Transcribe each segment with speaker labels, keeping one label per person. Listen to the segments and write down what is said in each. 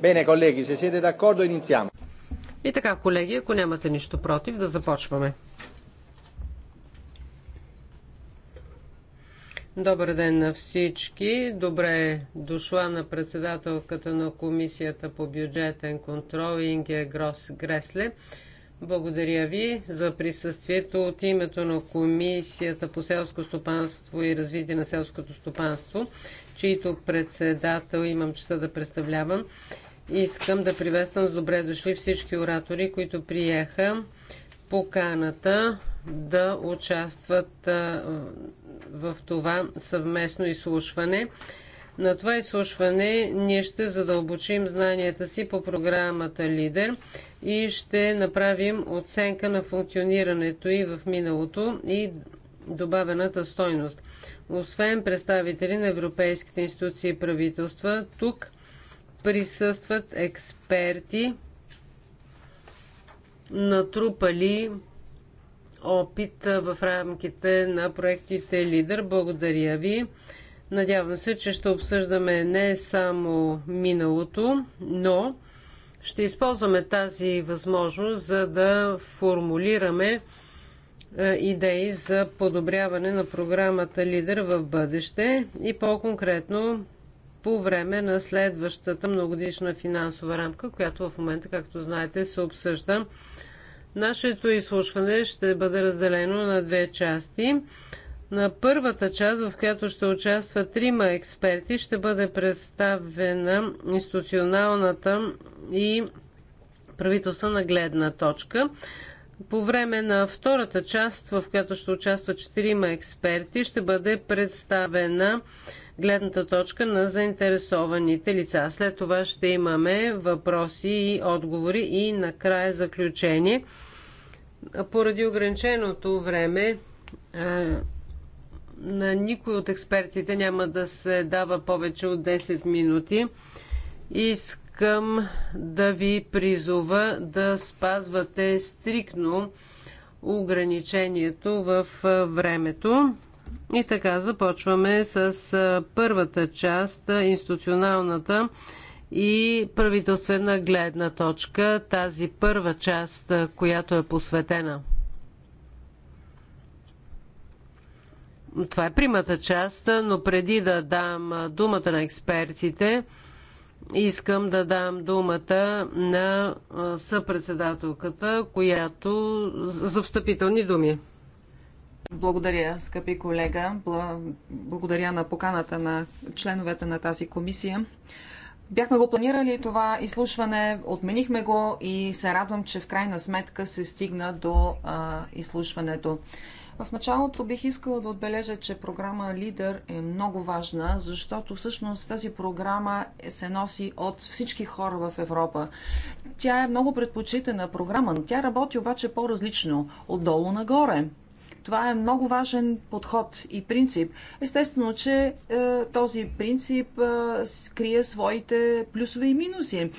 Speaker 1: Bene, колеги, se siete d'accordo, iniziamo.
Speaker 2: И така, колеги, ако нямате нищо против, да започваме. Добър ден на всички. Добре дошла на председателката на Комисията по бюджетен контрол Инге Грос Гресле. Благодаря ви за присъствието от името на Комисията по селско стопанство и развитие на селското стопанство, чието председател имам часа да представлявам. Искам да приветствам с добре дошли всички оратори, които приеха поканата да участват в това съвместно изслушване. На това изслушване ние ще задълбочим знанията си по програмата Лидер и ще направим оценка на функционирането и в миналото и добавената стойност. Освен представители на европейските институции и правителства, тук присъстват експерти, натрупали опит в рамките на проектите Лидер. Благодаря ви. Надявам се, че ще обсъждаме не само миналото, но ще използваме тази възможност, за да формулираме идеи за подобряване на програмата Лидер в бъдеще и по-конкретно по време на следващата многодишна финансова рамка, която в момента, както знаете, се обсъжда. Нашето изслушване ще бъде разделено на две части. На първата част, в която ще участва трима експерти, ще бъде представена институционалната и правителствена гледна точка. По време на втората част, в която ще участва четирима експерти, ще бъде представена гледната точка на заинтересованите лица. След това ще имаме въпроси и отговори и накрая заключение. Поради ограниченото време на никой от експертите няма да се дава повече от 10 минути. Искам да ви призова да спазвате стрикно ограничението в времето. И така започваме с първата част, институционалната и правителствена гледна точка, тази първа част, която е посветена. Това е примата част, но преди да дам думата на експертите, искам да дам думата на съпредседателката, която за встъпителни думи.
Speaker 3: Благодаря, скъпи колега. Благодаря на поканата на членовете на тази комисия. Бяхме го планирали това изслушване, отменихме го и се радвам, че в крайна сметка се стигна до а, изслушването. В началото бих искала да отбележа, че програма Лидер е много важна, защото всъщност тази програма се носи от всички хора в Европа. Тя е много предпочитана програма, но тя работи обаче по-различно, отдолу нагоре. Това е много важен подход и принцип. Естествено, че е, този принцип е, скрие своите плюсове и минуси.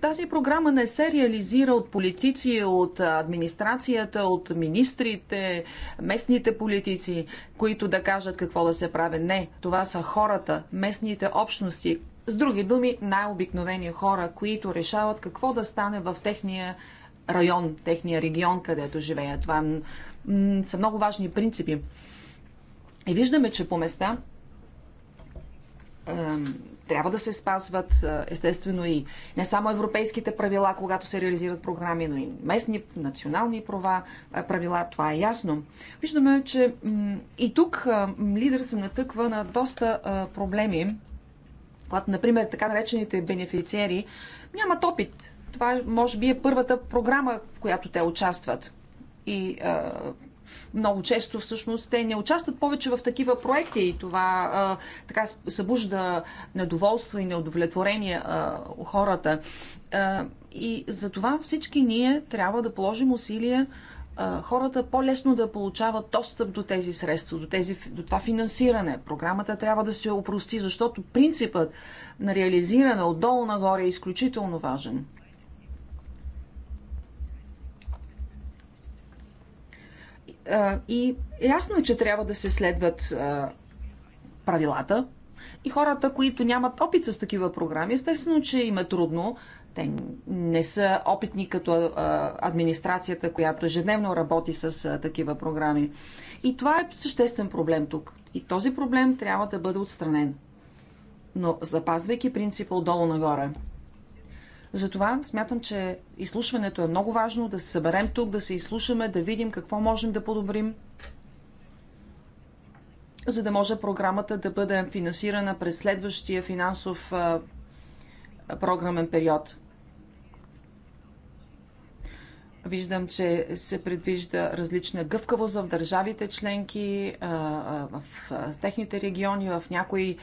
Speaker 3: Тази програма не се реализира от политици, от администрацията, от министрите, местните политици, които да кажат какво да се прави. Не, това са хората, местните общности. С други думи, най-обикновени хора, които решават какво да стане в техния район, техния регион, където живеят. Това е са много важни принципи. И виждаме, че по места трябва да се спазват естествено и не само европейските правила, когато се реализират програми, но и местни, национални права, правила, това е ясно. Виждаме, че и тук лидер се натъква на доста проблеми, когато, например, така наречените бенефициери нямат опит. Това може би е първата програма, в която те участват. И а, много често всъщност те не участват повече в такива проекти и това а, така събужда недоволство и неудовлетворение а, у хората. А, и за това всички ние трябва да положим усилия а, хората по-лесно да получават достъп до тези средства, до, тези, до това финансиране. Програмата трябва да се опрости, защото принципът на реализиране отдолу нагоре е изключително важен. И ясно е, че трябва да се следват правилата. И хората, които нямат опит с такива програми, естествено, че им е трудно. Те не са опитни като администрацията, която ежедневно работи с такива програми. И това е съществен проблем тук. И този проблем трябва да бъде отстранен. Но запазвайки принципа отдолу нагоре. Затова смятам, че изслушването е много важно, да се съберем тук, да се изслушаме, да видим какво можем да подобрим, за да може програмата да бъде финансирана през следващия финансов а, програмен период. Виждам, че се предвижда различна гъвкавост в държавите членки, в техните региони, в някои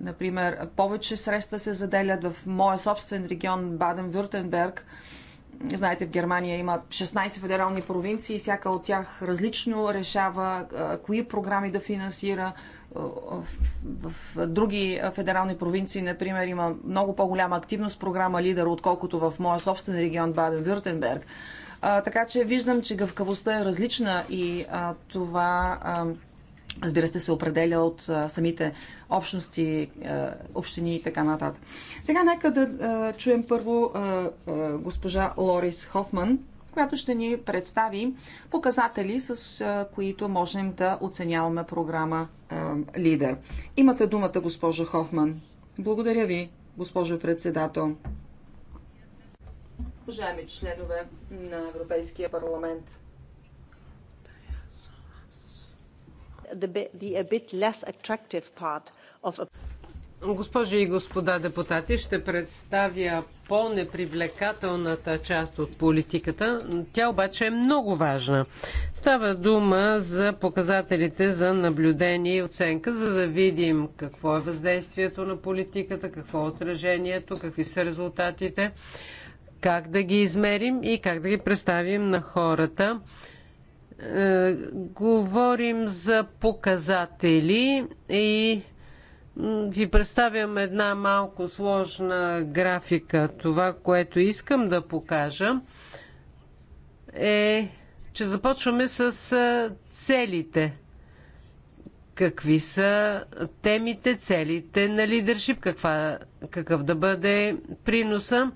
Speaker 3: Например, повече средства се заделят в моя собствен регион Баден-Вюртенберг. Знаете, в Германия има 16 федерални провинции и всяка от тях различно решава кои програми да финансира. В други федерални провинции, например, има много по-голяма активност програма Лидер, отколкото в моя собствен регион Баден-Вюртенберг. Така че виждам, че гъвкавостта е различна и това. Разбира се, се определя от а, самите общности, а, общини и така нататък. Сега нека да а, чуем първо а, а, госпожа Лорис Хофман, която ще ни представи показатели, с а, които можем да оценяваме програма а, Лидер. Имате думата, госпожо Хофман. Благодаря ви, госпожо председател. Уважаеми членове на Европейския парламент,
Speaker 2: Госпожи и господа депутати, ще представя по-непривлекателната част от политиката. Тя обаче е много важна. Става дума за показателите за наблюдение и оценка, за да видим какво е въздействието на политиката, какво е отражението, какви са резултатите, как да ги измерим и как да ги представим на хората. Е, говорим за показатели и ви представям една малко сложна графика. Това, което искам да покажа е, че започваме с е, целите. Какви са темите, целите на лидершип, каква, какъв да бъде приноса.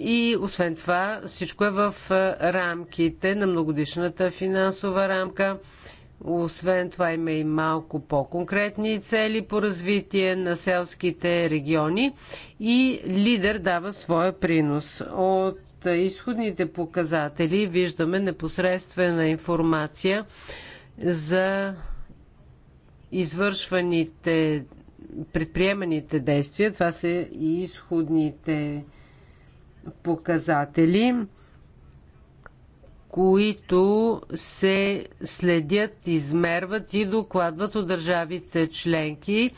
Speaker 2: И освен това, всичко е в рамките на многодишната финансова рамка. Освен това има и малко по-конкретни цели по развитие на селските региони и лидер дава своя принос. От изходните показатели виждаме непосредствена информация за извършваните, предприеманите действия. Това са и изходните показатели показатели, които се следят, измерват и докладват от държавите членки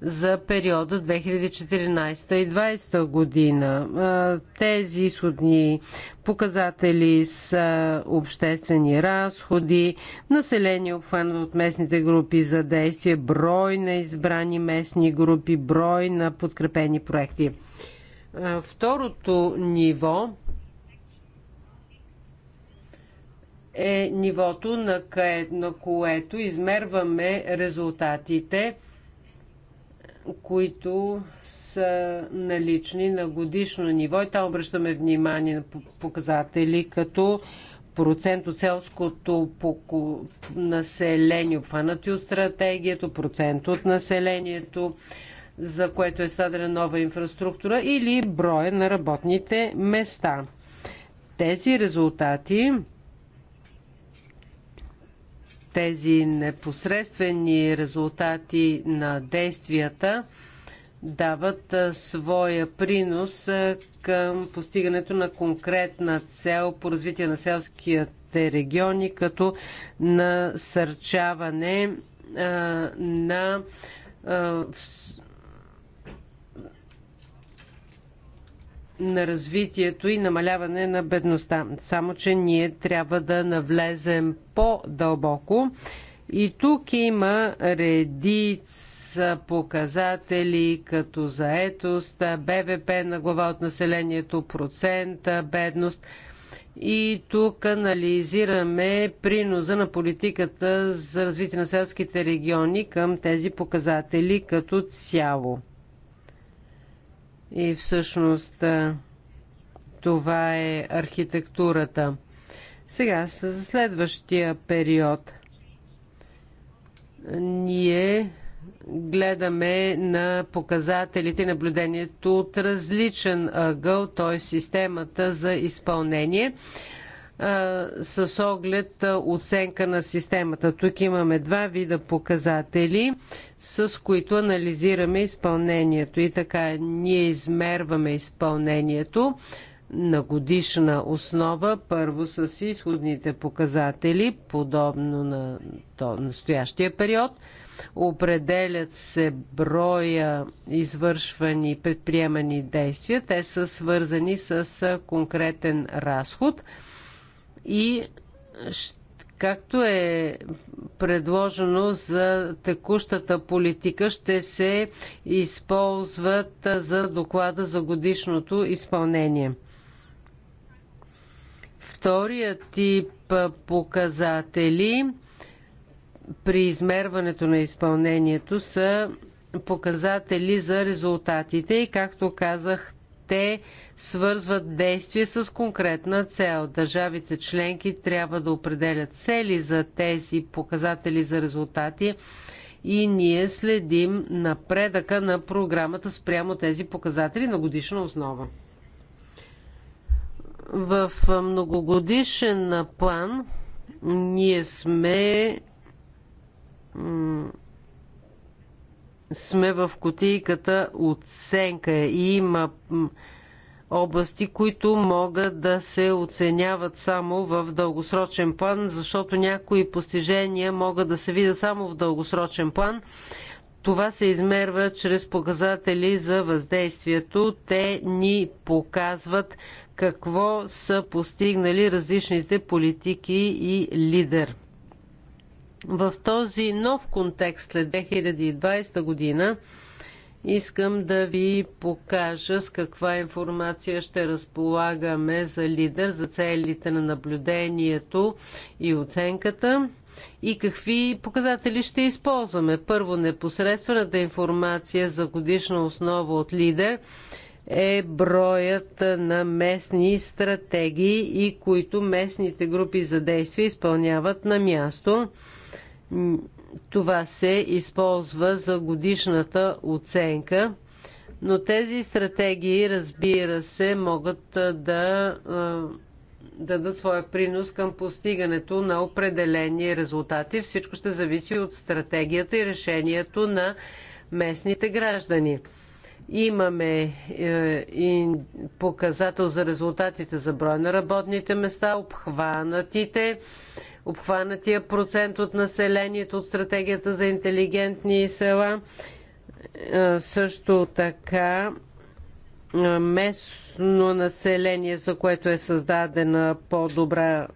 Speaker 2: за периода 2014 и 2020 година. Тези изходни показатели са обществени разходи, население е обхванато от местните групи за действие, брой на избрани местни групи, брой на подкрепени проекти. Второто ниво е нивото, на, на което измерваме резултатите, които са налични на годишно ниво. И там обръщаме внимание на показатели като процент от селското население, обхванати от стратегията, процент от населението, за което е създадена нова инфраструктура, или броя на работните места. Тези резултати, тези непосредствени резултати на действията, дават своя принос към постигането на конкретна цел по развитие на селските региони, като насърчаване на на развитието и намаляване на бедността. Само, че ние трябва да навлезем по-дълбоко. И тук има редица показатели, като заетост, БВП на глава от населението, процента, бедност. И тук анализираме приноза на политиката за развитие на селските региони към тези показатели като цяло. И всъщност това е архитектурата. Сега, за следващия период, ние гледаме на показателите наблюдението от различен ъгъл, т.е. системата за изпълнение с оглед оценка на системата. Тук имаме два вида показатели, с които анализираме изпълнението. И така, ние измерваме изпълнението на годишна основа, първо с изходните показатели, подобно на то, настоящия период. Определят се броя извършвани и предприемани действия. Те са свързани с конкретен разход – и както е предложено за текущата политика, ще се използват за доклада за годишното изпълнение. Вторият тип показатели при измерването на изпълнението са показатели за резултатите и както казах те свързват действие с конкретна цел. Държавите членки трябва да определят цели за тези показатели за резултати и ние следим напредъка на програмата спрямо тези показатели на годишна основа. В многогодишен план ние сме сме в котийката оценка. И има области, които могат да се оценяват само в дългосрочен план, защото някои постижения могат да се видят само в дългосрочен план. Това се измерва чрез показатели за въздействието. Те ни показват какво са постигнали различните политики и лидер. В този нов контекст след 2020 година искам да ви покажа с каква информация ще разполагаме за лидер, за целите на наблюдението и оценката и какви показатели ще използваме. Първо, непосредствената информация за годишна основа от лидер е броят на местни стратегии и които местните групи за действие изпълняват на място. Това се използва за годишната оценка, но тези стратегии, разбира се, могат да дадат своя принос към постигането на определени резултати. Всичко ще зависи от стратегията и решението на местните граждани. Имаме е, и показател за резултатите за брой на работните места, обхванатите обхванатия процент от населението от стратегията за интелигентни села. Също така местно население, за което е създадена по-добра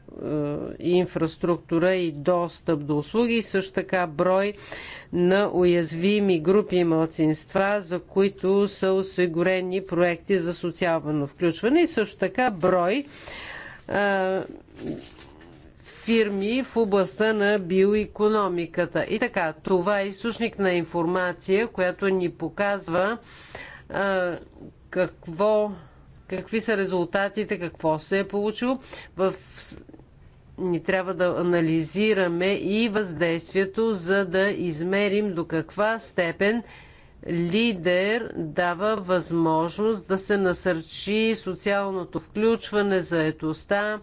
Speaker 2: инфраструктура и достъп до услуги, също така брой на уязвими групи и младсинства, за които са осигурени проекти за социално включване и също така брой фирми в областта на биоекономиката. И така, това е източник на информация, която ни показва а, какво, какви са резултатите, какво се е получило. В... Ни трябва да анализираме и въздействието, за да измерим до каква степен лидер дава възможност да се насърчи социалното включване, заетостта,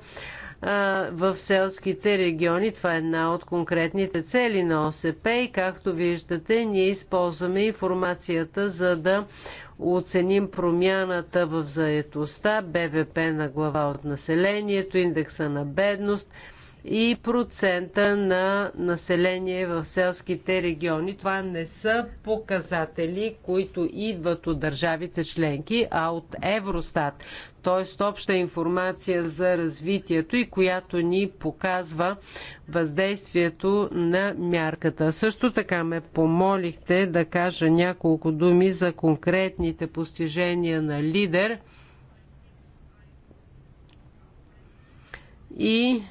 Speaker 2: в селските региони. Това е една от конкретните цели на ОСП и както виждате, ние използваме информацията за да оценим промяната в заетостта, БВП на глава от населението, индекса на бедност – и процента на население в селските региони. Това не са показатели, които идват от държавите членки, а от Евростат, т.е. обща информация за развитието и която ни показва въздействието на мярката. Също така ме помолихте да кажа няколко думи за конкретните постижения на лидер и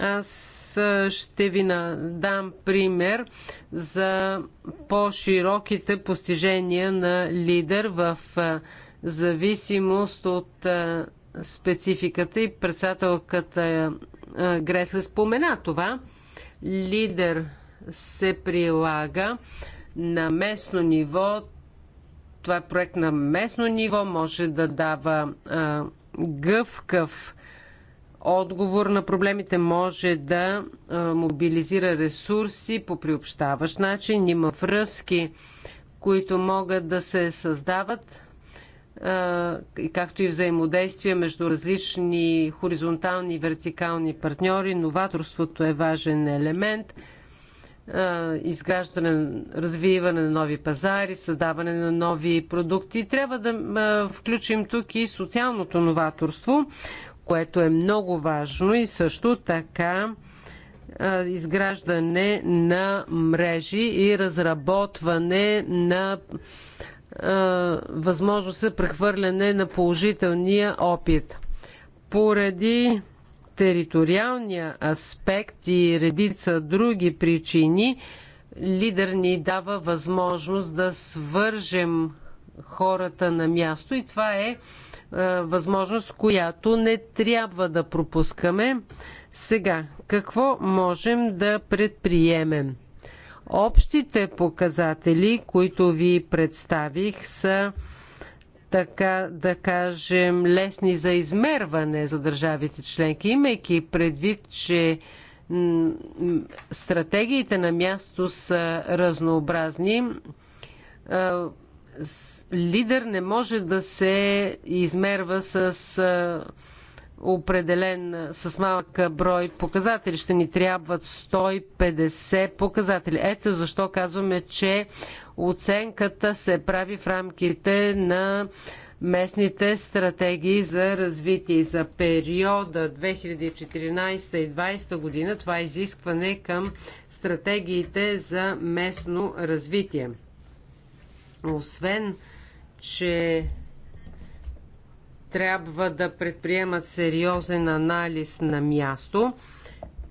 Speaker 2: аз ще ви дам пример за по-широките постижения на лидер в зависимост от спецификата и председателката Гресле спомена това. Лидер се прилага на местно ниво. Това е проект на местно ниво, може да дава гъвкав отговор на проблемите може да мобилизира ресурси по приобщаващ начин. Има връзки, които могат да се създават както и взаимодействие между различни хоризонтални и вертикални партньори. Новаторството е важен елемент. Изграждане, развиване на нови пазари, създаване на нови продукти. Трябва да включим тук и социалното новаторство, което е много важно и също така изграждане на мрежи и разработване на възможност за прехвърляне на положителния опит. Поради териториалния аспект и редица други причини, лидер ни дава възможност да свържем хората на място и това е е, възможност, която не трябва да пропускаме. Сега, какво можем да предприемем? Общите показатели, които ви представих, са така да кажем лесни за измерване за държавите членки, имайки предвид, че стратегиите на място са разнообразни. Е, лидер не може да се измерва с определен с малък брой показатели. Ще ни трябват 150 показатели. Ето защо казваме, че оценката се прави в рамките на местните стратегии за развитие за периода 2014 и 2020 година. Това е изискване към стратегиите за местно развитие. Освен че трябва да предприемат сериозен анализ на място.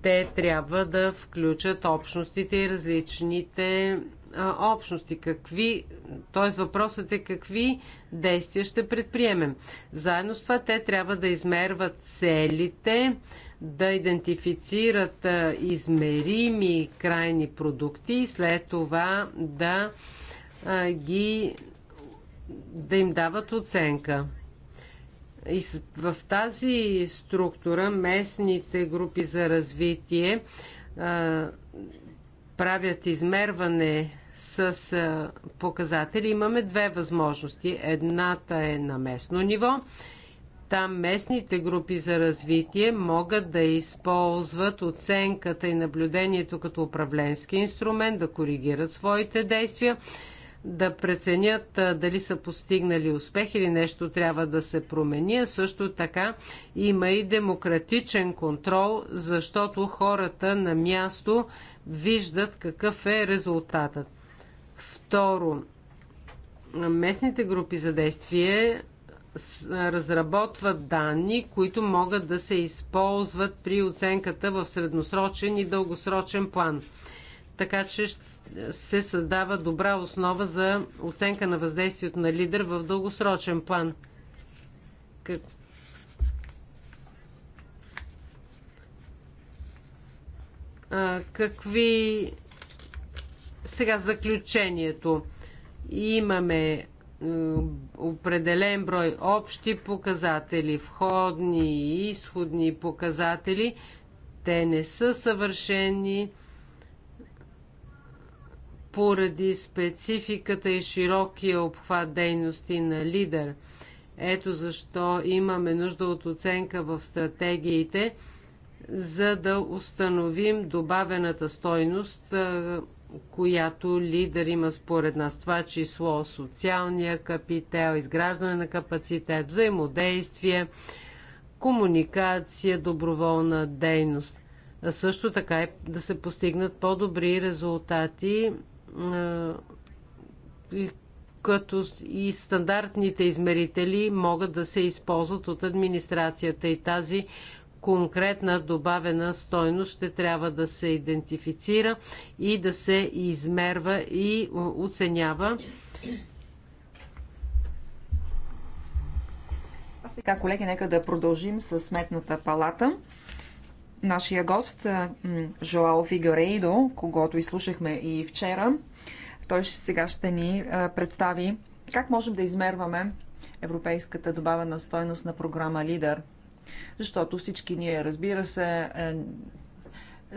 Speaker 2: Те трябва да включат общностите и различните а, общности. Какви, т.е. въпросът е какви действия ще предприемем. Заедно с това те трябва да измерват целите, да идентифицират а, измерими крайни продукти и след това да а, ги да им дават оценка. И в тази структура местните групи за развитие а, правят измерване с а, показатели. Имаме две възможности. Едната е на местно ниво. Там местните групи за развитие могат да използват оценката и наблюдението като управленски инструмент, да коригират своите действия да преценят дали са постигнали успех или нещо трябва да се промени. също така има и демократичен контрол, защото хората на място виждат какъв е резултатът. Второ, местните групи за действие разработват данни, които могат да се използват при оценката в средносрочен и дългосрочен план. Така че ще се създава добра основа за оценка на въздействието на лидер в дългосрочен план. Как... А, какви сега заключението? Имаме е, определен брой общи показатели, входни и изходни показатели. Те не са съвършени поради спецификата и широкия обхват дейности на лидер. Ето защо имаме нужда от оценка в стратегиите, за да установим добавената стойност, която лидер има според нас. Това число социалния капитал, изграждане на капацитет, взаимодействие, комуникация, доброволна дейност. А също така е да се постигнат по-добри резултати е, и, като и стандартните измерители могат да се използват от администрацията и тази конкретна добавена стойност ще трябва да се идентифицира и да се измерва и
Speaker 3: оценява. А сега, колеги, нека да продължим с сметната палата нашия гост Жоао Фигарейдо, когато изслушахме и вчера. Той сега ще ни представи как можем да измерваме европейската добавена стойност на програма Лидер. Защото всички ние, разбира се, е,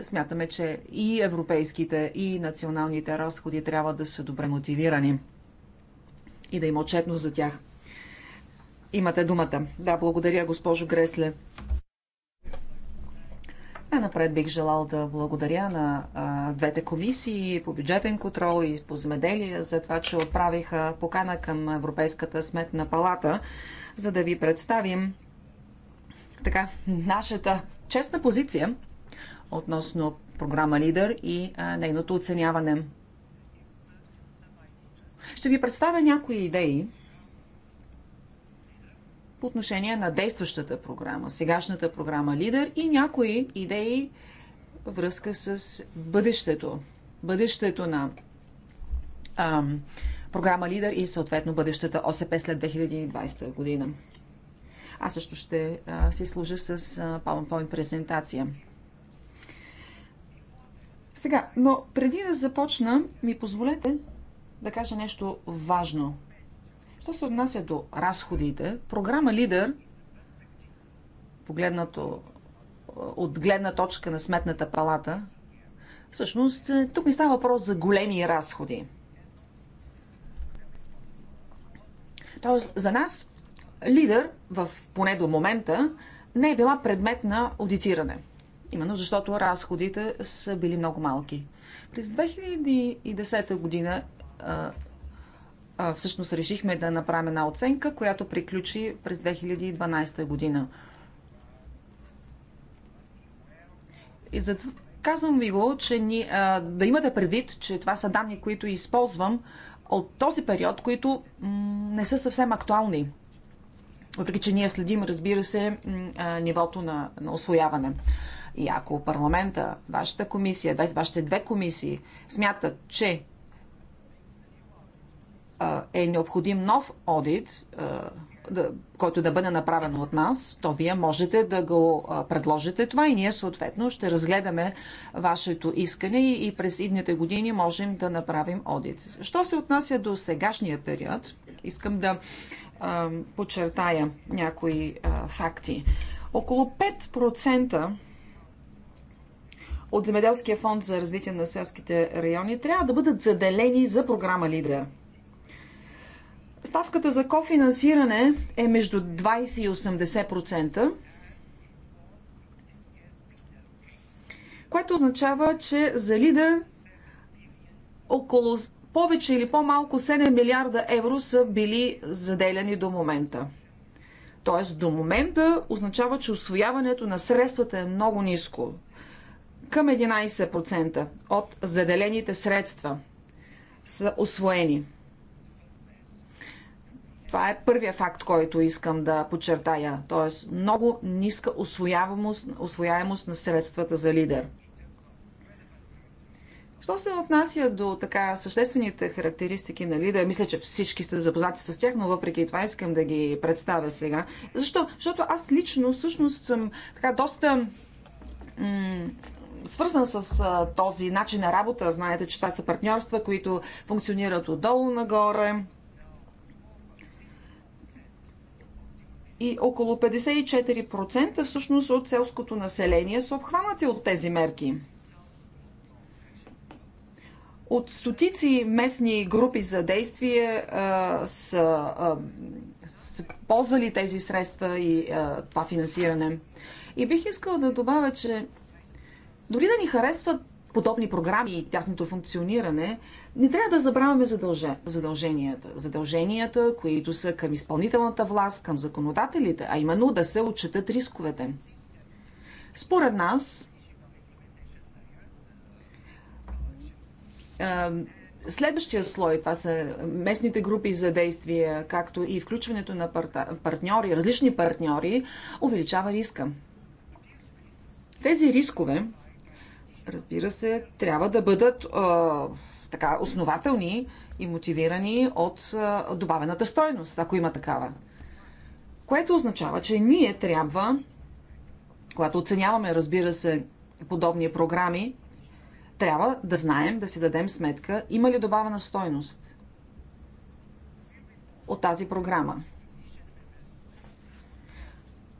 Speaker 3: смятаме, че и европейските, и националните разходи трябва да са добре мотивирани и да има отчетност за тях. Имате думата. Да, благодаря, госпожо Гресле. Най-напред бих желал да благодаря на а, двете комисии по бюджетен контрол и по земеделие за това, че отправиха покана към Европейската сметна палата, за да ви представим така нашата честна позиция относно програма Лидер и а, нейното оценяване. Ще ви представя някои идеи, по отношение на действащата програма, сегашната програма Лидер и някои идеи връзка с бъдещето. Бъдещето на ам, програма Лидер и съответно бъдещата ОСП след 2020 година. Аз също ще а, си служа с а, PowerPoint презентация. Сега, но преди да започна, ми позволете да кажа нещо важно Що се отнася до разходите, програма Лидер, погледнато е, от гледна точка на Сметната палата, всъщност е, тук не става въпрос за големи разходи. Тоест, за нас лидер, в, поне до момента, не е била предмет на аудитиране. Именно защото разходите са били много малки. През 2010 година е, а, всъщност решихме да направим една оценка, която приключи през 2012 година. И за... Казвам ви го, че ни, а, да имате предвид, че това са данни, които използвам от този период, които не са съвсем актуални. Въпреки, че ние следим, разбира се, нивото на, на освояване. И ако парламента, вашата комисия, вашите две комисии смятат, че е необходим нов одит, който да бъде направен от нас, то вие можете да го предложите това и ние съответно ще разгледаме вашето искане и през идните години можем да направим одит. Що се отнася до сегашния период, искам да подчертая някои факти. Около 5% от Земеделския фонд за развитие на селските райони трябва да бъдат заделени за програма Лидер – Ставката за кофинансиране е между 20 и 80%, което означава, че за лида около повече или по-малко 7 милиарда евро са били заделяни до момента. Тоест до момента означава, че освояването на средствата е много ниско. Към 11% от заделените средства са освоени. Това е първия факт, който искам да подчертая. Тоест, много ниска освояемост, освояемост на средствата за лидер. Що се отнася до така съществените характеристики на лидер, мисля, че всички сте запознати с тях, но въпреки това искам да ги представя сега. Защо? Защото аз лично всъщност съм така доста свързан с а, този начин на работа. Знаете, че това са партньорства, които функционират отдолу нагоре. и около 54% всъщност от селското население са обхванати от тези мерки. От стотици местни групи за действие а, са, а, са ползвали тези средства и а, това финансиране. И бих искала да добавя, че дори да ни харесват подобни програми и тяхното функциониране, не трябва да забравяме задълженията. Задълженията, които са към изпълнителната власт, към законодателите, а именно да се отчитат рисковете. Според нас, е, Следващия слой, това са местните групи за действие, както и включването на партньори, различни партньори, увеличава риска. Тези рискове разбира се, трябва да бъдат а, така основателни и мотивирани от а, добавената стойност, ако има такава. Което означава, че ние трябва, когато оценяваме, разбира се, подобни програми, трябва да знаем, да си дадем сметка, има ли добавена стойност от тази програма.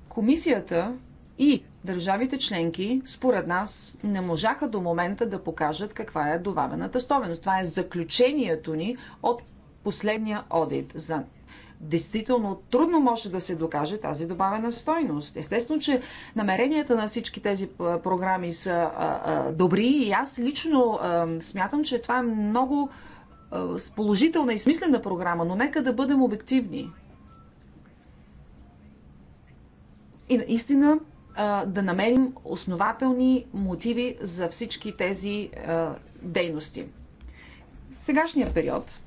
Speaker 3: Комисията и Държавите членки, според нас, не можаха до момента да покажат каква е добавената стоеност. Това е заключението ни от последния одит. За действително трудно може да се докаже тази добавена стойност. Естествено, че намеренията на всички тези програми са добри и аз лично смятам, че това е много положителна и смислена програма, но нека да бъдем обективни. И наистина да намерим основателни мотиви за всички тези дейности. В сегашния период,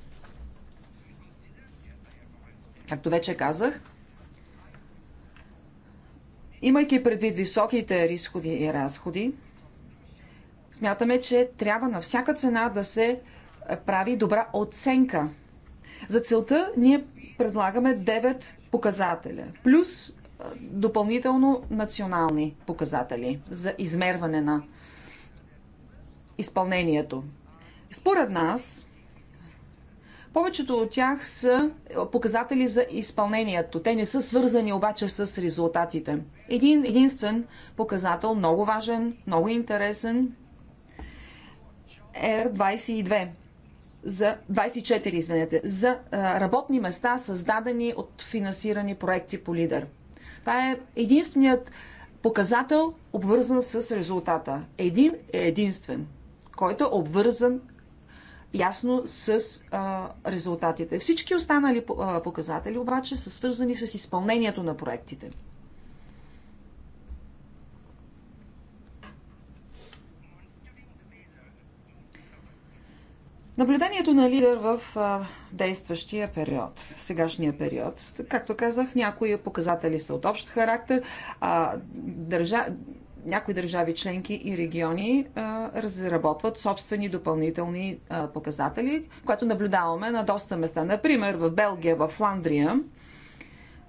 Speaker 3: както вече казах, имайки предвид високите рисходи и разходи, смятаме, че трябва на всяка цена да се прави добра оценка. За целта ние предлагаме 9 показателя, плюс допълнително национални показатели за измерване на изпълнението. Според нас, повечето от тях са показатели за изпълнението. Те не са свързани обаче с резултатите. Един единствен показател, много важен, много интересен, е R22 за 24, извинете, за работни места, създадени от финансирани проекти по лидер. Това е единственият показател, обвързан с резултата. Един е единствен, който е обвързан ясно с а, резултатите. Всички останали а, показатели обаче са свързани с изпълнението на проектите. Наблюдението на лидер в а, действащия период, сегашния период. Както казах, някои показатели са от общ характер, а държа... някои държави членки и региони а, разработват собствени допълнителни а, показатели, което наблюдаваме на доста места. Например, в Белгия, в Фландрия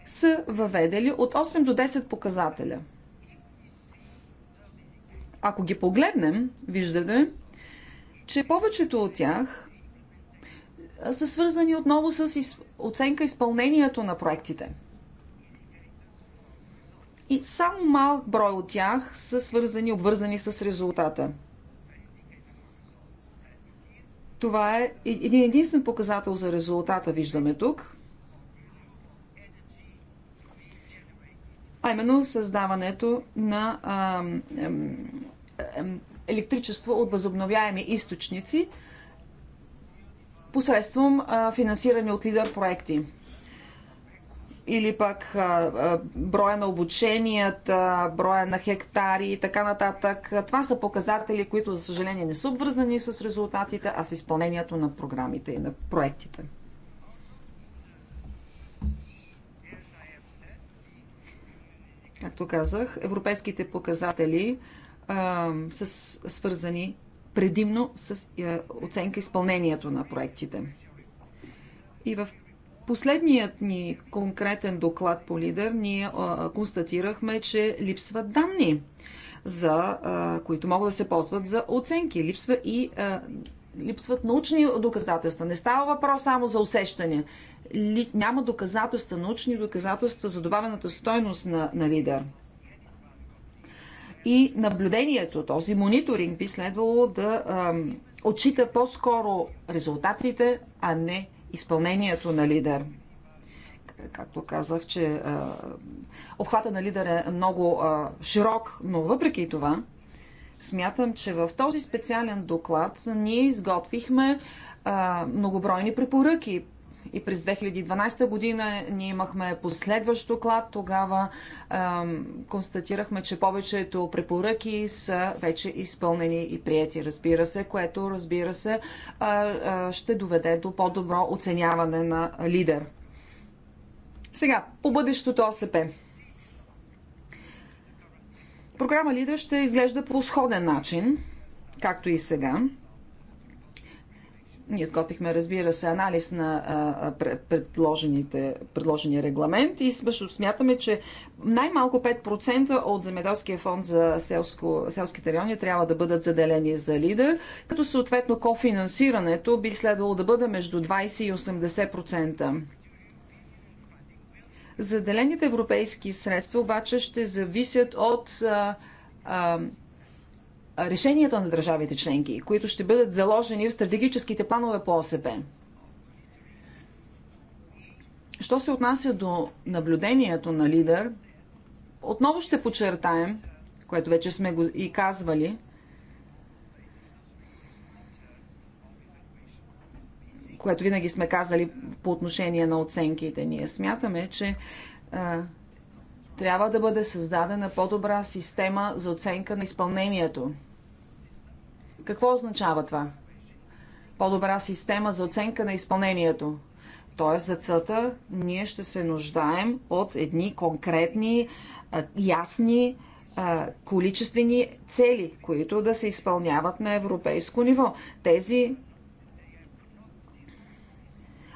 Speaker 3: са въведели от 8 до 10 показателя. Ако ги погледнем, виждаме, че повечето от тях са свързани отново с оценка изпълнението на проектите. И само малък брой от тях са свързани, обвързани с резултата. Това е един единствен показател за резултата, виждаме тук. А именно създаването на ам, ам, ам, електричество от възобновяеми източници посредством финансиране от лидер проекти или пък броя на обученията, броя на хектари и така нататък. Това са показатели, които, за съжаление, не са обвързани с резултатите, а с изпълнението на програмите и на проектите. Както казах, европейските показатели а, с, свързани предимно с а, е, оценка изпълнението на проектите. И в последният ни конкретен доклад по лидер ние а, констатирахме, че липсват данни, за, а, които могат да се ползват за оценки. Липсва и а, липсват научни доказателства. Не става въпрос само за усещане. Ли, няма доказателства, научни доказателства за добавената стойност на, на лидер и наблюдението, този мониторинг би следвало да ам, отчита по-скоро резултатите, а не изпълнението на лидер. Както казах, че а, обхвата на лидер е много а, широк, но въпреки това, смятам, че в този специален доклад ние изготвихме а, многобройни препоръки и през 2012 година ние имахме последващ доклад. Тогава ем, констатирахме, че повечето препоръки са вече изпълнени и прияти, разбира се, което, разбира се, е, е, ще доведе до по-добро оценяване на лидер. Сега, по бъдещото ОСП. Програма Лидер ще изглежда по сходен начин, както и сега. Ние изготвихме, разбира се, анализ на предложения регламент и също смятаме, че най-малко 5% от земеделския фонд за селско, селските райони трябва да бъдат заделени за лида. като съответно кофинансирането би следвало да бъде между 20 и 80%. Заделените европейски средства обаче ще зависят от а, а, решенията на държавите членки, които ще бъдат заложени в стратегическите планове по ОСП. Що се отнася до наблюдението на лидер, отново ще подчертаем, което вече сме го и казвали, което винаги сме казали по отношение на оценките. Ние смятаме, че а, трябва да бъде създадена по-добра система за оценка на изпълнението какво означава това? По-добра система за оценка на изпълнението. Тоест, за целта ние ще се нуждаем от едни конкретни, ясни, количествени цели, които да се изпълняват на европейско ниво. Тези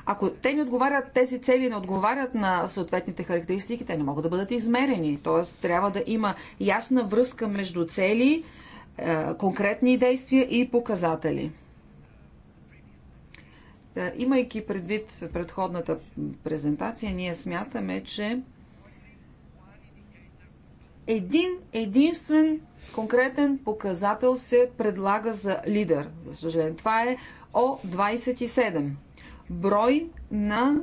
Speaker 3: ако те не отговарят, тези цели не отговарят на съответните характеристики, те не могат да бъдат измерени. Тоест, трябва да има ясна връзка между цели, е, конкретни действия и показатели. Е, имайки предвид предходната презентация, ние смятаме, че един единствен конкретен показател се предлага за лидер. За съжаление, това е О27. Брой на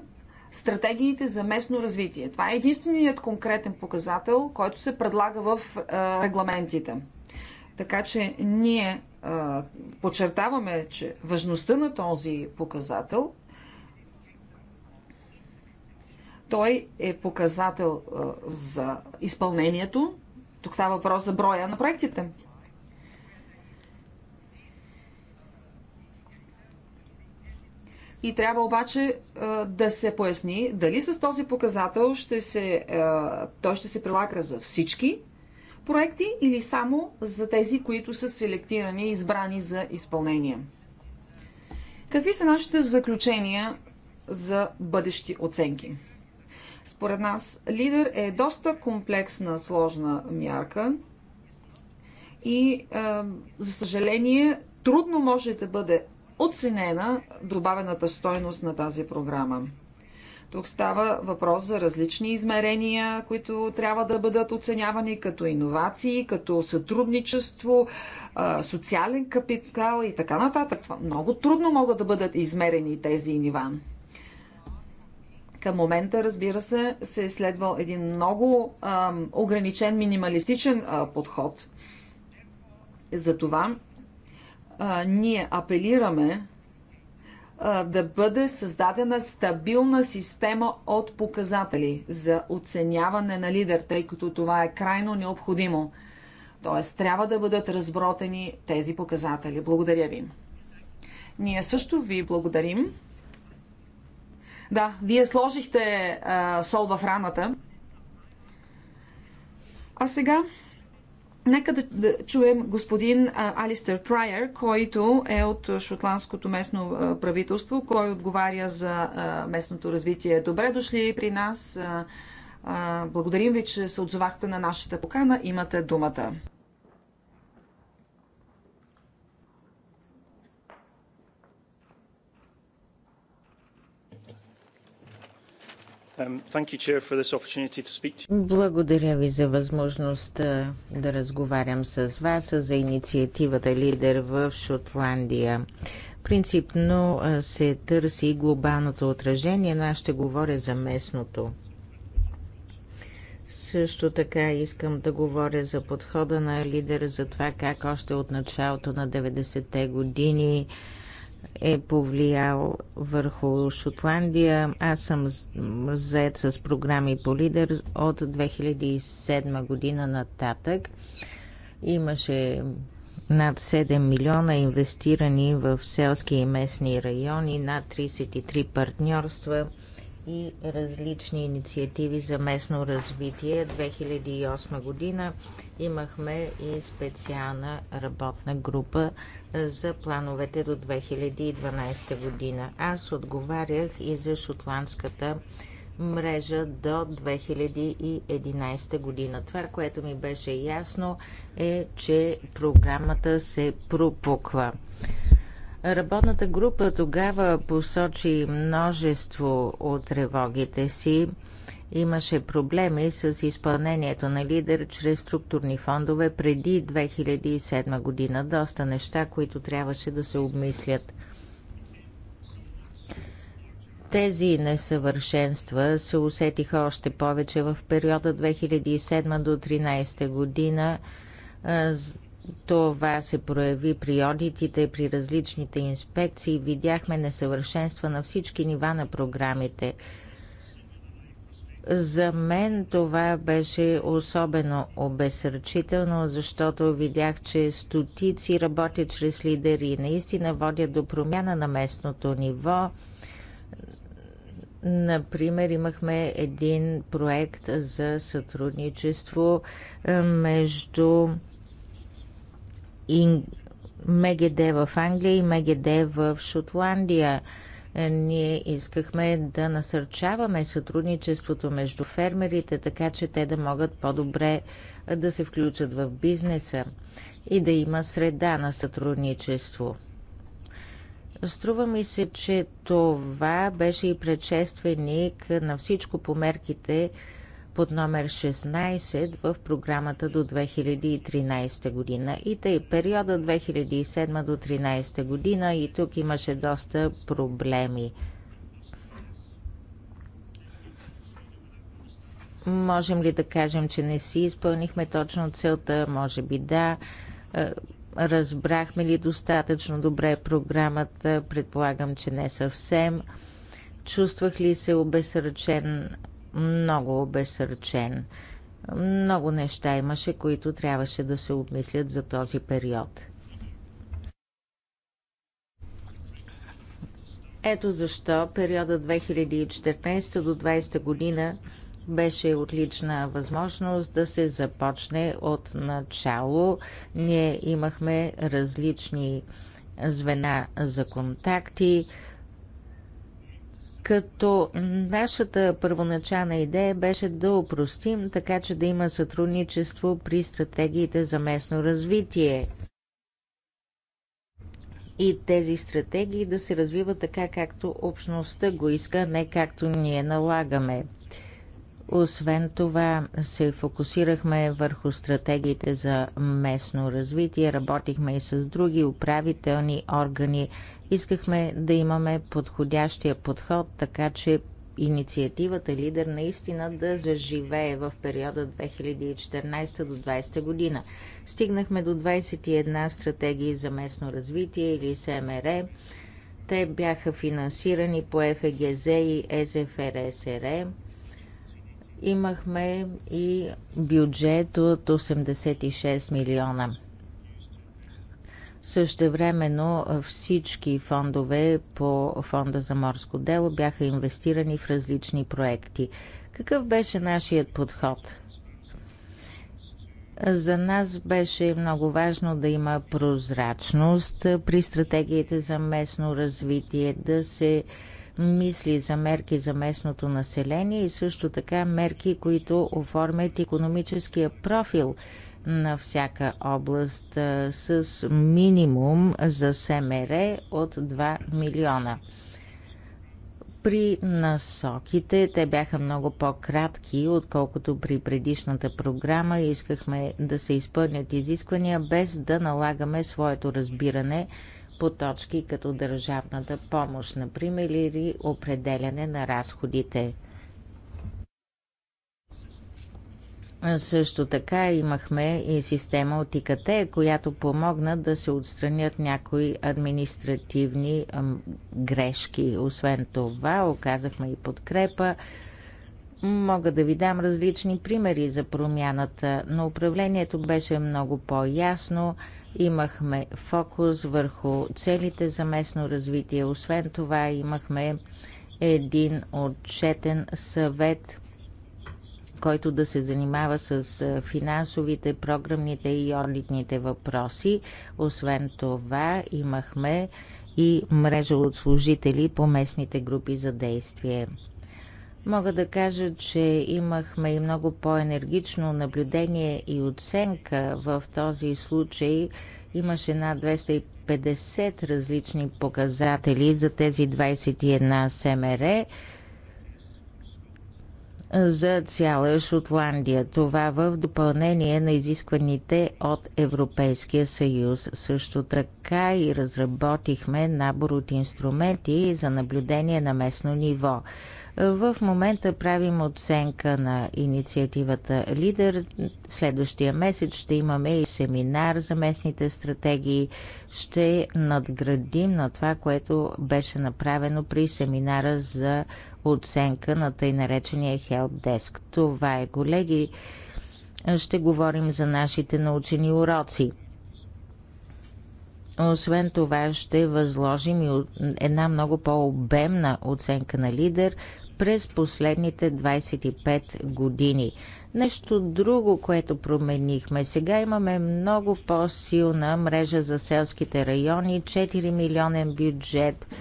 Speaker 3: стратегиите за местно развитие. Това е единственият конкретен показател, който се предлага в е, регламентите. Така че ние а, подчертаваме, че важността на този показател той е показател а, за изпълнението. Тук става въпрос за броя на проектите. И трябва обаче а, да се поясни дали с този показател ще се, а, той ще се прилага за всички проекти или само за тези, които са селектирани и избрани за изпълнение. Какви са нашите заключения за бъдещи оценки? Според нас, лидер е доста комплексна, сложна мярка и, за съжаление, трудно може да бъде оценена добавената стойност на тази програма. Тук става въпрос за различни измерения, които трябва да бъдат оценявани като иновации, като сътрудничество, социален капитал и така нататък. Много трудно могат да бъдат измерени тези нива. Към момента, разбира се, се е следвал един много ам, ограничен, минималистичен а, подход. Затова а, ние апелираме да бъде създадена стабилна система от показатели за оценяване на лидер, тъй като това е крайно необходимо. Тоест, трябва да бъдат разбротени тези показатели. Благодаря ви. Ние също ви благодарим. Да, вие сложихте а, сол в раната. А сега Нека да, да чуем господин а, Алистер Прайер, който е от шотландското местно а, правителство, кой отговаря за а, местното развитие. Добре дошли при нас. А, а, благодарим ви, че се отзовахте на нашата покана. Имате думата. Um,
Speaker 1: Благодаря ви за възможността да разговарям с вас за инициативата Лидер в Шотландия. Принципно се търси глобалното отражение, но аз ще говоря за местното. Също така искам да говоря за подхода на лидер, за това как още от началото на 90-те години е повлиял върху Шотландия. Аз съм заед с програми по лидер от 2007 година нататък. Имаше над 7 милиона инвестирани в селски и местни райони, над 33 партньорства и различни инициативи за местно развитие. 2008 година имахме и специална работна група за плановете до 2012 година. Аз отговарях и за шотландската мрежа до 2011 година. Това, което ми беше ясно е, че програмата се пропуква. Работната група тогава посочи множество от тревогите си. Имаше проблеми с изпълнението на лидер чрез структурни фондове преди 2007 година. Доста неща, които трябваше да се обмислят. Тези несъвършенства се усетиха още повече в периода 2007 до 2013 година това се прояви при одитите, при различните инспекции. Видяхме несъвършенства на всички нива на програмите. За мен това беше особено обесърчително, защото видях, че стотици работят чрез лидери и наистина водят до промяна на местното ниво. Например, имахме един проект за сътрудничество е, между МГД в Англия и МГД в Шотландия. Е, ние искахме да насърчаваме сътрудничеството между фермерите, така че те да могат по-добре е, да се включат в бизнеса и да има среда на сътрудничество. Струва ми се, че това беше и предшественик на всичко по мерките под номер 16 в програмата до 2013 година. И тъй периода 2007 до 2013 година и тук имаше доста проблеми. Можем ли да кажем, че не си изпълнихме точно целта? Може би да. Е, разбрахме ли достатъчно добре програмата? Предполагам, че не съвсем. Чувствах ли се обесръчен много обесърчен. Много неща имаше, които трябваше да се обмислят за този период. Ето защо периода 2014 до 2020 година беше отлична възможност да се започне от начало. Ние имахме различни звена за контакти, като нашата първоначална идея беше да опростим, така че да има сътрудничество при стратегиите за местно развитие. И тези стратегии да се развиват така, както общността го иска, не както ние налагаме. Освен това, се фокусирахме върху стратегиите за местно развитие, работихме и с други управителни органи Искахме да имаме подходящия подход, така че инициативата Лидер наистина да заживее в периода 2014 до 2020 година. Стигнахме до 21 стратегии за местно развитие или СМР. Те бяха финансирани по ФГЗ и СФРСР. Имахме и бюджет от 86 милиона. Същевременно всички фондове по Фонда за морско дело бяха инвестирани в различни проекти. Какъв беше нашият подход? За нас беше много важно да има прозрачност при стратегиите за местно развитие, да се мисли за мерки за местното население и също така мерки, които оформят економическия профил на всяка област с минимум за СМР от 2 милиона. При насоките те бяха много по-кратки, отколкото при предишната програма. Искахме да се изпълнят изисквания, без да налагаме своето разбиране по точки като държавната помощ, например, или определяне на разходите. Също така имахме и система от ИКТ, която помогна да се отстранят някои административни грешки. Освен това, оказахме и подкрепа. Мога да ви дам различни примери за промяната, но управлението беше много по-ясно. Имахме фокус върху целите за местно развитие. Освен това, имахме един отчетен съвет – който да се занимава с финансовите, програмните и орлитните въпроси. Освен това, имахме и мрежа от служители по местните групи за действие. Мога да кажа, че имахме и много по-енергично наблюдение и оценка. В този случай имаше над 250 различни показатели за тези 21 СМР за цяла Шотландия. Това в допълнение на изискваните от Европейския съюз. Също така и разработихме набор от инструменти за наблюдение на местно ниво. В момента правим оценка на инициативата Лидер. Следващия месец ще имаме и семинар за местните стратегии. Ще надградим на това, което беше направено при семинара за оценка на тъй наречения Help Desk. Това е, колеги. Ще говорим за нашите научени уроци. Освен това ще възложим и една много по-обемна оценка на лидер през последните 25 години. Нещо друго, което променихме. Сега имаме много по-силна мрежа за селските райони, 4 милионен бюджет –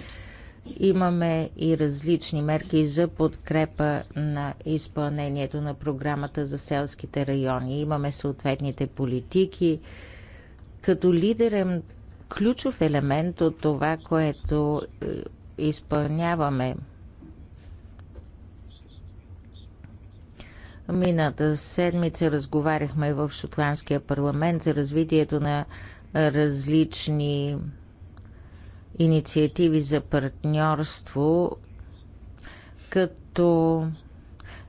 Speaker 1: Имаме и различни мерки за подкрепа на изпълнението на програмата за селските райони. Имаме съответните политики. Като лидерен ключов елемент от това, което е, изпълняваме Мината седмица разговаряхме в Шотландския парламент за развитието на различни инициативи за партньорство, като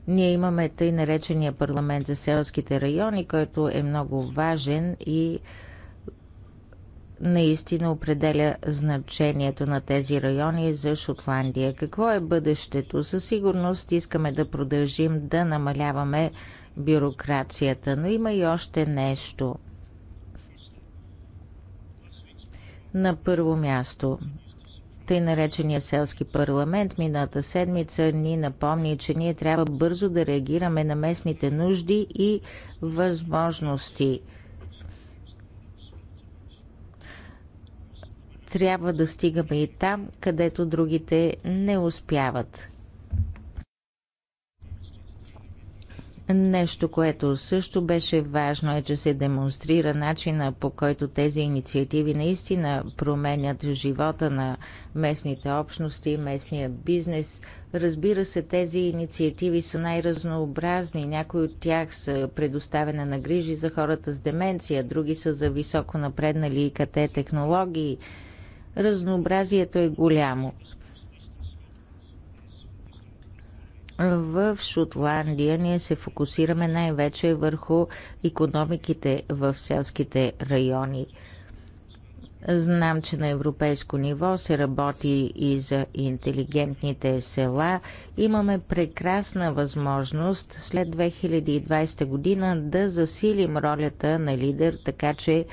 Speaker 1: ние имаме тъй наречения парламент за селските райони, който е много важен и наистина определя значението на тези райони за Шотландия. Какво е бъдещето? Със сигурност искаме да продължим да намаляваме бюрокрацията, но има и още нещо – На първо място, тъй наречения селски парламент мината седмица ни напомни, че ние трябва бързо да реагираме на местните нужди и възможности. Трябва да стигаме и там, където другите не успяват. Нещо, което също беше важно е, че се демонстрира начина по който тези инициативи наистина променят живота на местните общности, местния бизнес. Разбира се, тези инициативи са най-разнообразни. Някои от тях са предоставяне на грижи за хората с деменция, други са за високо напреднали ИКТ технологии. Разнообразието е голямо. В Шотландия ние се фокусираме най-вече върху економиките в селските райони. Знам, че на европейско ниво се работи и за интелигентните села. Имаме прекрасна възможност след 2020 година да засилим ролята на лидер, така че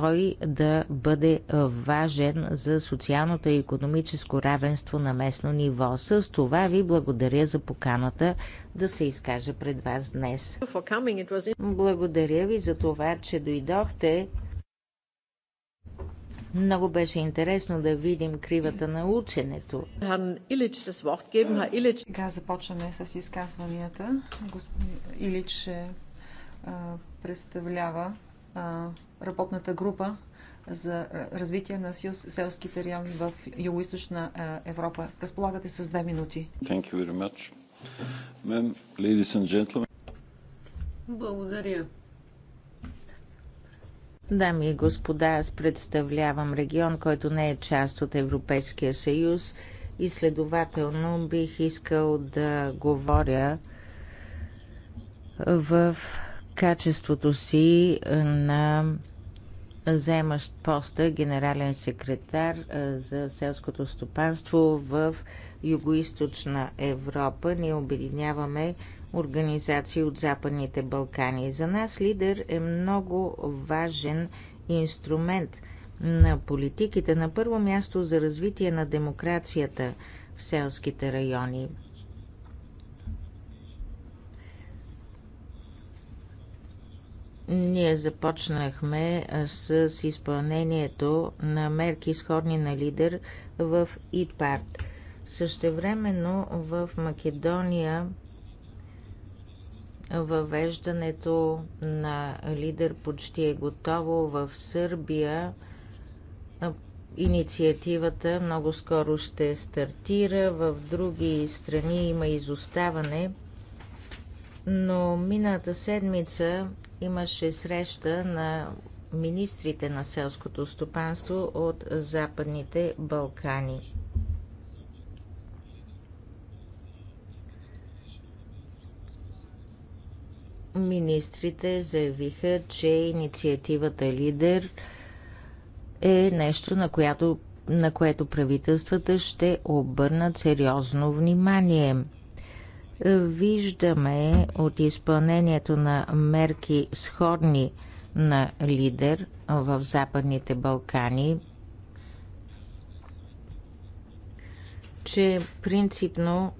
Speaker 1: той да бъде важен за социалното и економическо равенство на местно ниво. С това ви благодаря за поканата да се изкажа пред вас днес. Благодаря ви за това, че дойдохте. Много беше интересно да видим кривата на ученето.
Speaker 3: Сега започваме с изказванията. Господин Илич представлява работната група за развитие на селските райони в Юго-Источна Европа. Разполагате с
Speaker 1: две минути.
Speaker 2: Благодаря.
Speaker 1: Дами и господа, аз представлявам регион, който не е част от Европейския съюз и следователно бих искал да говоря в качеството си на заемащ поста генерален секретар за селското стопанство в Югоизточна Европа. Ние обединяваме организации от Западните Балкани. За нас лидер е много важен инструмент на политиките. На първо място за развитие на демокрацията в селските райони. Ние започнахме с изпълнението на мерки сходни на лидер в ИПАРТ. Същевременно в Македония въвеждането на лидер почти е готово. В Сърбия инициативата много скоро ще стартира. В други страни има изоставане. Но миналата седмица имаше среща на министрите на селското стопанство от Западните Балкани. Министрите заявиха, че инициативата Лидер е нещо, на, която, на което правителствата ще обърнат сериозно внимание – Виждаме от изпълнението на мерки сходни на лидер в Западните Балкани, че принципно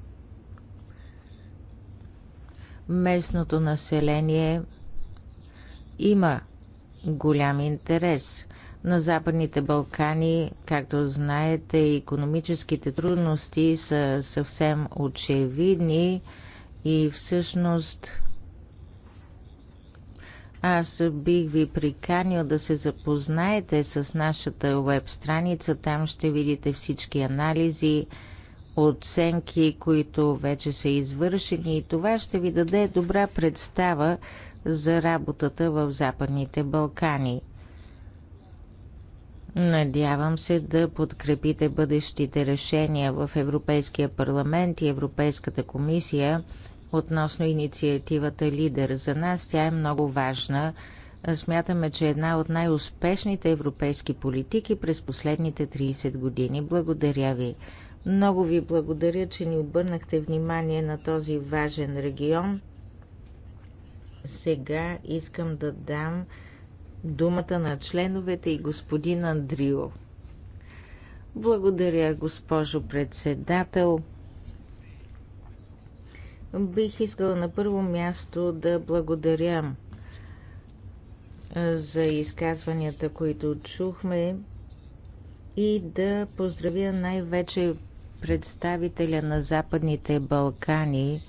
Speaker 1: местното население има голям интерес на Западните Балкани, както знаете, економическите трудности са съвсем очевидни и всъщност аз бих ви приканил да се запознаете с нашата веб страница. Там ще видите всички анализи, оценки, които вече са извършени и това ще ви даде добра представа за работата в Западните Балкани. Надявам се да подкрепите бъдещите решения в Европейския парламент и Европейската комисия относно инициативата Лидер. За нас тя е много важна. Смятаме, че е една от най-успешните европейски политики през последните 30 години. Благодаря ви. Много ви благодаря, че ни обърнахте внимание на този важен регион. Сега искам да дам думата на членовете и господин Андрио. Благодаря, госпожо председател. Бих искала на първо място да благодаря за изказванията, които чухме и да поздравя най-вече представителя на Западните Балкани,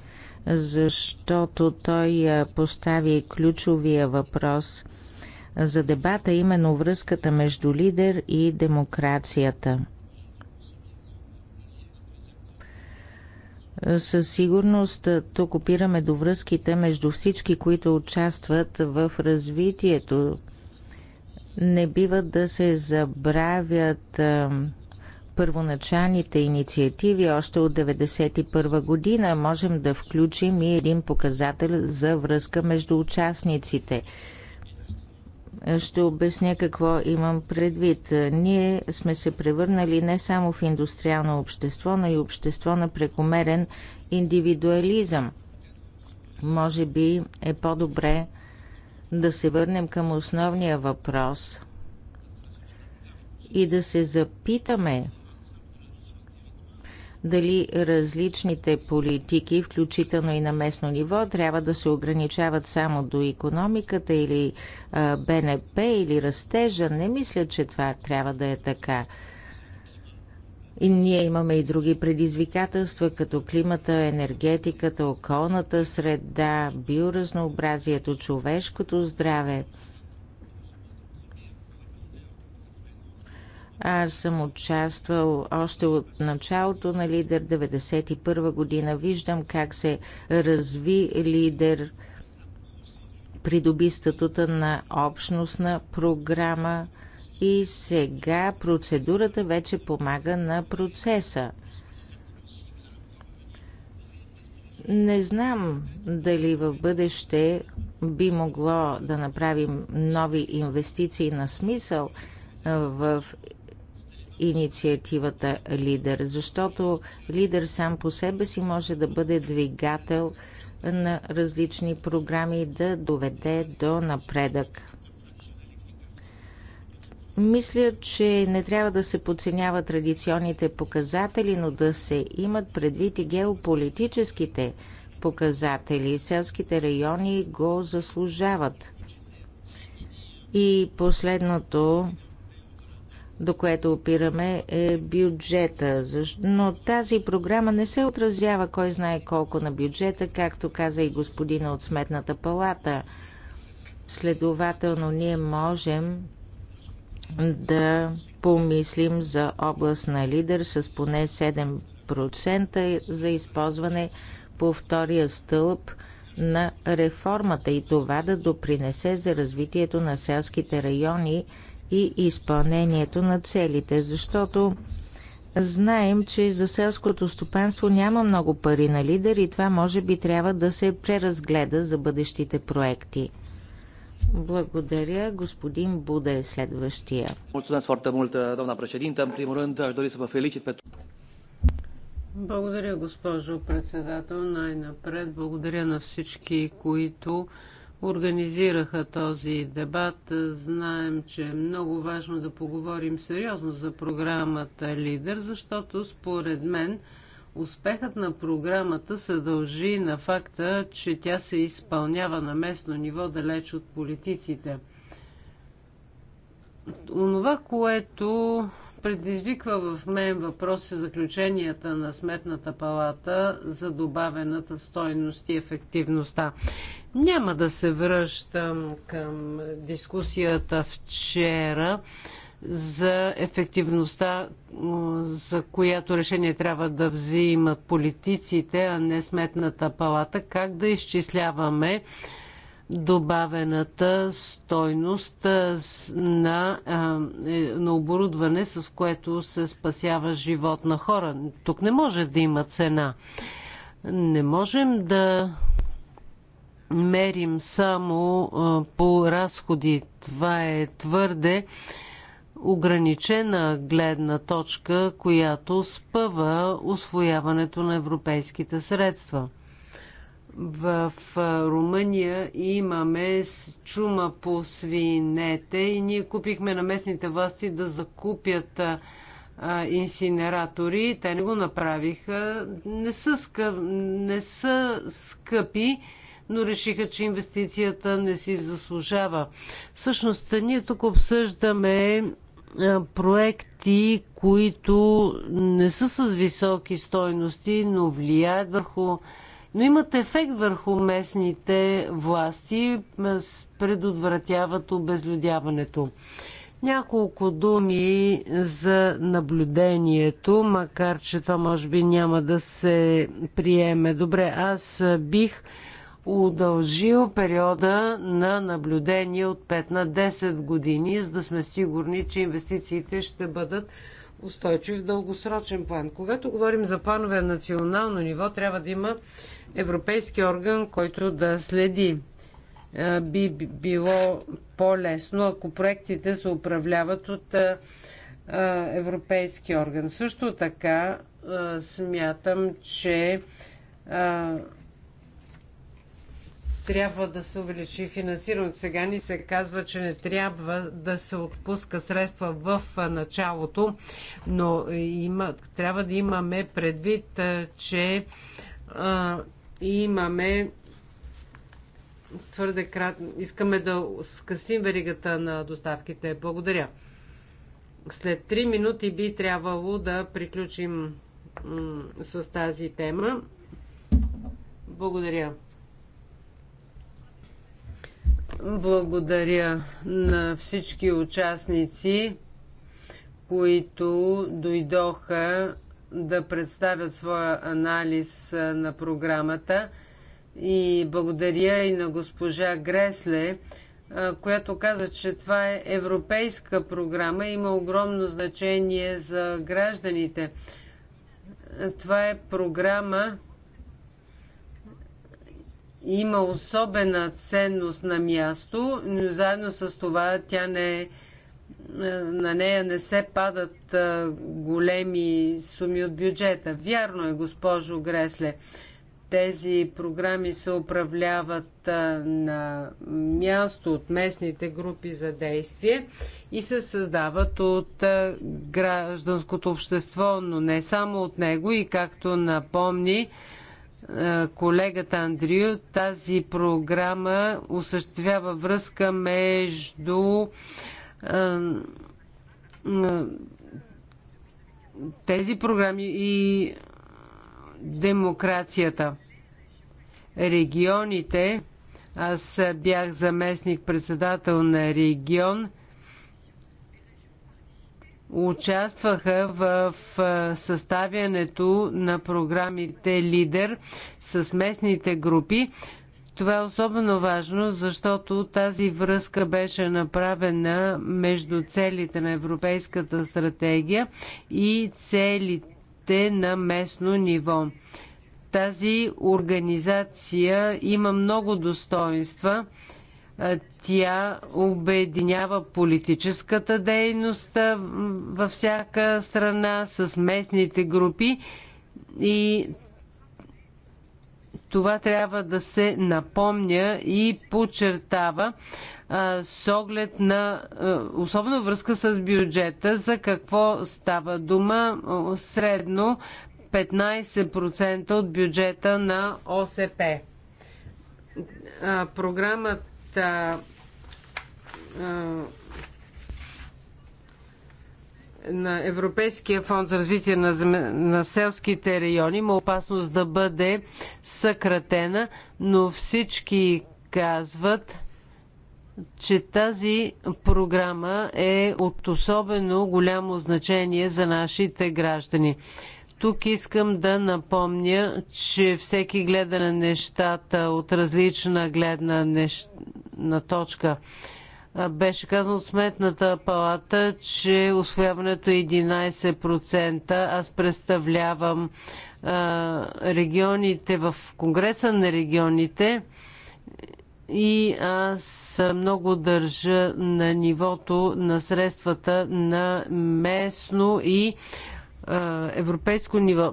Speaker 1: защото той постави ключовия въпрос за дебата, именно връзката между лидер и демокрацията. Със сигурност тук опираме до връзките между всички, които участват в развитието. Не бива да се забравят първоначалните инициативи още от 1991 година можем да включим и един показател за връзка между участниците. Ще обясня какво имам предвид. Ние сме се превърнали не само в индустриално общество, но и общество на прекомерен индивидуализъм. Може би е по-добре да се върнем към основния въпрос и да се запитаме дали различните политики, включително и на местно ниво, трябва да се ограничават само до економиката или БНП или растежа. Не мисля, че това трябва да е така. И ние имаме и други предизвикателства, като климата, енергетиката, околната среда, биоразнообразието, човешкото здраве – Аз съм участвал още от началото на Лидер 91 година. Виждам как се разви Лидер, придоби статута на общностна програма и сега процедурата вече помага на процеса. Не знам дали в бъдеще би могло да направим нови инвестиции на смисъл в инициативата Лидер, защото Лидер сам по себе си може да бъде двигател на различни програми и да доведе до напредък. Мисля, че не трябва да се подценяват традиционните показатели, но да се имат предвид и геополитическите показатели. Селските райони го заслужават. И последното до което опираме, е бюджета. Но тази програма не се отразява кой знае колко на бюджета, както каза и господина от Сметната палата. Следователно, ние можем да помислим за област на лидер с поне 7% за използване по втория стълб на реформата и това да допринесе за развитието на селските райони – и изпълнението на целите, защото знаем, че за селското стопанство няма много пари на лидер и това може би трябва да се преразгледа за бъдещите проекти. Благодаря. Господин Буда е следващия. Mulțumesc foarte
Speaker 3: mult, doamna președintă. În primul rând, aș dori să vă felicit pentru...
Speaker 1: Благодаря,
Speaker 2: госпожо председател. Най-напред благодаря на всички, които организираха този дебат. Знаем, че е много важно да поговорим сериозно за програмата Лидер, защото според мен успехът на програмата се дължи на факта, че тя се изпълнява на местно ниво далеч от политиците. Онова, което предизвиква в мен въпрос и е заключенията на Сметната палата за добавената стойност и ефективността. Няма да се връщам към дискусията вчера за ефективността, за която решение трябва да взимат политиците, а не сметната палата, как да изчисляваме добавената стойност на, е, на оборудване, с което се спасява живот на хора. Тук не може да има цена. Не можем да мерим само по разходи. Това е твърде ограничена гледна точка, която спъва освояването на европейските средства. В Румъния имаме чума по свинете и ние купихме на местните власти да закупят инсинератори. Те не го направиха. Не са, скъп, не са скъпи но решиха, че инвестицията не си заслужава. Всъщност, ние тук обсъждаме проекти, които не са с високи стойности, но влияят върху но имат ефект върху местните власти, предотвратяват обезлюдяването. Няколко думи за наблюдението, макар че това може би няма да се приеме. Добре, аз бих удължил периода на наблюдение от 5 на 10 години, за да сме сигурни, че инвестициите ще бъдат устойчив дългосрочен план. Когато говорим за планове на национално ниво, трябва да има европейски орган, който да следи. Е, би било по-лесно, ако проектите се управляват от е, е, европейски орган. Също така смятам, че трябва да се увеличи финансирането. Сега ни се казва, че не трябва да се отпуска средства в началото, но има, трябва да имаме предвид, че а, имаме твърде крат... Искаме да скъсим веригата на доставките. Благодаря. След 3 минути би трябвало да приключим с тази тема. Благодаря. Благодаря на всички участници, които дойдоха да представят своя анализ на програмата. И благодаря и на госпожа Гресле, която каза, че това е европейска програма и има огромно значение за гражданите. Това е програма, има особена ценност на място, но заедно с това тя не, е, на нея не се падат е, големи суми от бюджета. Вярно е, госпожо Гресле, тези програми се управляват е, на място от местните групи за действие и се създават от гражданското общество, но не само от него и както напомни е, колегата Андрю, тази програма осъществява връзка между е, тези програми и демокрацията. Регионите, аз бях заместник председател на регион – участваха в съставянето на програмите Лидер с местните групи. Това е особено важно, защото тази връзка беше направена между целите на Европейската стратегия и целите на местно ниво. Тази организация има много достоинства. Тя обединява политическата дейност във всяка страна с местните групи и това трябва да се напомня и подчертава с оглед на особено връзка с бюджета за какво става дума средно 15% от бюджета на ОСП. Програмата а, а, на Европейския фонд за развитие на, на селските райони има опасност да бъде съкратена, но всички казват, че тази програма е от особено голямо значение за нашите граждани. Тук искам да напомня, че всеки гледа на нещата от различна гледна нещ... на точка. Беше казано от сметната палата, че освояването е 11%. Аз представлявам а, регионите в Конгреса на регионите и аз много държа на нивото на средствата на местно и европейско ниво.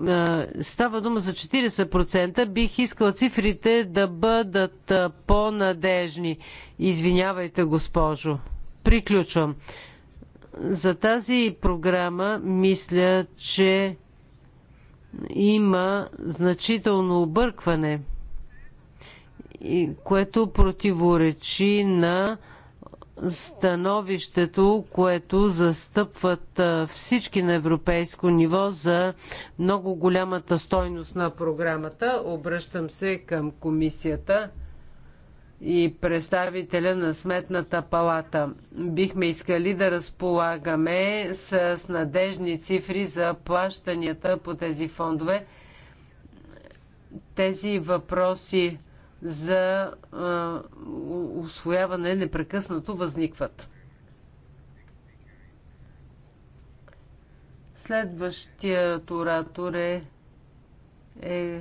Speaker 2: Става дума за 40%. Бих искала цифрите да бъдат по-надежни. Извинявайте, госпожо. Приключвам. За тази програма мисля, че има значително объркване, което противоречи на становището, което застъпват всички на европейско ниво за много голямата стойност на програмата. Обръщам се към комисията и представителя на Сметната палата. Бихме искали да разполагаме с надежни цифри за плащанията по тези фондове. Тези въпроси за освояване непрекъснато възникват. Следващият оратор е, е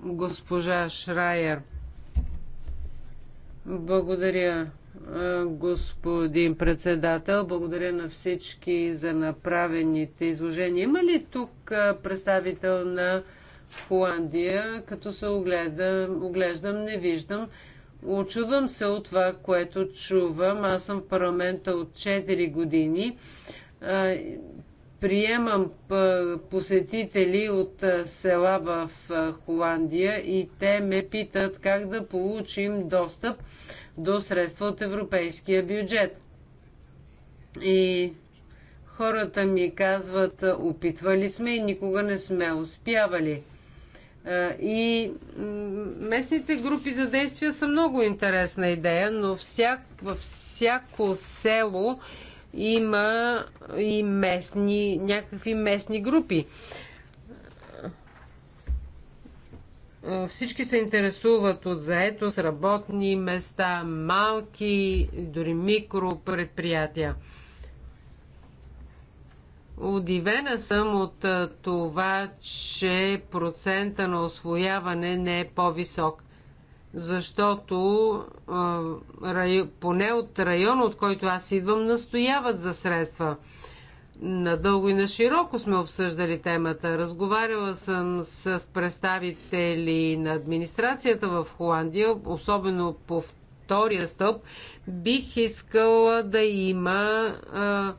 Speaker 2: госпожа Шрайер. Благодаря, господин председател. Благодаря на всички за направените изложения. Има ли тук представител на Холандия, като се огледам, оглеждам, не виждам. очувам се от това, което чувам. Аз съм в парламента от 4 години. Приемам посетители от села в Холандия и те ме питат как да получим достъп до средства от европейския бюджет. И хората ми казват, опитвали сме и никога не сме успявали. И местните групи за действия са много интересна идея, но всяк, във всяко село има и местни, някакви местни групи. Всички се интересуват от заетост, работни места, малки, дори микропредприятия. Удивена съм от това, че процента на освояване не е по-висок. Защото рай... поне от района, от който аз идвам, настояват за средства. Надълго и на широко сме обсъждали темата. Разговаряла съм с представители на администрацията в Холандия, особено по втория стълб. Бих искала да има а,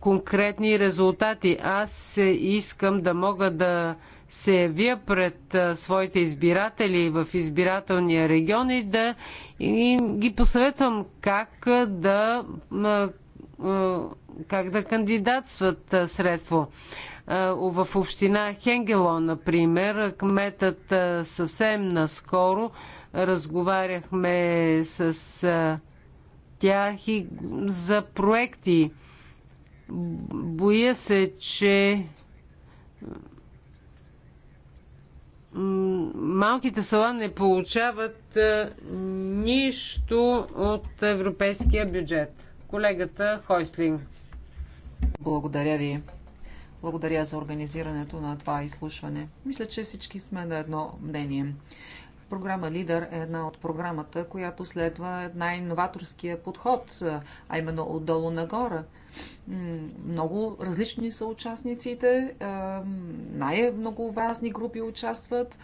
Speaker 2: конкретни резултати. Аз искам да мога да се явя пред своите избиратели в избирателния регион и да им ги посъветвам как да, как да кандидатстват средство. В община Хенгело, например, кметът съвсем наскоро разговаряхме с тях и за проекти Боя се, че малките села не получават нищо от европейския бюджет. Колегата Хойслин.
Speaker 3: Благодаря ви. Благодаря за организирането на това изслушване. Мисля, че всички сме на едно мнение. Програма Лидер е една от програмата, която следва най-инноваторския подход, а именно отдолу нагоре. Много различни са участниците, най-многообразни групи участват.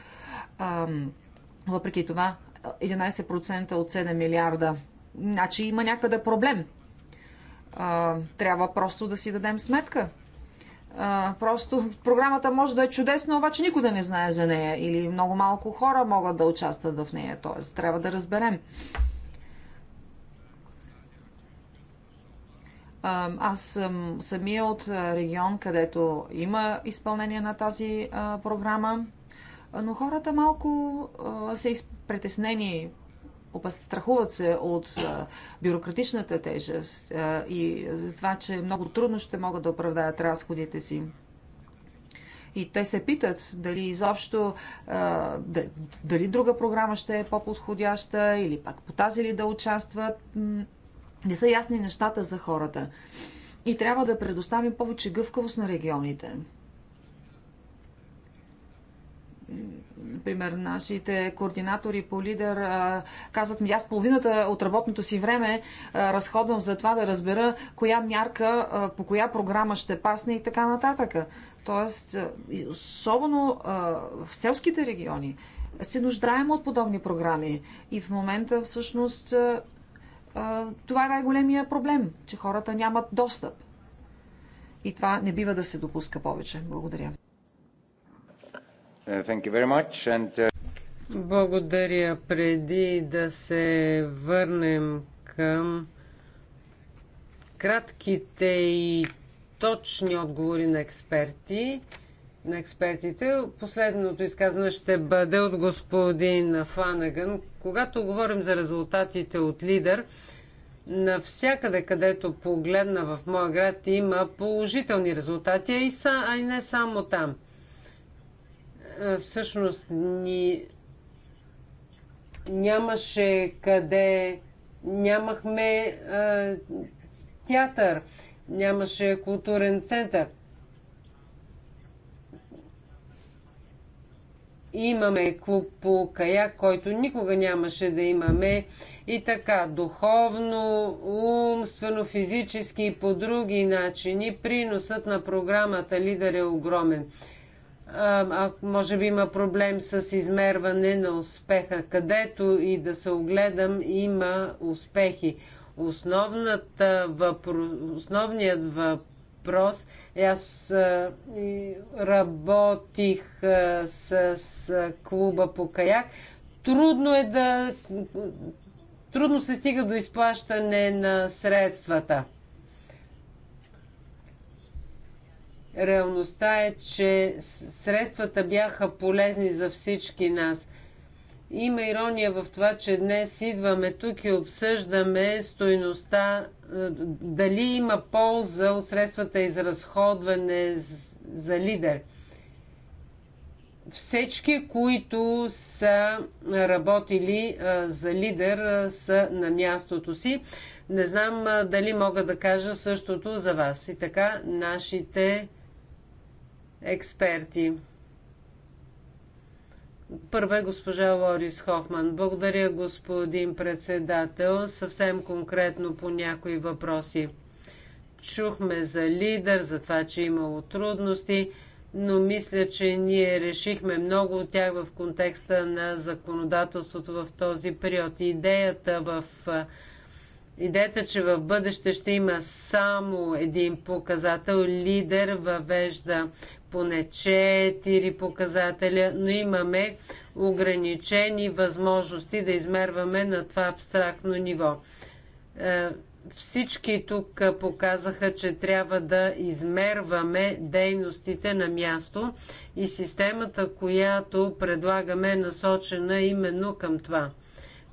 Speaker 3: Въпреки това, 11% от 7 милиарда. Значи има някъде проблем. Трябва просто да си дадем сметка просто програмата може да е чудесна, обаче никой да не знае за нея или много малко хора могат да участват в нея. Т.е. трябва да разберем. Аз съм самия от регион, където има изпълнение на тази програма, но хората малко са притеснени страхуват се от бюрократичната тежест и това, че много трудно ще могат да оправдаят разходите си. И те се питат дали изобщо, дали друга програма ще е по-подходяща или пак по тази ли да участват. Не са ясни нещата за хората. И трябва да предоставим повече гъвкавост на регионите Например, нашите координатори по лидер казват ми, аз половината от работното си време разходвам за това да разбера коя мярка, по коя програма ще пасне и така нататък. Тоест, особено в селските региони, се нуждаем от подобни програми. И в момента всъщност това е най-големия проблем, че хората нямат достъп. И това не бива да се допуска повече. Благодаря.
Speaker 2: Uh, thank you very much. And... Uh,
Speaker 3: Благодаря. Преди да се
Speaker 2: върнем към кратките и точни отговори на експерти, на експертите. Последното изказване ще бъде от господин Фанаган. Когато говорим за резултатите от лидер, навсякъде, където погледна в моя град, има положителни резултати, а и, са, а и не само там – всъщност ни нямаше къде, нямахме а, театър, нямаше културен център. Имаме клуб по каяк, който никога нямаше да имаме и така духовно, умствено, физически и по други начини приносът на програмата Лидер е огромен а, може би има проблем с измерване на успеха. Където и да се огледам, има успехи. Основната въпро... основният въпрос е аз а, работих а, с, с клуба по каяк. Трудно е да. Трудно се стига до изплащане на средствата. Реалността е, че средствата бяха полезни за всички нас. Има ирония в това, че днес идваме тук и обсъждаме стоеността, е, дали има полза от средствата изразходване за лидер всички, които са работили а, е, за лидер, а, е, са на мястото си. Не знам а, дали мога да кажа същото за вас. И така, нашите експерти. Първа е госпожа Лорис Хофман. Благодаря, господин председател. Съвсем конкретно по някои въпроси. Чухме за лидер, за това, че е имало трудности, но мисля, че ние решихме много от тях в контекста на законодателството в този период. Идеята в Идеята, че в бъдеще ще има само един показател, лидер въвежда поне 4 показателя, но имаме ограничени възможности да измерваме на това абстрактно ниво. Е, всички тук показаха, че трябва да измерваме дейностите на място и системата, която предлагаме е насочена именно към това –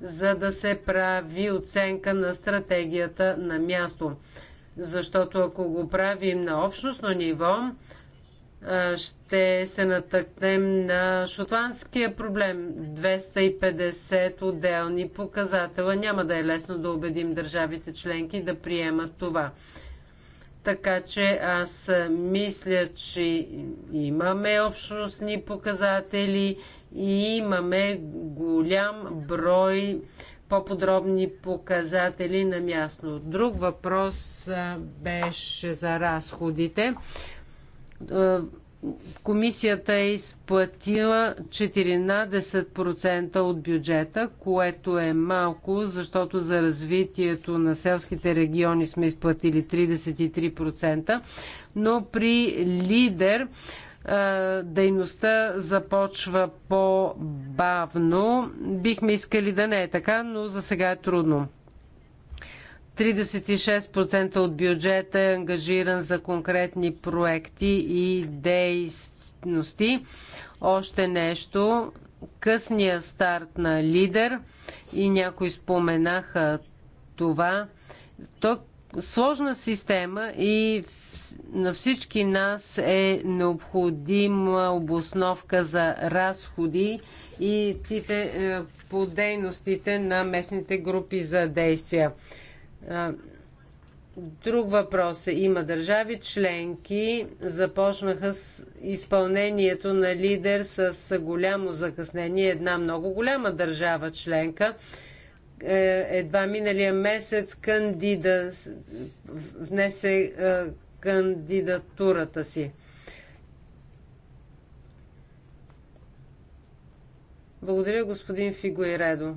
Speaker 2: за да се прави оценка на стратегията на място. Защото ако го правим на общностно ниво, ще се натъкнем на шотландския проблем. 250 отделни показатела. Няма да е лесно да убедим държавите членки да приемат това. Така че аз мисля, че имаме общностни показатели, и имаме голям брой по-подробни показатели на място. Друг въпрос беше за разходите. Комисията е изплатила 14% от бюджета, което е малко, защото за развитието на селските региони сме изплатили 33%, но при лидер е, дейността започва по-бавно. Бихме искали да не е така, но за сега е трудно. 36% от бюджета е ангажиран за конкретни проекти и дейности. Още нещо. Късния старт на лидер и някои споменаха това. Тук сложна система и на всички нас е необходима обосновка за разходи и тите, е, по дейностите на местните групи за действия. Друг въпрос е, има държави членки, започнаха с изпълнението на лидер с голямо закъснение. Една много голяма държава членка е, едва миналия месец кандида внесе е, кандидатурата си. Благодаря, господин Фигуередо.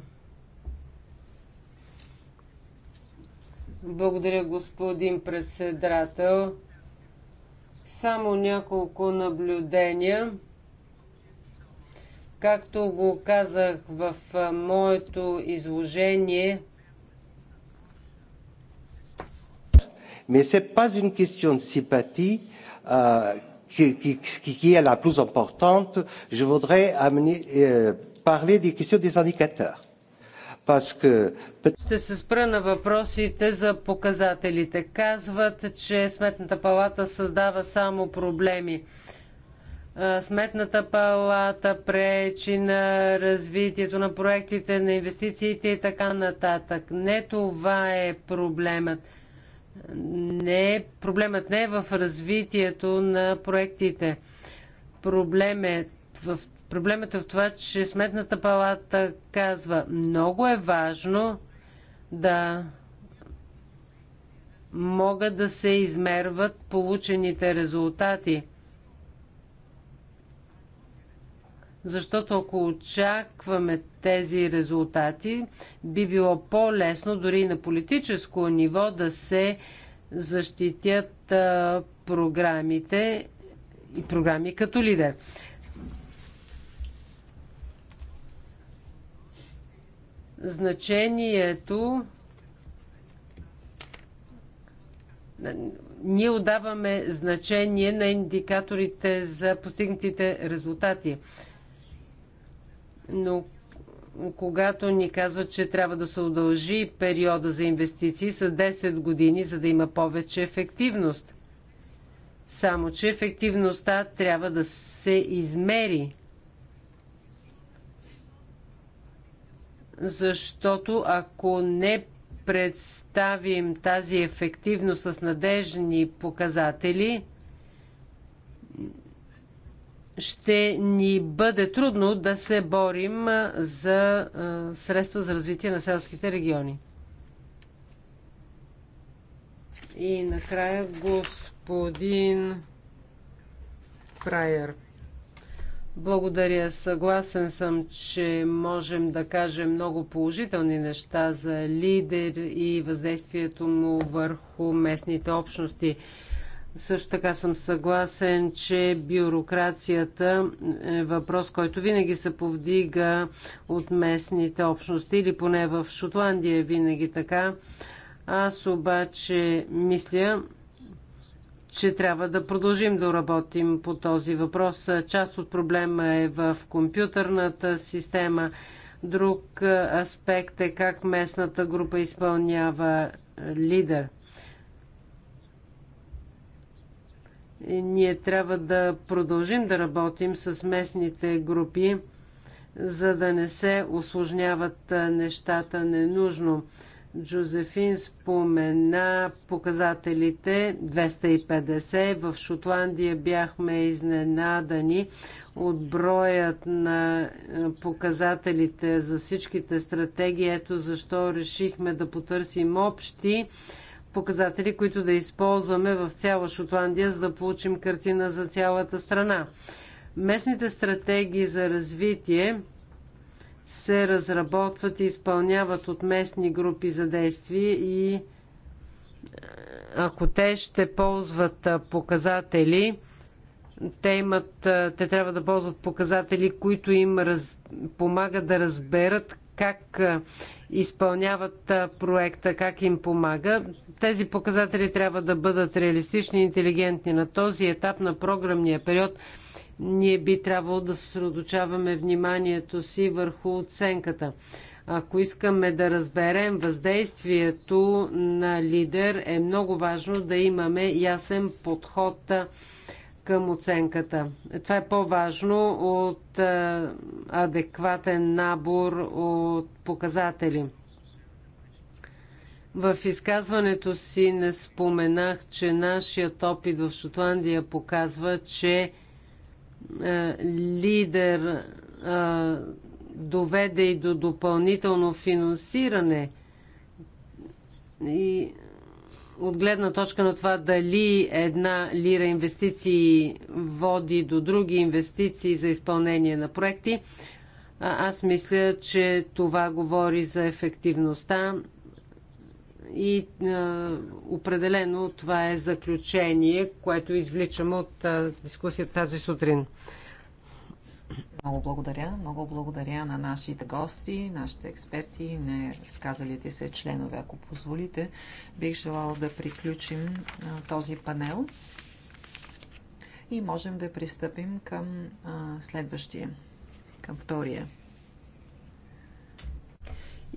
Speaker 2: Благодаря, господин председател. Само няколко наблюдения. Както го казах в моето изложение, Mais ce n'est pas une question de sympathie euh, qui, qui, qui est la plus importante. Je voudrais amener, euh, parler des questions des indicateurs. Ще се спра на въпросите за показателите. Казват, че Сметната палата създава само проблеми. Сметната палата пречи на развитието на проектите, на инвестициите и така нататък. Не това е проблемът. Не, проблемът не е в развитието на проектите. Проблем е в, проблемът е в това, че Сметната палата казва много е важно да могат да се измерват получените резултати – защото ако очакваме тези резултати, би било по-лесно дори и на политическо ниво да се защитят а, програмите и програми като лидер. Значението ние отдаваме значение на индикаторите за постигнатите резултати но когато ни казват, че трябва да се удължи периода за инвестиции с 10 години, за да има повече ефективност. Само, че ефективността трябва да се измери. Защото ако не представим тази ефективност с надежни показатели, ще ни бъде трудно да се борим за средства за развитие на селските региони. И накрая господин Фрайер. Благодаря. Съгласен съм, че можем да кажем много положителни неща за лидер и въздействието му върху местните общности. Също така съм съгласен, че бюрокрацията е въпрос, който винаги се повдига от местните общности или поне в Шотландия е винаги така. Аз обаче мисля, че трябва да продължим да работим по този въпрос. Част от проблема е в компютърната система. Друг аспект е как местната група изпълнява лидер – Ние трябва да продължим да работим с местните групи, за да не се осложняват нещата ненужно. Джозефин спомена показателите 250. В Шотландия бяхме изненадани от броят на показателите за всичките стратегии. Ето защо решихме да потърсим общи показатели, които да използваме в цяла Шотландия, за да получим картина за цялата страна. Местните стратегии за развитие се разработват и изпълняват от местни групи за действие и е, ако те ще ползват е, показатели, те, имат, е, те трябва да ползват показатели, които им раз, помагат да разберат как изпълняват проекта, как им помага. Тези показатели трябва да бъдат реалистични и интелигентни. На този етап на програмния период ние би трябвало да съсредоточаваме вниманието си върху оценката. Ако искаме да разберем въздействието на лидер, е много важно да имаме ясен подход към оценката. Това е по-важно от е, адекватен набор от показатели. В изказването си не споменах, че нашият опит в Шотландия показва, че е, лидер е, доведе и до допълнително финансиране и от гледна точка на това дали една лира инвестиции води до други инвестиции за изпълнение на проекти, аз мисля, че това говори за ефективността и а, определено това е заключение,
Speaker 3: което извличам от а, дискусията тази сутрин. Много благодаря. Много благодаря на нашите гости, нашите експерти, не разказалите се членове. Ако позволите, бих желала да приключим този панел и можем да пристъпим към следващия, към втория.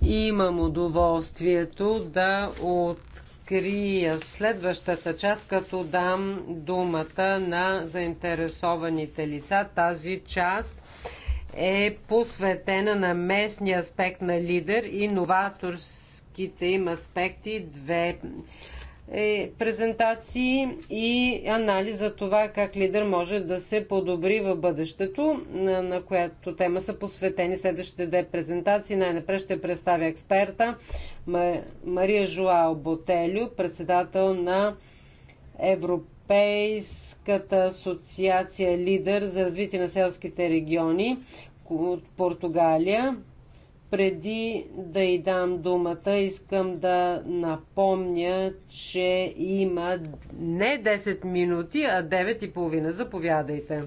Speaker 2: Имам удоволствието да открия следващата част, като дам думата на заинтересованите лица. Тази част е посветена на местния аспект на лидер и новаторските им аспекти. Две е, презентации и анализ за това как лидер може да се подобри в бъдещето, на, на която тема са посветени следващите две презентации. Най-напред ще представя експерта Мария Жуао Ботелю, председател на Европейс Европейската асоциация Лидер за развитие на селските региони от Португалия. Преди да й дам думата, искам да напомня, че има не 10 минути, а 9 и половина. Заповядайте.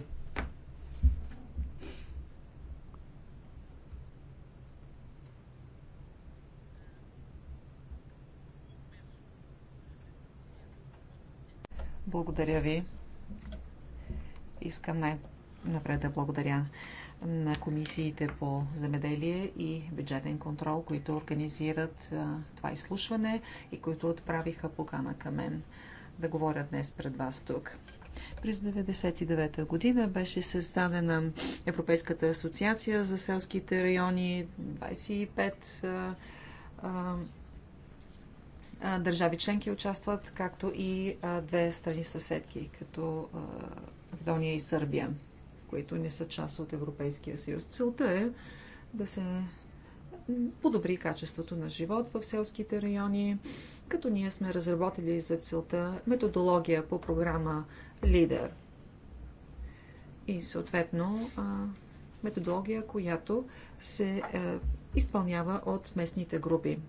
Speaker 3: Благодаря ви искам най-напред да благодаря на комисиите по земеделие и бюджетен контрол, които организират това изслушване и които отправиха покана към мен да говоря днес пред вас тук. През 1999 година беше създадена Европейската асоциация за селските райони. 25 а, а, държави членки участват, както и а, две страни съседки, като Македония и Сърбия, които не са част от Европейския съюз. Целта е да се подобри качеството на живот в селските райони, като ние сме разработили за целта методология по програма Лидер. И съответно методология, която се е, изпълнява от местните групи.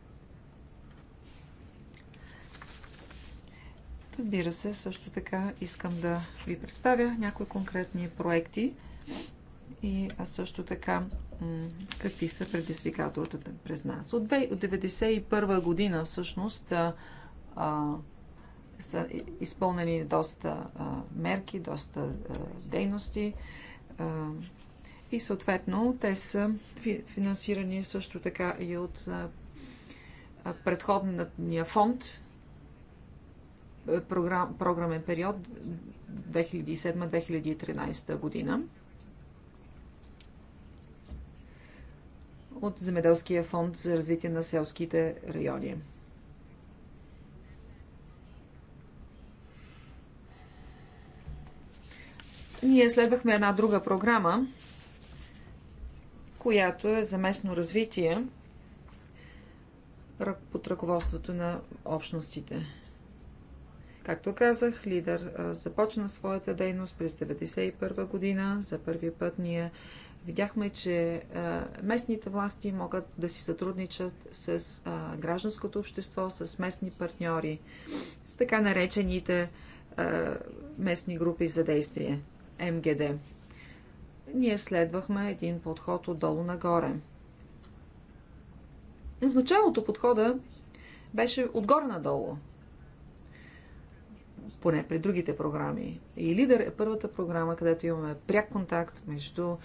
Speaker 3: Разбира се, също така искам да ви представя някои конкретни проекти и също така какви са предизвикателствата през нас. От 1991 година всъщност са изпълнени доста мерки, доста дейности и съответно те са финансирани също така и от предходния фонд програм, програмен период 2007-2013 година. от Земеделския фонд за развитие на селските райони. Ние следвахме една друга програма, която е за местно развитие под ръководството на общностите. Както казах, лидер започна своята дейност през 1991 година. За първи път ние видяхме, че местните власти могат да си сътрудничат с гражданското общество, с местни партньори, с така наречените местни групи за действие, МГД. Ние следвахме един подход отдолу нагоре. В началото подхода беше отгоре надолу, поне при другите програми. И Лидер е първата програма, където имаме пряк контакт между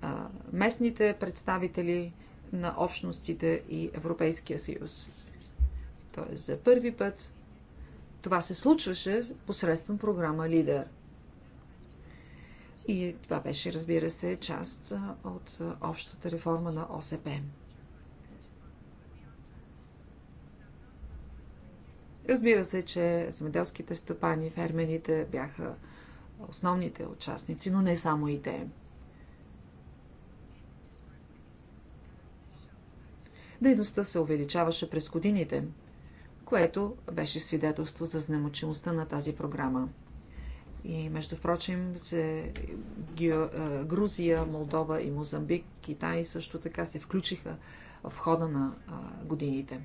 Speaker 3: а, местните представители на общностите и Европейския съюз. Тоест, за първи път това се случваше посредством програма Лидер. И това беше, разбира се, част от общата реформа на ОСПМ. Разбира се, че земеделските стопани, фермерите бяха основните участници, но не само и те. Дейността се увеличаваше през годините, което беше свидетелство за знемочимостта на тази програма. И между прочим, се, Грузия, Молдова и Мозамбик, Китай също така се включиха в хода на годините.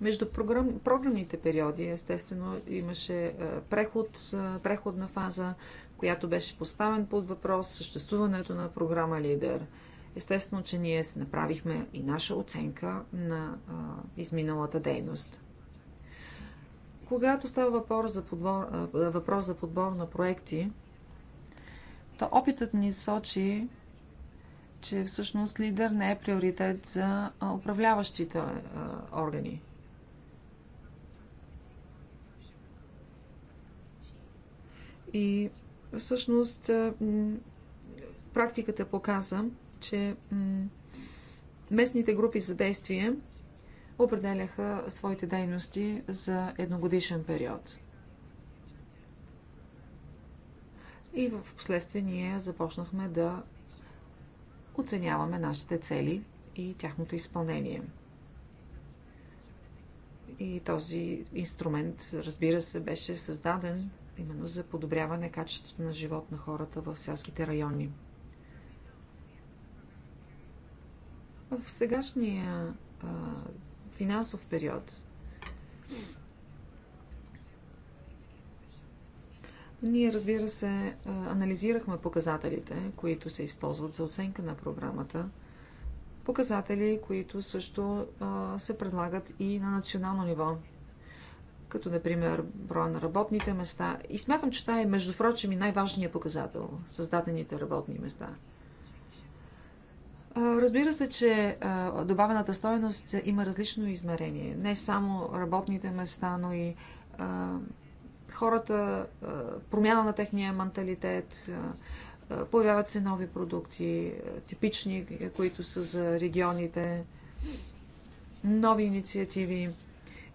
Speaker 3: Между програм, програмните периоди, естествено, имаше е, преход, е, преходна фаза, която беше поставен под въпрос съществуването на програма Лидер. Естествено, че ние се направихме и наша оценка на а, изминалата дейност. Когато става въпрос за подбор, а, въпрос за подбор на проекти, то опитът ни сочи, че всъщност лидер не е приоритет за управляващите а, органи. И всъщност практиката показа, че местните групи за действие определяха своите дейности за едногодишен период. И в последствие ние започнахме да оценяваме нашите цели и тяхното изпълнение. И този инструмент, разбира се, беше създаден именно за подобряване на качеството на живот на хората в селските райони. В сегашния а, финансов период Ние, разбира се, анализирахме показателите, които се използват за оценка на програмата. Показатели, които също се предлагат и на национално ниво като например броя на работните места. И смятам, че това е, между прочим, и най-важният показател – създадените работни места. Разбира се, че добавената стоеност има различно измерение. Не само работните места, но и хората, промяна на техния менталитет, появяват се нови продукти, типични, които са за регионите, нови инициативи.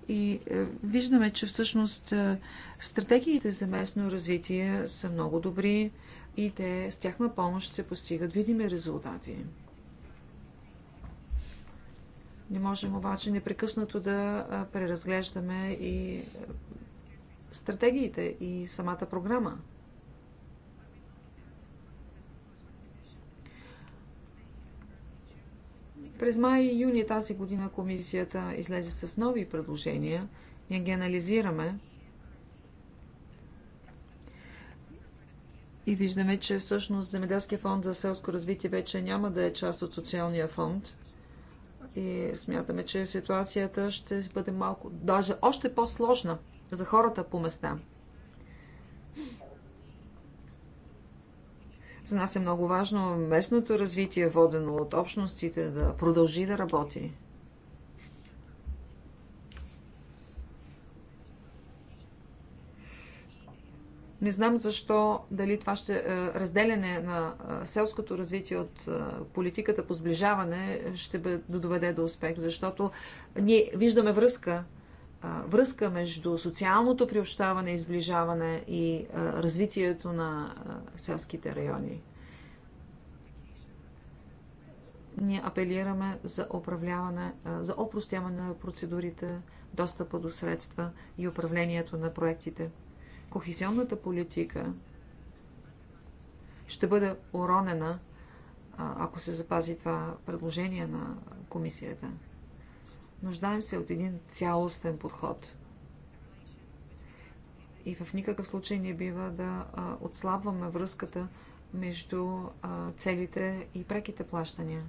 Speaker 3: И е, виждаме, че всъщност е, стратегиите за местно развитие са много добри и те с тяхна помощ се постигат видими резултати. Не можем обаче непрекъснато да е, преразглеждаме и стратегиите и самата програма. През май и юни тази година комисията излезе с нови предложения. Ние ги анализираме. И виждаме, че всъщност Земеделския фонд за селско развитие вече няма да е част от социалния фонд. И смятаме, че ситуацията ще бъде малко, даже още по-сложна за хората по места. За нас е много важно местното развитие, водено от общностите, да продължи да работи. Не знам защо, дали това ще е, разделяне на е, селското развитие от е, политиката по сближаване ще доведе до успех, защото ние виждаме връзка връзка между социалното приобщаване, изближаване и развитието на селските райони. Ние апелираме за управляване, за опростяване на процедурите, достъпа до средства и управлението на проектите. Кохезионната политика ще бъде уронена, ако се запази това предложение на комисията – Нуждаем се от един цялостен подход. И в никакъв случай не бива да отслабваме връзката между целите и преките плащания.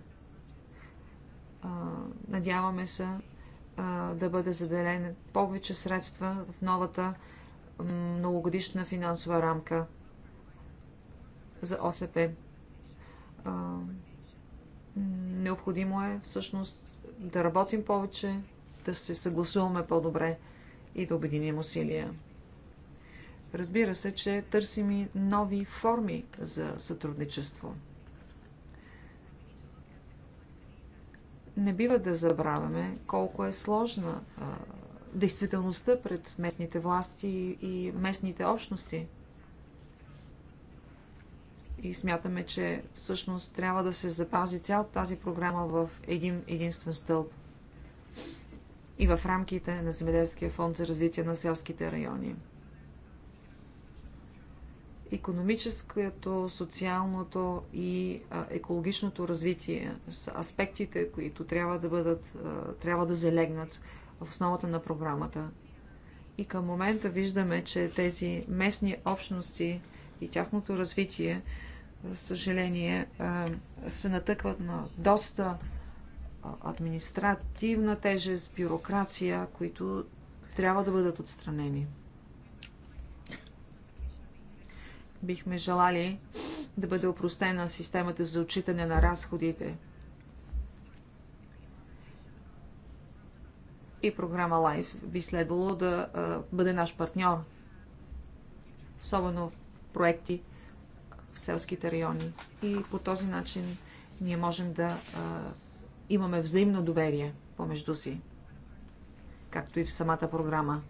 Speaker 3: Надяваме се да бъде заделен повече средства в новата многогодишна финансова рамка за ОСП. Необходимо е всъщност да работим повече, да се съгласуваме по-добре и да обединим усилия. Разбира се, че търсим и нови форми за сътрудничество. Не бива да забравяме колко е сложна действителността пред местните власти и местните общности и смятаме, че всъщност трябва да се запази цялата тази програма в един единствен стълб и в рамките на Земеделския фонд за развитие на селските райони. Економическото, социалното и екологичното развитие са аспектите, които трябва да бъдат, трябва да залегнат в основата на програмата. И към момента виждаме, че тези местни общности и тяхното развитие за съжаление, се натъкват на доста административна тежест, бюрокрация, които трябва да бъдат отстранени. Бихме желали да бъде опростена системата за отчитане на разходите и програма Life би следвало да бъде наш партньор, особено в проекти, в селските райони. И по този начин ние можем да а, имаме взаимно доверие помежду си, както и в самата програма.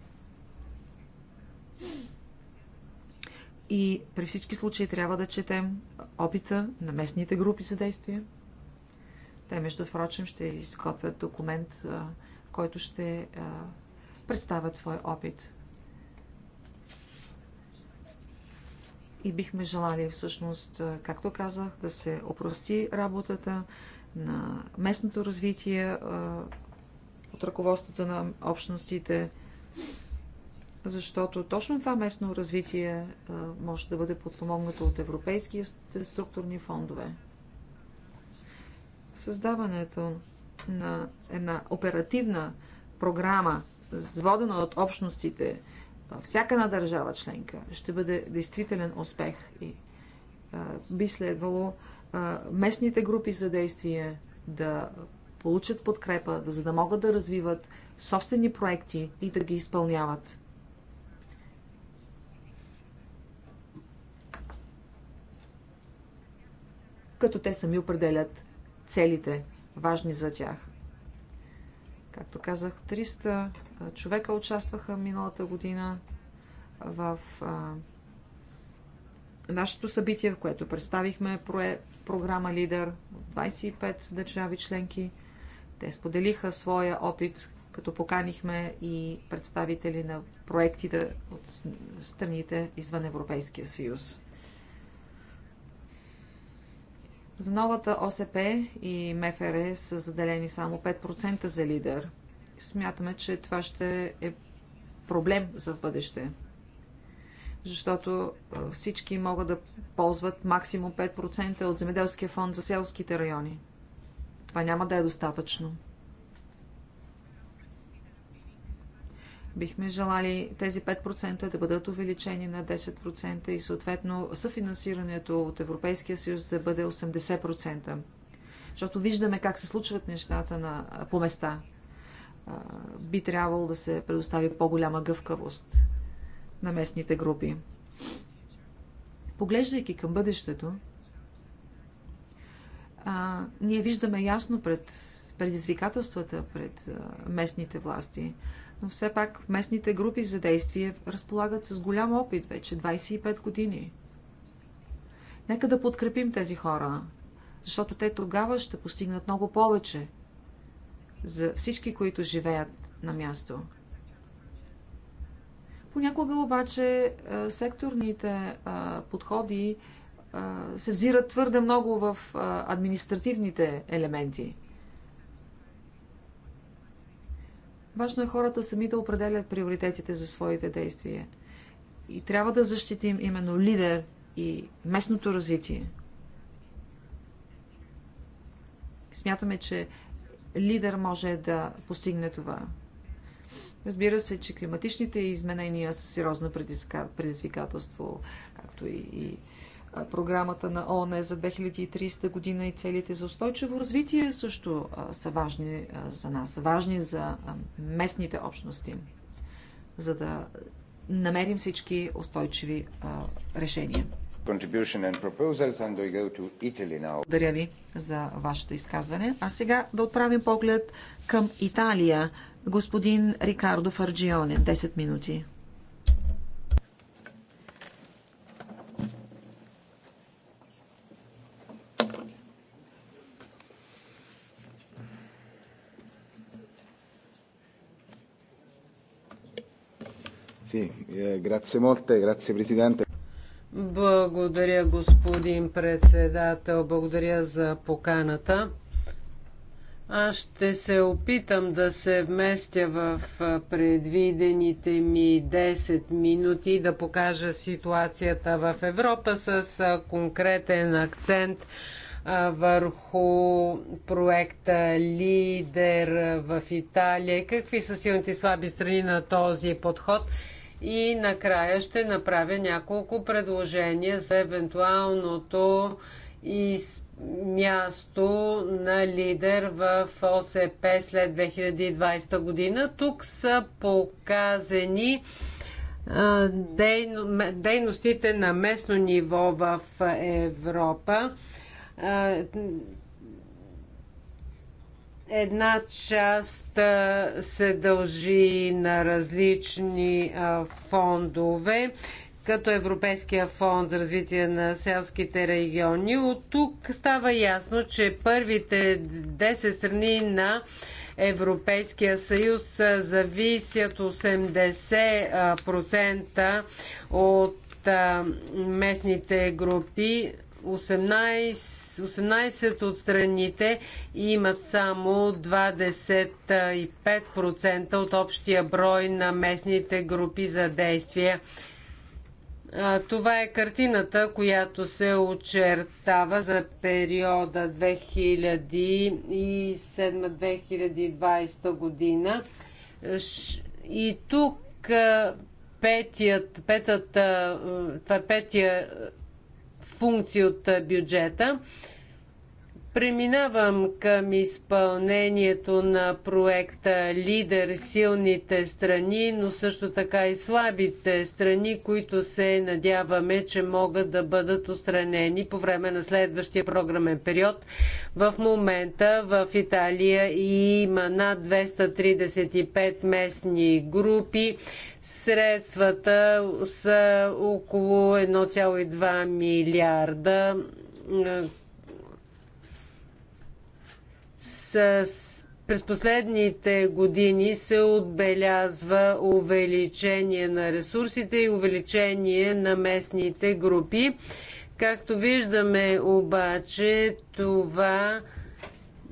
Speaker 3: И при всички случаи трябва да четем опита на местните групи за действие. Те, между впрочем, ще изготвят документ, а, в който ще а, представят свой опит и бихме желали всъщност, както казах, да се опрости работата на местното развитие от ръководството на общностите, защото точно това местно развитие може да бъде подпомогнато от европейски структурни фондове. Създаването на една оперативна програма, водена от общностите, всяка една държава членка ще бъде действителен успех и а, би следвало а, местните групи за действие да получат подкрепа, за да могат да развиват собствени проекти и да ги изпълняват. Като те сами определят целите, важни за тях. Както казах, 300 човека участваха миналата година в а, нашето събитие, в което представихме про- програма Лидер от 25 държави членки. Те споделиха своя опит, като поканихме и представители на проектите от страните извън Европейския съюз. За новата ОСП и МФР са заделени само 5% за лидер – смятаме, че това ще е проблем за в бъдеще. Защото всички могат да ползват максимум 5% от земеделския фонд за селските райони. Това няма да е достатъчно. Бихме желали тези 5% да бъдат увеличени на 10% и съответно съфинансирането от Европейския съюз да бъде 80%. Защото виждаме как се случват нещата на, по места – би трябвало да се предостави по-голяма гъвкавост на местните групи. Поглеждайки към бъдещето, а, ние виждаме ясно пред предизвикателствата пред а, местните власти, но все пак местните групи за действие разполагат с голям опит вече 25 години. Нека да подкрепим тези хора, защото те тогава ще постигнат много повече за всички, които живеят на място. Понякога обаче е, секторните е, подходи е, се взират твърде много в административните елементи. Важно е хората сами да определят приоритетите за своите действия. И трябва да защитим именно лидер и местното развитие. Смятаме, че лидер може да постигне това. Разбира се, че климатичните изменения са сериозно предизвикателство, както и, и програмата на ООН за 2030 година и целите за устойчиво развитие също са важни за нас, важни за местните общности, за да намерим всички устойчиви решения. Благодаря ви за вашето изказване. А сега да отправим поглед към Италия. Господин Рикардо Фарджионе, 10 минути.
Speaker 1: Sì,
Speaker 2: eh, grazie molte, grazie Presidente. Благодаря, господин председател. Благодаря за поканата. Аз ще се опитам да се вместя в предвидените ми 10 минути да покажа ситуацията в Европа с конкретен акцент върху проекта Лидер в Италия. Какви са силните и слаби страни на този подход? И накрая ще направя няколко предложения за евентуалното из... място на лидер в ОСП след 2020 година. Тук са показани дейностите на местно ниво в Европа. Една част се дължи на различни фондове, като Европейския фонд за развитие на селските региони. От тук става ясно, че първите 10 страни на Европейския съюз зависят 80% от местните групи 18, от страните имат само 25% от общия брой на местните групи за действие. Това е картината, която се очертава за периода 2007-2020 година. И тук петият, петата, това е петия функции от бюджета. Преминавам към изпълнението на проекта Лидер силните страни, но също така и слабите страни, които се надяваме, че могат да бъдат устранени по време на следващия програмен период. В момента в Италия има над 235 местни групи. Средствата са около 1,2 милиарда с, през последните години се отбелязва увеличение на ресурсите и увеличение на местните групи. Както виждаме обаче, това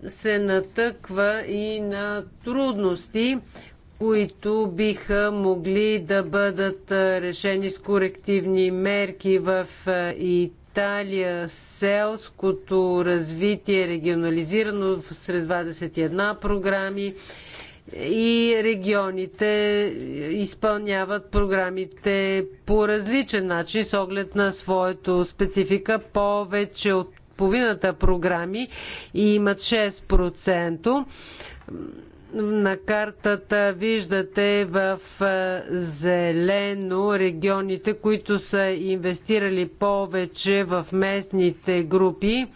Speaker 2: се натъква и на трудности, които биха могли да бъдат решени с корективни мерки в ИТ Италия селското развитие е регионализирано сред 21 програми и регионите изпълняват програмите по различен начин с оглед на своето специфика. Повече от половината програми и имат 6%. На картата виждате в зелено регионите, които са инвестирали повече в местните групи,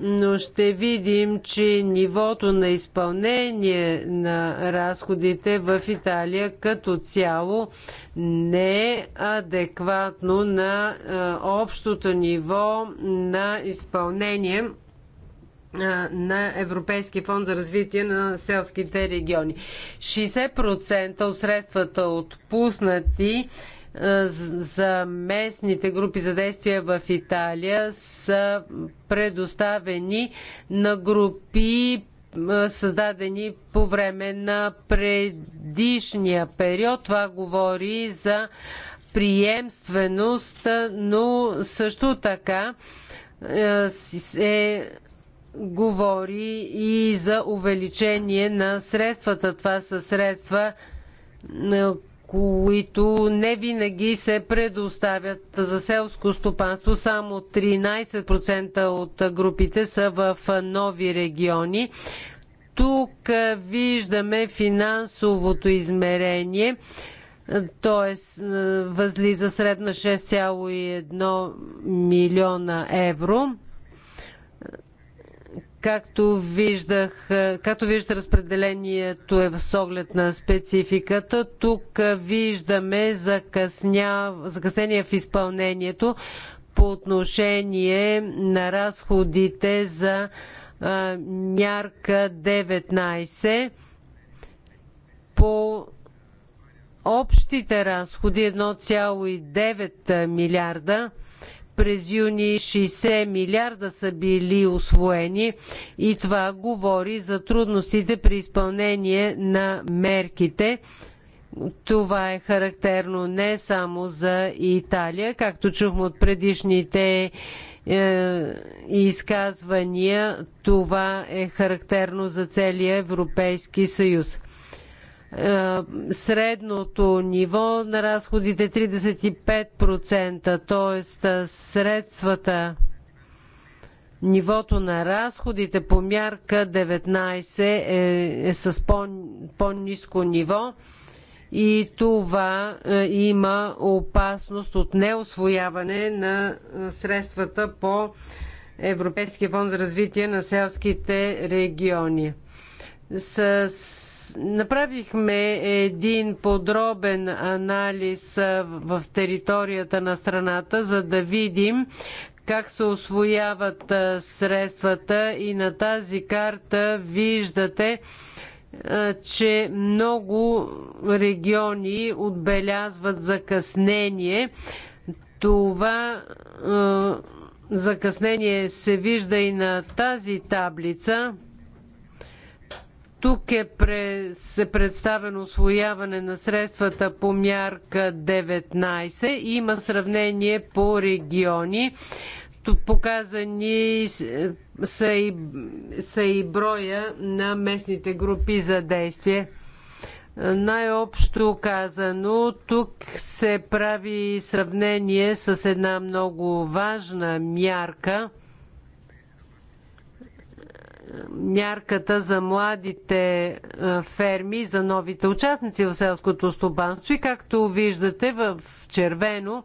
Speaker 2: но ще видим, че нивото на изпълнение на разходите в Италия като цяло не е адекватно на общото ниво на изпълнение на Европейския фонд за развитие на селските региони. 60% от средствата отпуснати за местните групи за действия в Италия са предоставени на групи създадени по време на предишния период. Това говори за приемственост, но също така е говори и за увеличение на средствата. Това са средства, които не винаги се предоставят за селско стопанство. Само 13% от групите са в нови региони. Тук виждаме финансовото измерение, т.е. възлиза средна 6,1 милиона евро. Както виждах, е, както виждате, разпределението е с оглед на спецификата. Тук виждаме закъсня, закъснение в изпълнението по отношение на разходите за а, е, мярка 19 по общите разходи 1,9 милиарда през юни 60 милиарда са били освоени и това говори за трудностите при изпълнение на мерките. Това е характерно не само за Италия, както чухме от предишните е, изказвания, това е характерно за целия Европейски съюз. Е, средното ниво на разходите 35%, е т.е. средствата нивото на разходите по мярка 19 е, е с по, низко ниво и това е, има опасност от неосвояване на е, средствата по Европейския фонд за развитие на селските региони. С Направихме един подробен анализ в територията на страната, за да видим как се освояват средствата и на тази карта виждате, че много региони отбелязват закъснение. Това закъснение се вижда и на тази таблица. Тук е се представено освояване на средствата по мярка 19. Има сравнение по региони. Тук показани е, са и, са и броя на местните групи за действие. Най-общо казано, тук се прави сравнение с една много важна мярка – мярката за младите ферми, за новите участници в селското стопанство. И както виждате в червено,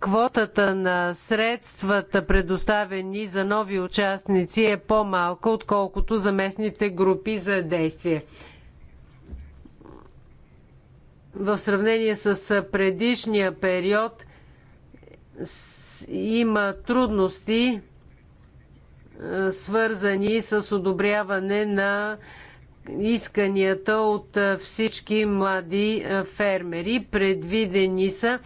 Speaker 2: квотата на средствата, предоставени за нови участници, е по-малка, отколкото за местните групи за действие. В сравнение с предишния период има трудности свързани с одобряване на исканията от всички млади фермери. Предвидени са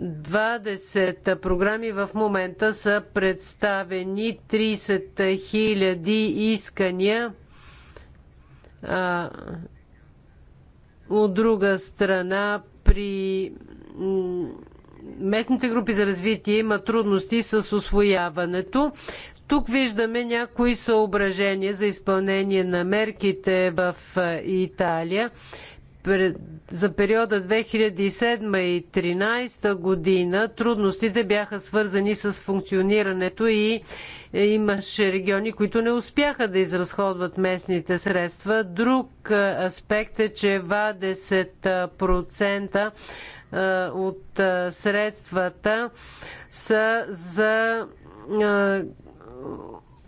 Speaker 2: 20 програми в момента са представени 30 000 искания. От друга страна, при местните групи за развитие има трудности с освояването. Тук виждаме някои съображения за изпълнение на мерките в Италия за периода 2007 и 2013 година трудностите бяха свързани с функционирането и е, имаше региони, които не успяха да изразходват местните средства. Друг аспект е, че 20% от средствата са за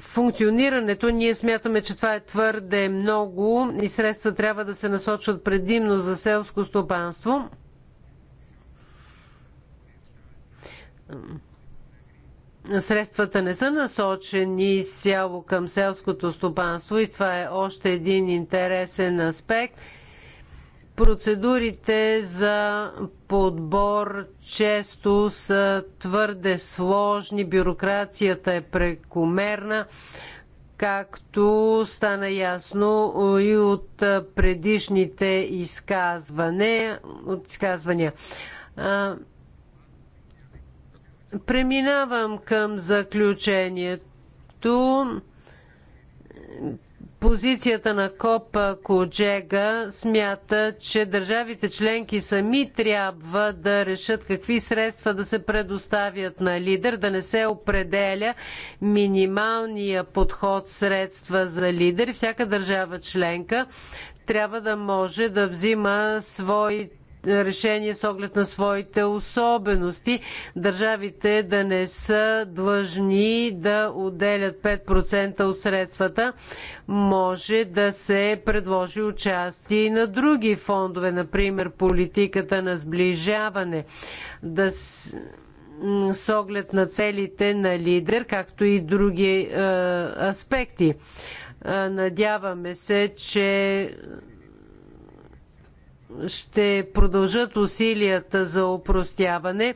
Speaker 2: функционирането, ние смятаме, че това е твърде много и средства трябва да се насочват предимно за селско стопанство. Средствата не са насочени изцяло към селското стопанство и това е още един интересен аспект – Процедурите за подбор често са твърде сложни, бюрокрацията е прекомерна, както стана ясно и от предишните изказване, от изказвания. Преминавам към заключението позицията на Копа Коджега смята, че държавите членки сами трябва да решат какви средства да се предоставят на лидер, да не се определя минималния подход средства за лидер. Всяка държава членка трябва да може да взима своите решение с оглед на своите особености. Държавите да не са длъжни да отделят 5% от средствата. Може да се предложи участие и на други фондове, например политиката на сближаване. Да с с оглед на целите на лидер, както и други е, аспекти. Е, надяваме се, че ще продължат усилията за упростяване.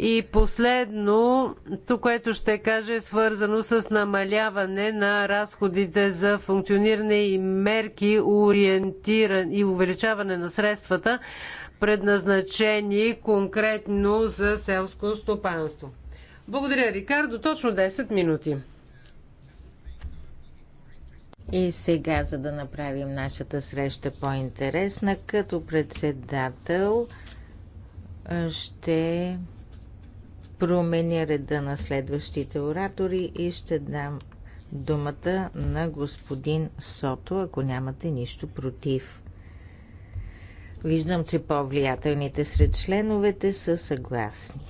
Speaker 2: И последно, то, което ще кажа е свързано с намаляване на разходите за функциониране и мерки ориентиран и увеличаване на средствата, предназначени конкретно за селско стопанство. Благодаря, Рикардо. Точно 10 минути.
Speaker 1: И сега, за да направим нашата среща по-интересна, като председател ще променя реда на следващите оратори и ще дам думата на господин Сото, ако нямате нищо против. Виждам, че по-влиятелните сред членовете са съгласни.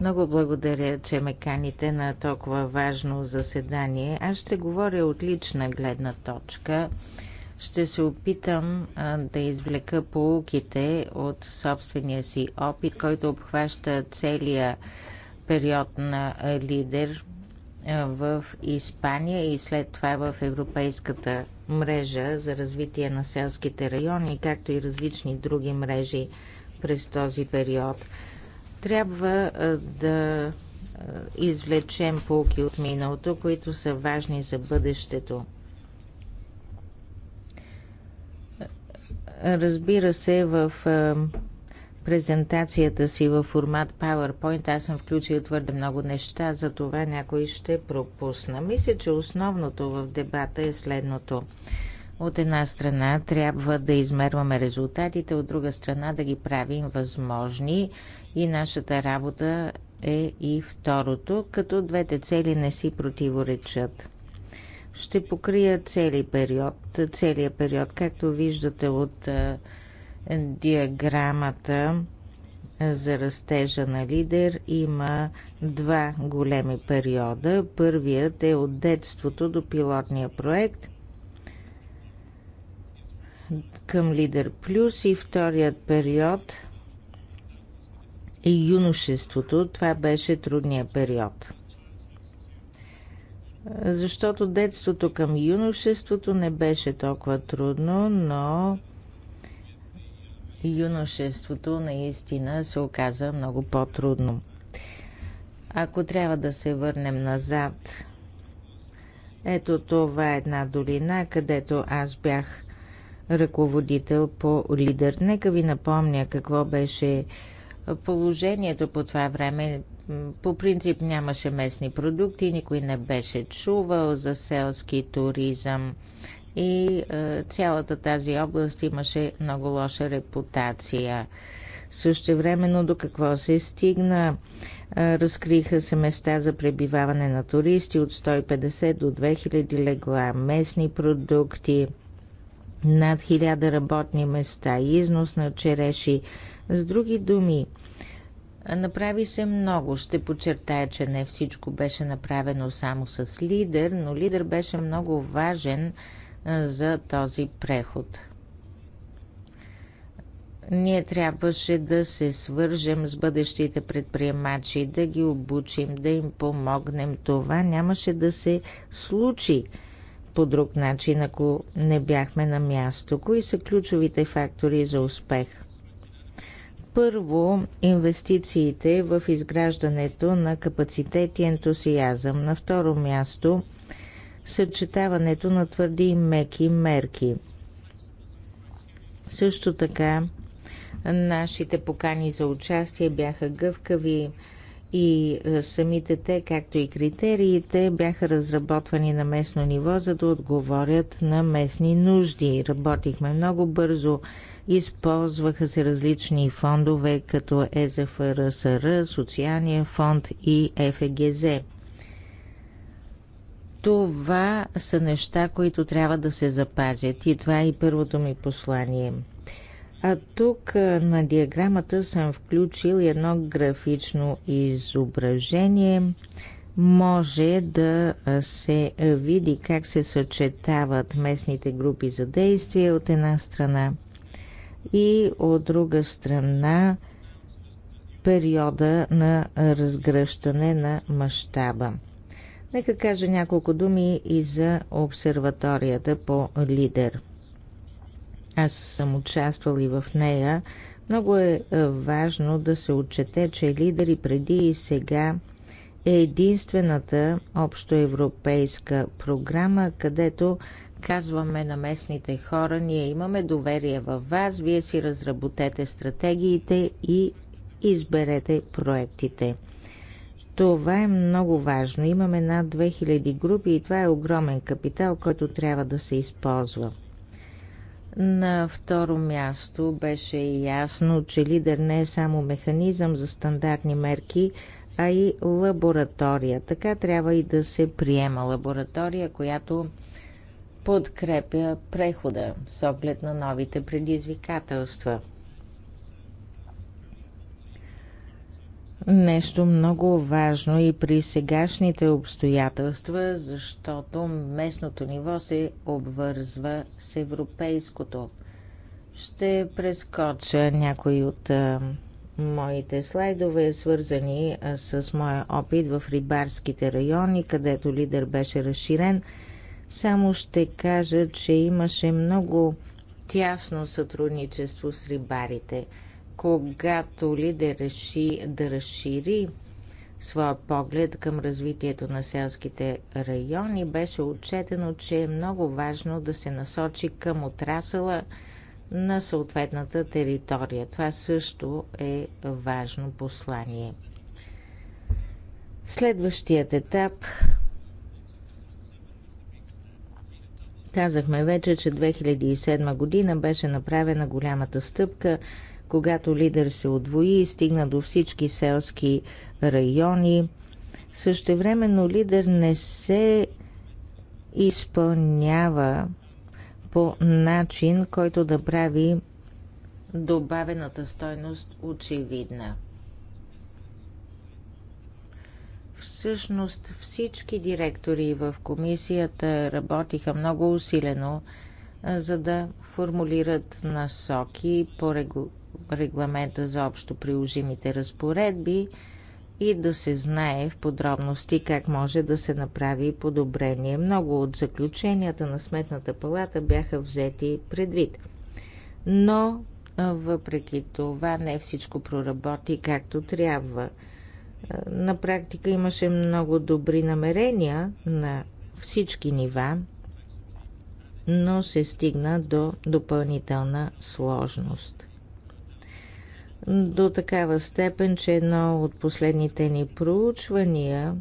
Speaker 1: Много благодаря, че ме каните на толкова важно заседание. Аз ще говоря от лична гледна точка. Ще се опитам да извлека полуките от собствения си опит, който обхваща целия период на лидер в Испания и след това в Европейската мрежа за развитие на селските райони, както и различни други мрежи през този период. Трябва да извлечем полки от миналото, които са важни за бъдещето. Разбира се, в презентацията си в формат PowerPoint аз съм включил твърде много неща, за това някой ще пропусна. Мисля, че основното в дебата е следното. От една страна трябва да измерваме резултатите, от друга страна да ги правим възможни и нашата работа е и второто, като двете цели не си противоречат. Ще покрия цели период, целия период, както виждате от диаграмата за растежа на лидер има два големи периода. Първият е от детството до пилотния проект към Лидер Плюс и вторият период – и юношеството. Това беше трудния период. Защото детството към юношеството не беше толкова трудно, но юношеството наистина се оказа много по-трудно. Ако трябва да се върнем назад, ето това е една долина, където аз бях ръководител по лидер. Нека ви напомня какво беше положението по това време. По принцип нямаше местни продукти, никой не беше чувал за селски туризъм и е, цялата тази област имаше много лоша репутация. времено до какво се стигна? Е, разкриха се места за пребиваване на туристи от 150 до 2000 легла, местни продукти, над 1000 работни места, износ на череши, с други думи, Направи се много. Ще подчертая, че не всичко беше направено само с лидер, но лидер беше много важен за този преход. Ние трябваше да се свържем с бъдещите предприемачи, да ги обучим, да им помогнем. Това нямаше да се случи по друг начин, ако не бяхме на място. Кои са ключовите фактори за успех? Първо, инвестициите в изграждането на капацитет и ентусиазъм. На второ място, съчетаването на твърди и меки мерки. Също така, нашите покани за участие бяха гъвкави и е, самите те, както и критериите, бяха разработвани на местно ниво, за да отговорят на местни нужди. Работихме много бързо Използваха се различни фондове, като ЕЗФРСР, Социалния фонд и ФГЗ. Това са неща, които трябва да се запазят и това е и първото ми послание. А тук на диаграмата съм включил едно графично изображение. Може да се види как се съчетават местните групи за действие от една страна и от друга страна периода на разгръщане на мащаба. Нека кажа няколко думи и за обсерваторията по лидер. Аз съм участвал и в нея. Много е, е важно да се отчете, че лидер и преди и сега е единствената общоевропейска програма, където казваме на местните хора, ние имаме доверие във вас, вие си разработете стратегиите и изберете проектите. Това е много важно. Имаме над 2000 групи и това е огромен капитал, който трябва да се използва. На второ място беше ясно, че лидер не е само механизъм за стандартни мерки, а и лаборатория. Така трябва и да се приема лаборатория, която подкрепя прехода с оглед на новите предизвикателства. Нещо много важно и при сегашните обстоятелства, защото местното ниво се обвързва с европейското. Ще прескоча някои от а, моите слайдове, свързани а, с моя опит в рибарските райони, където лидер беше разширен – само ще кажа, че имаше много тясно сътрудничество с рибарите. Когато лидер реши да разшири своя поглед към развитието на селските райони, беше отчетено, че е много важно да се насочи към отрасъла на съответната територия. Това също е важно послание. Следващият етап Казахме вече, че 2007 година беше направена голямата стъпка, когато лидер се отвои и стигна до всички селски райони. Същевременно лидер не се изпълнява по начин, който да прави добавената стойност очевидна. Всъщност всички директори в комисията работиха много усилено, за да формулират насоки по регламента за общо приложимите разпоредби и да се знае в подробности как може да се направи подобрение. Много от заключенията на Сметната палата бяха взети предвид. Но, въпреки това, не всичко проработи както трябва – на практика имаше много добри намерения на всички нива, но се стигна до допълнителна сложност. До такава степен, че едно от последните ни проучвания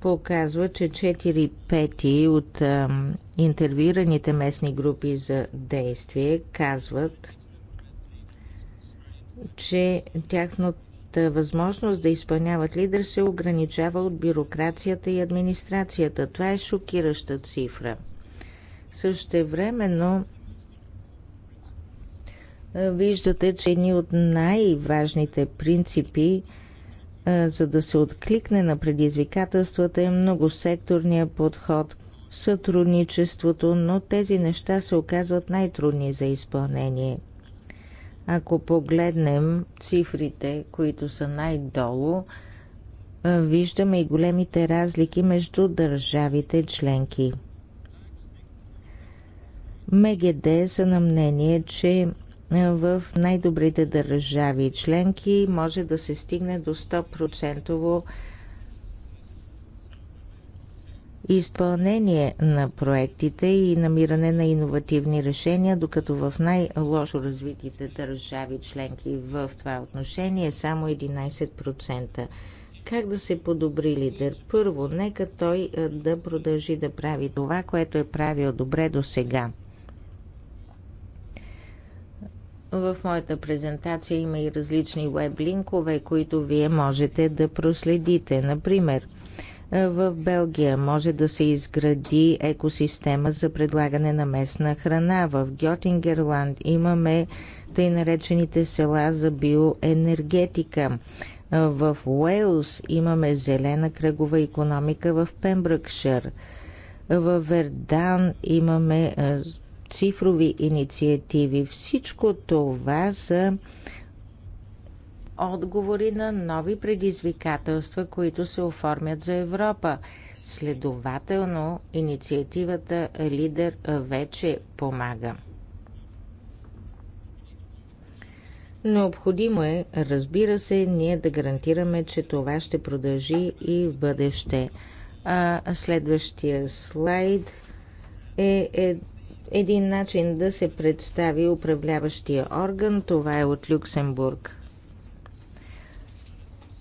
Speaker 1: показва, че 4 пети от а, интервюираните местни групи за действие казват, че тяхното е, възможност да изпълняват лидер се ограничава от бюрокрацията и администрацията. Това е шокираща цифра. Същевременно е, виждате, че едни от най-важните принципи е, за да се откликне на предизвикателствата е многосекторния подход, сътрудничеството, но тези неща се оказват най-трудни за изпълнение. Ако погледнем цифрите, които са най-долу, виждаме и големите разлики между държавите членки. МГД са на мнение, че в най-добрите държави членки може да се стигне до 100% изпълнение на проектите и намиране на иновативни решения, докато в най-лошо развитите държави членки в това отношение е само 11%. Как да се подобри лидер? Първо, нека той да продължи да прави това, което е правил добре до сега. В моята презентация има и различни веб-линкове, които вие можете да проследите. Например, е, в Белгия може да се изгради екосистема за предлагане на местна храна. В Гьотингерланд имаме тъй наречените села за биоенергетика. Е, в Уейлс имаме зелена кръгова економика в Пембръкшир. В Вердан имаме е, цифрови инициативи. Всичко това са за отговори на нови предизвикателства, които се оформят за Европа. Следователно, инициативата Лидер вече помага. Необходимо е, разбира се, ние да гарантираме, че това ще продължи и в бъдеще. А следващия слайд е, е един начин да се представи управляващия орган. Това е от Люксембург.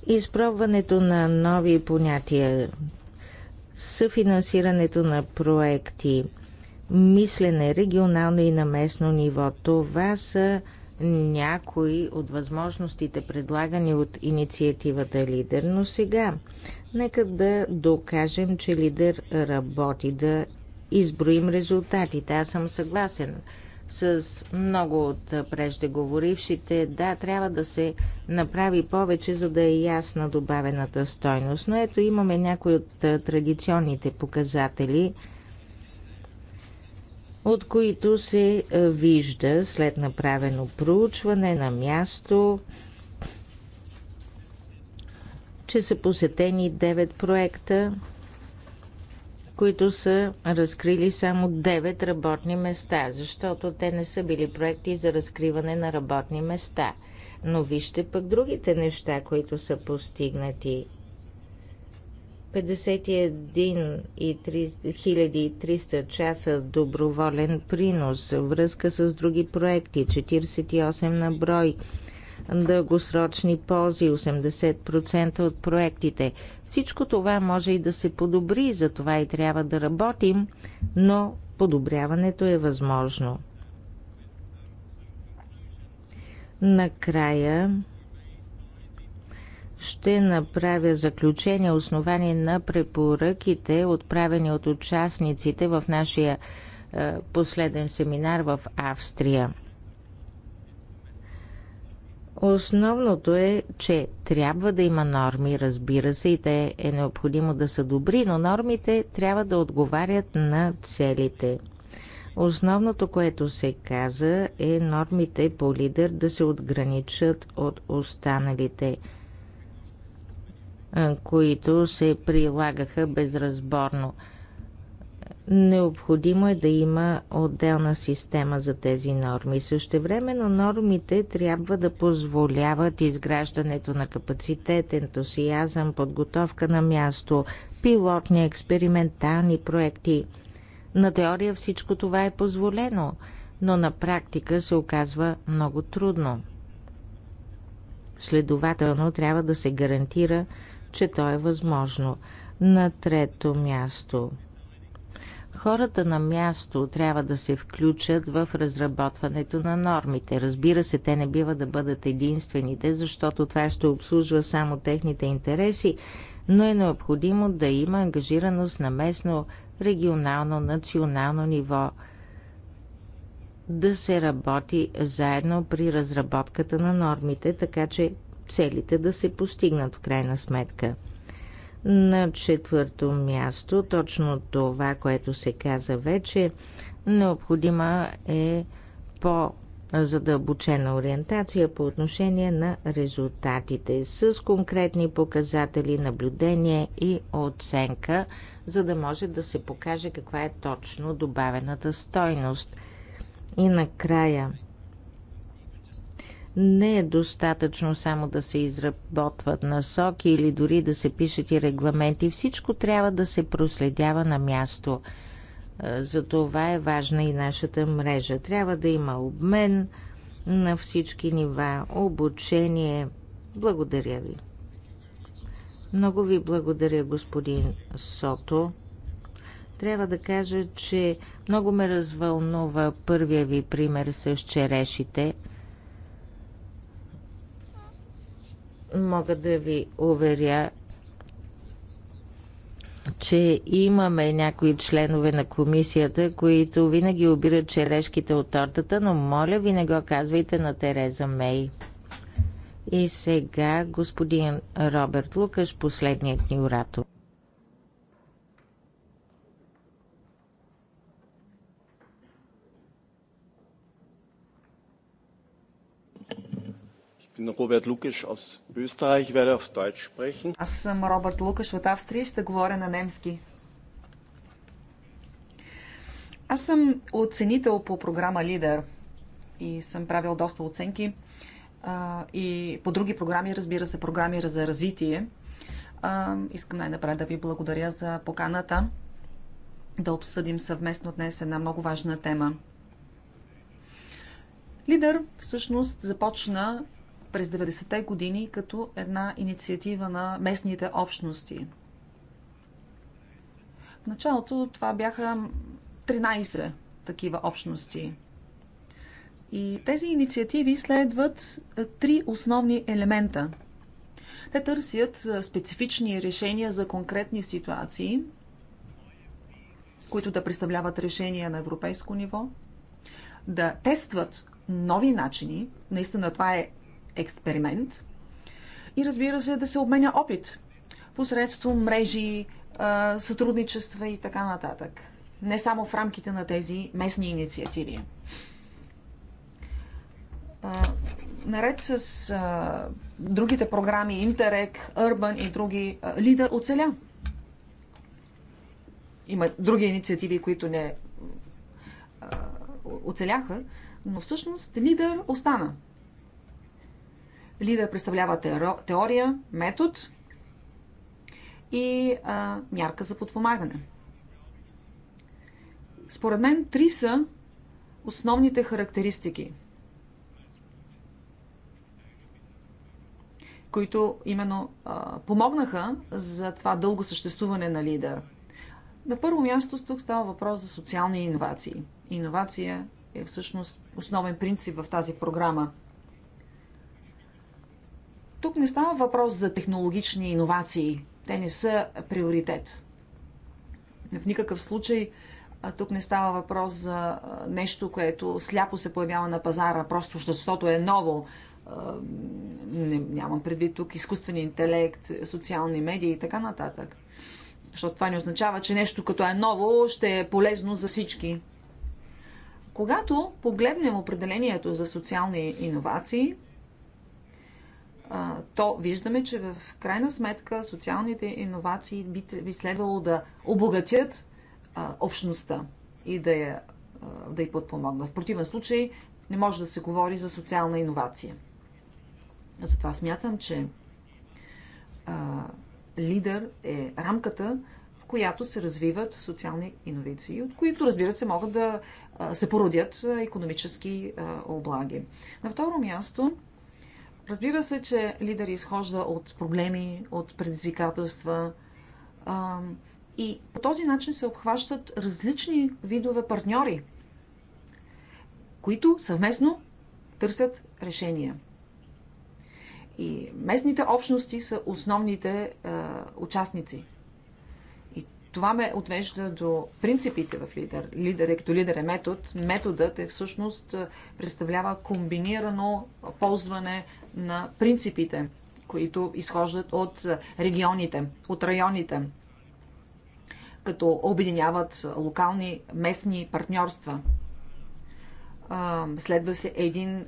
Speaker 1: Изпробването на нови понятия, съфинансирането на проекти, мислене регионално и на местно ниво. Това са някои от възможностите, предлагани от инициативата Лидер. Но сега, нека да докажем, че Лидер работи, да изброим резултатите. Аз съм съгласен с много от преждеговорившите. Да, трябва да се направи повече, за да е ясна добавената стойност. Но ето имаме някои от традиционните показатели, от които се вижда след направено проучване на място, че са посетени 9 проекта, които са разкрили само 9 работни места, защото те не са били проекти за разкриване на работни места. Но вижте пък другите неща, които са постигнати. 51.300 часа доброволен принос, връзка с други проекти, 48 на брой – дългосрочни ползи, 80% от проектите. Всичко това може и да се подобри, за това и трябва да работим, но подобряването е възможно. Накрая ще направя заключение основание на препоръките, отправени от участниците в нашия е, последен семинар в Австрия – Основното е, че трябва да има норми, разбира се, и те е необходимо да са добри, но нормите трябва да отговарят на целите. Основното, което се каза, е нормите по лидер да се отграничат от останалите, които се прилагаха безразборно. Необходимо е да има отделна система за тези норми. но нормите трябва да позволяват изграждането на капацитет, ентусиазъм, подготовка на място, пилотни, експериментални проекти. На теория всичко това е позволено, но на практика се оказва много трудно. Следователно трябва да се гарантира, че то е възможно. На трето място – Хората на място трябва да се включат в разработването на нормите. Разбира се, те не бива да бъдат единствените, защото това ще обслужва само техните интереси, но е необходимо да има ангажираност на местно, регионално, национално ниво да се работи заедно при разработката на нормите, така че целите да се постигнат в крайна сметка. На четвърто място, точно това, което се каза вече, необходима е по задълбочена ориентация по отношение на резултатите с конкретни показатели, наблюдение и оценка, за да може да се покаже каква е точно добавената стойност. И накрая, не е достатъчно само да се изработват насоки или дори да се пишат и регламенти. Всичко трябва да се проследява на място. Е, за това е важна и нашата мрежа. Трябва да има обмен на всички нива, обучение. Благодаря ви. Много ви благодаря, господин Сото. Трябва да кажа, че много ме развълнува първия ви пример с черешите – Мога да ви уверя, че имаме някои членове на комисията, които винаги обират черешките от тортата, но моля ви не го казвайте на Тереза Мей. И сега господин Роберт Лукаш, последният ни оратор.
Speaker 2: bin Лукаш от aus Österreich, werde в Deutsch sprechen.
Speaker 3: Аз съм Робърт Лукаш от Австрия и ще говоря на немски. Аз съм оценител по програма Лидер и съм правил доста оценки а, и по други програми, разбира се, програми за развитие. А, искам най-напред да ви благодаря за поканата да обсъдим съвместно днес една много важна тема. Лидер всъщност започна през 90-те години като една инициатива на местните общности. В началото това бяха 13 такива общности. И тези инициативи следват е, три основни елемента. Те търсят е, специфични решения за конкретни ситуации, които да представляват решения на европейско ниво, да тестват нови начини. Наистина това е експеримент и разбира се да се обменя опит посредством мрежи, сътрудничества и така нататък. Не само в рамките на тези местни инициативи. Наред с другите програми Интерек, Urban и други, Лида оцеля. Има други инициативи, които не оцеляха, но всъщност лидер остана. Лидер представлява теория, метод и а, мярка за подпомагане. Според мен три са основните характеристики, които именно а, помогнаха за това дълго съществуване на лидер. На първо място тук става въпрос за социални иновации. Иновация е всъщност основен принцип в тази програма – тук не става въпрос за технологични иновации. Те не са приоритет. В никакъв случай тук не става въпрос за нещо, което сляпо се появява на пазара, просто защото е ново. Не, нямам предвид тук изкуствен интелект, социални медии и така нататък. Защото това не означава, че нещо като е ново ще е полезно за всички. Когато погледнем определението за социални иновации, то виждаме, че в крайна сметка социалните иновации би, би следвало да обогатят а, общността и да я, а, да я подпомогнат. В противен случай не може да се говори за социална иновация. Затова смятам, че а, лидер е рамката, в която се развиват социални иновации, от които, разбира се, могат да а, се породят економически а, облаги. На второ място, Разбира се, че лидер изхожда от проблеми, от предизвикателства и по този начин се обхващат различни видове партньори, които съвместно търсят решения. И местните общности са основните участници – това ме отвежда до принципите в лидер. Лидер е като лидер е метод. Методът е всъщност е, представлява комбинирано ползване на принципите, които изхождат от е, регионите, от районите, като обединяват локални, местни партньорства. Е, следва се един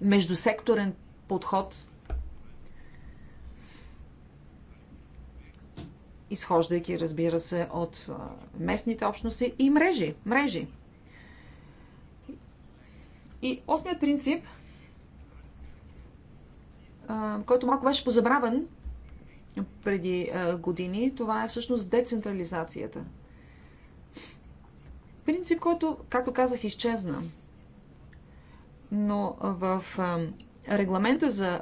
Speaker 3: междусекторен подход изхождайки, разбира се, от местните общности и мрежи. мрежи. И осмият принцип, който малко беше позабравен преди години, това е всъщност децентрализацията. Принцип, който, както казах, изчезна. Но в регламента за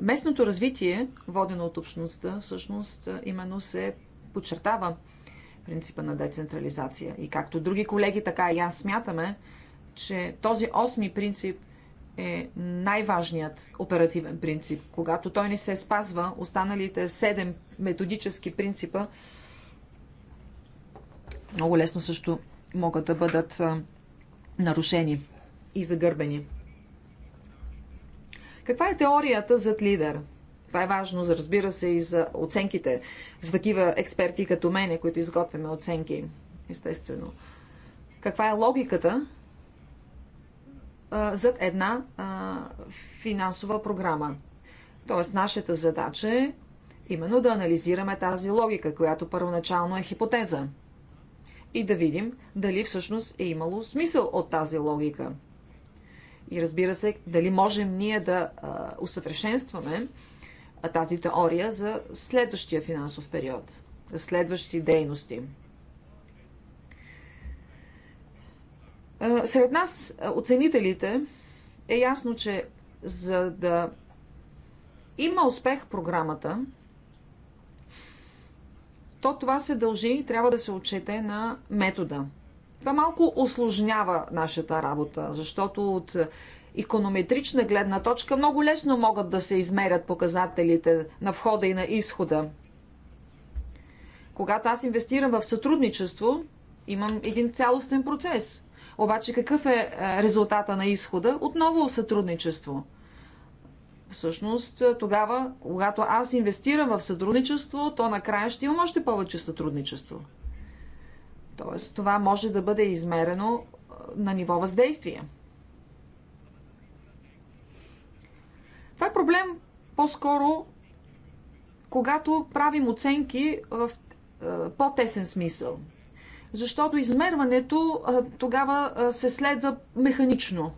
Speaker 3: местното развитие, водено от общността, всъщност именно се подчертава принципа на децентрализация. И както други колеги, така и аз смятаме, че този осми принцип е най-важният оперативен принцип. Когато той не се спазва, останалите седем методически принципа много лесно също могат да бъдат нарушени и загърбени. Каква е теорията зад лидер? Това е важно, разбира се, и за оценките, за такива експерти като мене, които изготвяме оценки, естествено. Каква е логиката а, зад една а, финансова програма? Тоест, нашата задача е именно да анализираме тази логика, която първоначално е хипотеза. И да видим дали всъщност е имало смисъл от тази логика. И разбира се, дали можем ние да а, усъвършенстваме тази теория за следващия финансов период, за следващи дейности. Сред нас, оценителите, е ясно, че за да има успех в програмата, то това се дължи и трябва да се отчете на метода, това малко осложнява нашата работа, защото от иконометрична гледна точка много лесно могат да се измерят показателите на входа и на изхода. Когато аз инвестирам в сътрудничество, имам един цялостен процес. Обаче какъв е, е резултата на изхода? Отново сътрудничество. Всъщност, е, тогава, когато аз инвестирам в сътрудничество, то накрая ще имам още повече сътрудничество. Тоест, това може да бъде измерено на ниво въздействие. Това е проблем по-скоро, когато правим оценки в по-тесен смисъл. Защото измерването тогава се следва механично.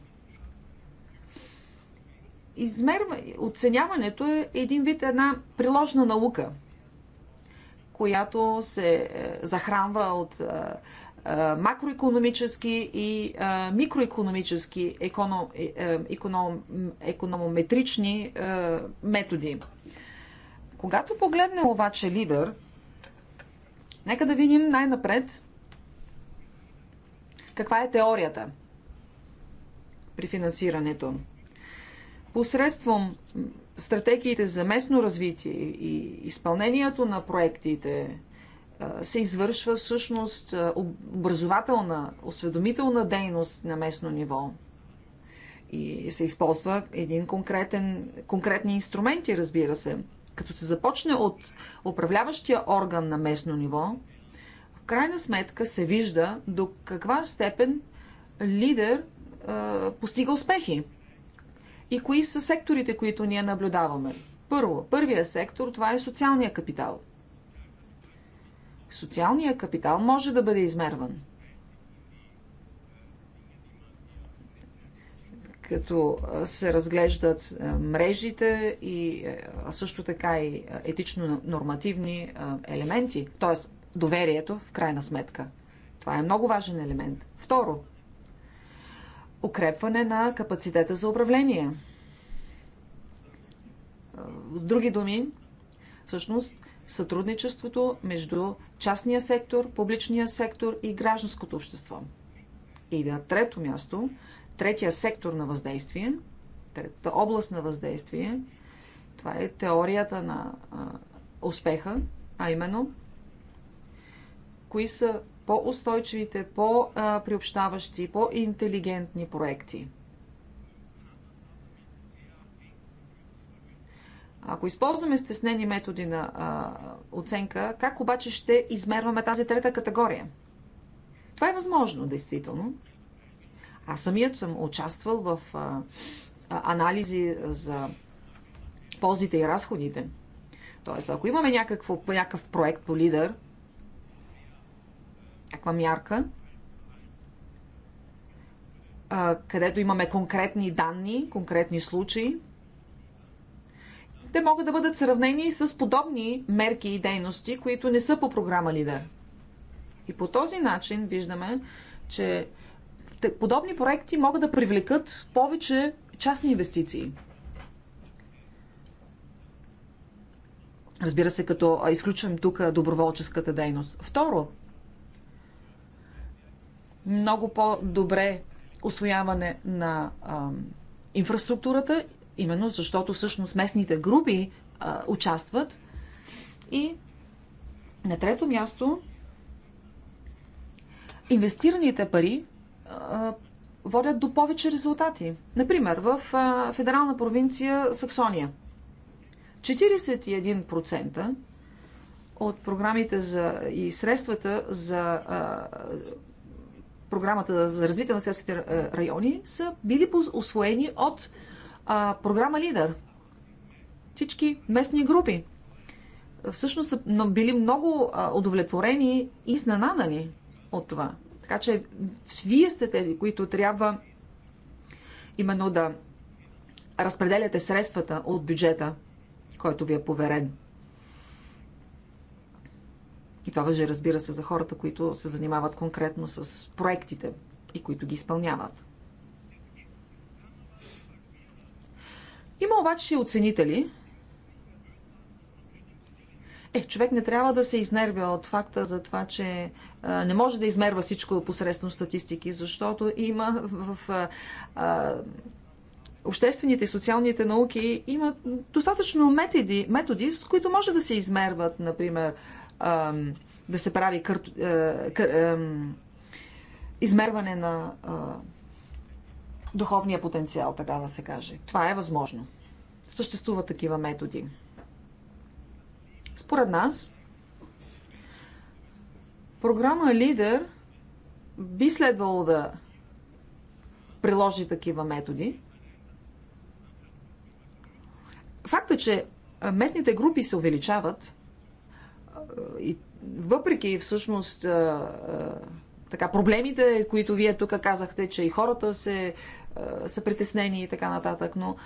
Speaker 3: Измерва... Оценяването е един вид една приложна наука – която се е, захранва от е, е, макроекономически и микроекономически економометрични методи. Когато погледнем обаче лидер, нека да видим най-напред каква е теорията при финансирането. Посредством стратегиите за местно развитие и изпълнението на проектите се извършва всъщност образователна, осведомителна дейност на местно ниво. И се използва един конкретен, конкретни инструменти, разбира се. Като се започне от управляващия орган на местно ниво, в крайна сметка се вижда до каква степен лидер е, постига успехи. И кои са секторите, които ние наблюдаваме? Първо, първия сектор, това е социалния капитал. Социалния капитал може да бъде измерван. като се разглеждат мрежите и също така и етично-нормативни елементи, т.е. доверието в крайна сметка. Това е много важен елемент. Второ, укрепване на капацитета за управление. С други думи, всъщност сътрудничеството между частния сектор, публичния сектор и гражданското общество. И на трето място, третия сектор на въздействие, третата област на въздействие, това е теорията на а, успеха, а именно кои са по-устойчивите, по-приобщаващи, по-интелигентни проекти. Ако използваме стеснени методи на а, оценка, как обаче ще измерваме тази трета категория? Това е възможно, действително. Аз самият съм участвал в а, а, анализи за ползите и разходите. Тоест, ако имаме някакво, някакъв проект по лидер, някаква мярка, където имаме конкретни данни, конкретни случаи, те могат да бъдат сравнени с подобни мерки и дейности, които не са по програма Лидер. И по този начин виждаме, че подобни проекти могат да привлекат повече частни инвестиции. Разбира се, като изключвам тук доброволческата дейност. Второ, много по-добре освояване на а, инфраструктурата, именно защото всъщност местните групи а, участват. И на трето място, инвестираните пари а, водят до повече резултати. Например, в а, федерална провинция Саксония 41% от програмите за, и средствата за а, програмата за развитие на селските е, райони са били освоени от а, програма Лидер. Всички местни групи. Всъщност са били много удовлетворени и изненадани от това. Така че вие сте тези, които трябва именно да разпределяте средствата от бюджета, който ви е поверен. И това въже разбира се, за хората, които се занимават конкретно с проектите и които ги изпълняват. Има обаче и оценители. Е, човек не трябва да се изнервя от факта за това, че а, не може да измерва всичко посредством статистики, защото има в а, а, обществените и социалните науки има достатъчно методи, методи, с които може да се измерват, например, а, да се прави е, кър, кър, измерване на духовния потенциал, така да се каже. Това е възможно. Съществуват такива методи. Според нас, програма Лидер би следвало да приложи такива методи. Факта, че местните групи се увеличават, и въпреки всъщност така, проблемите, които вие тук казахте, че и хората се, са притеснени и така нататък, но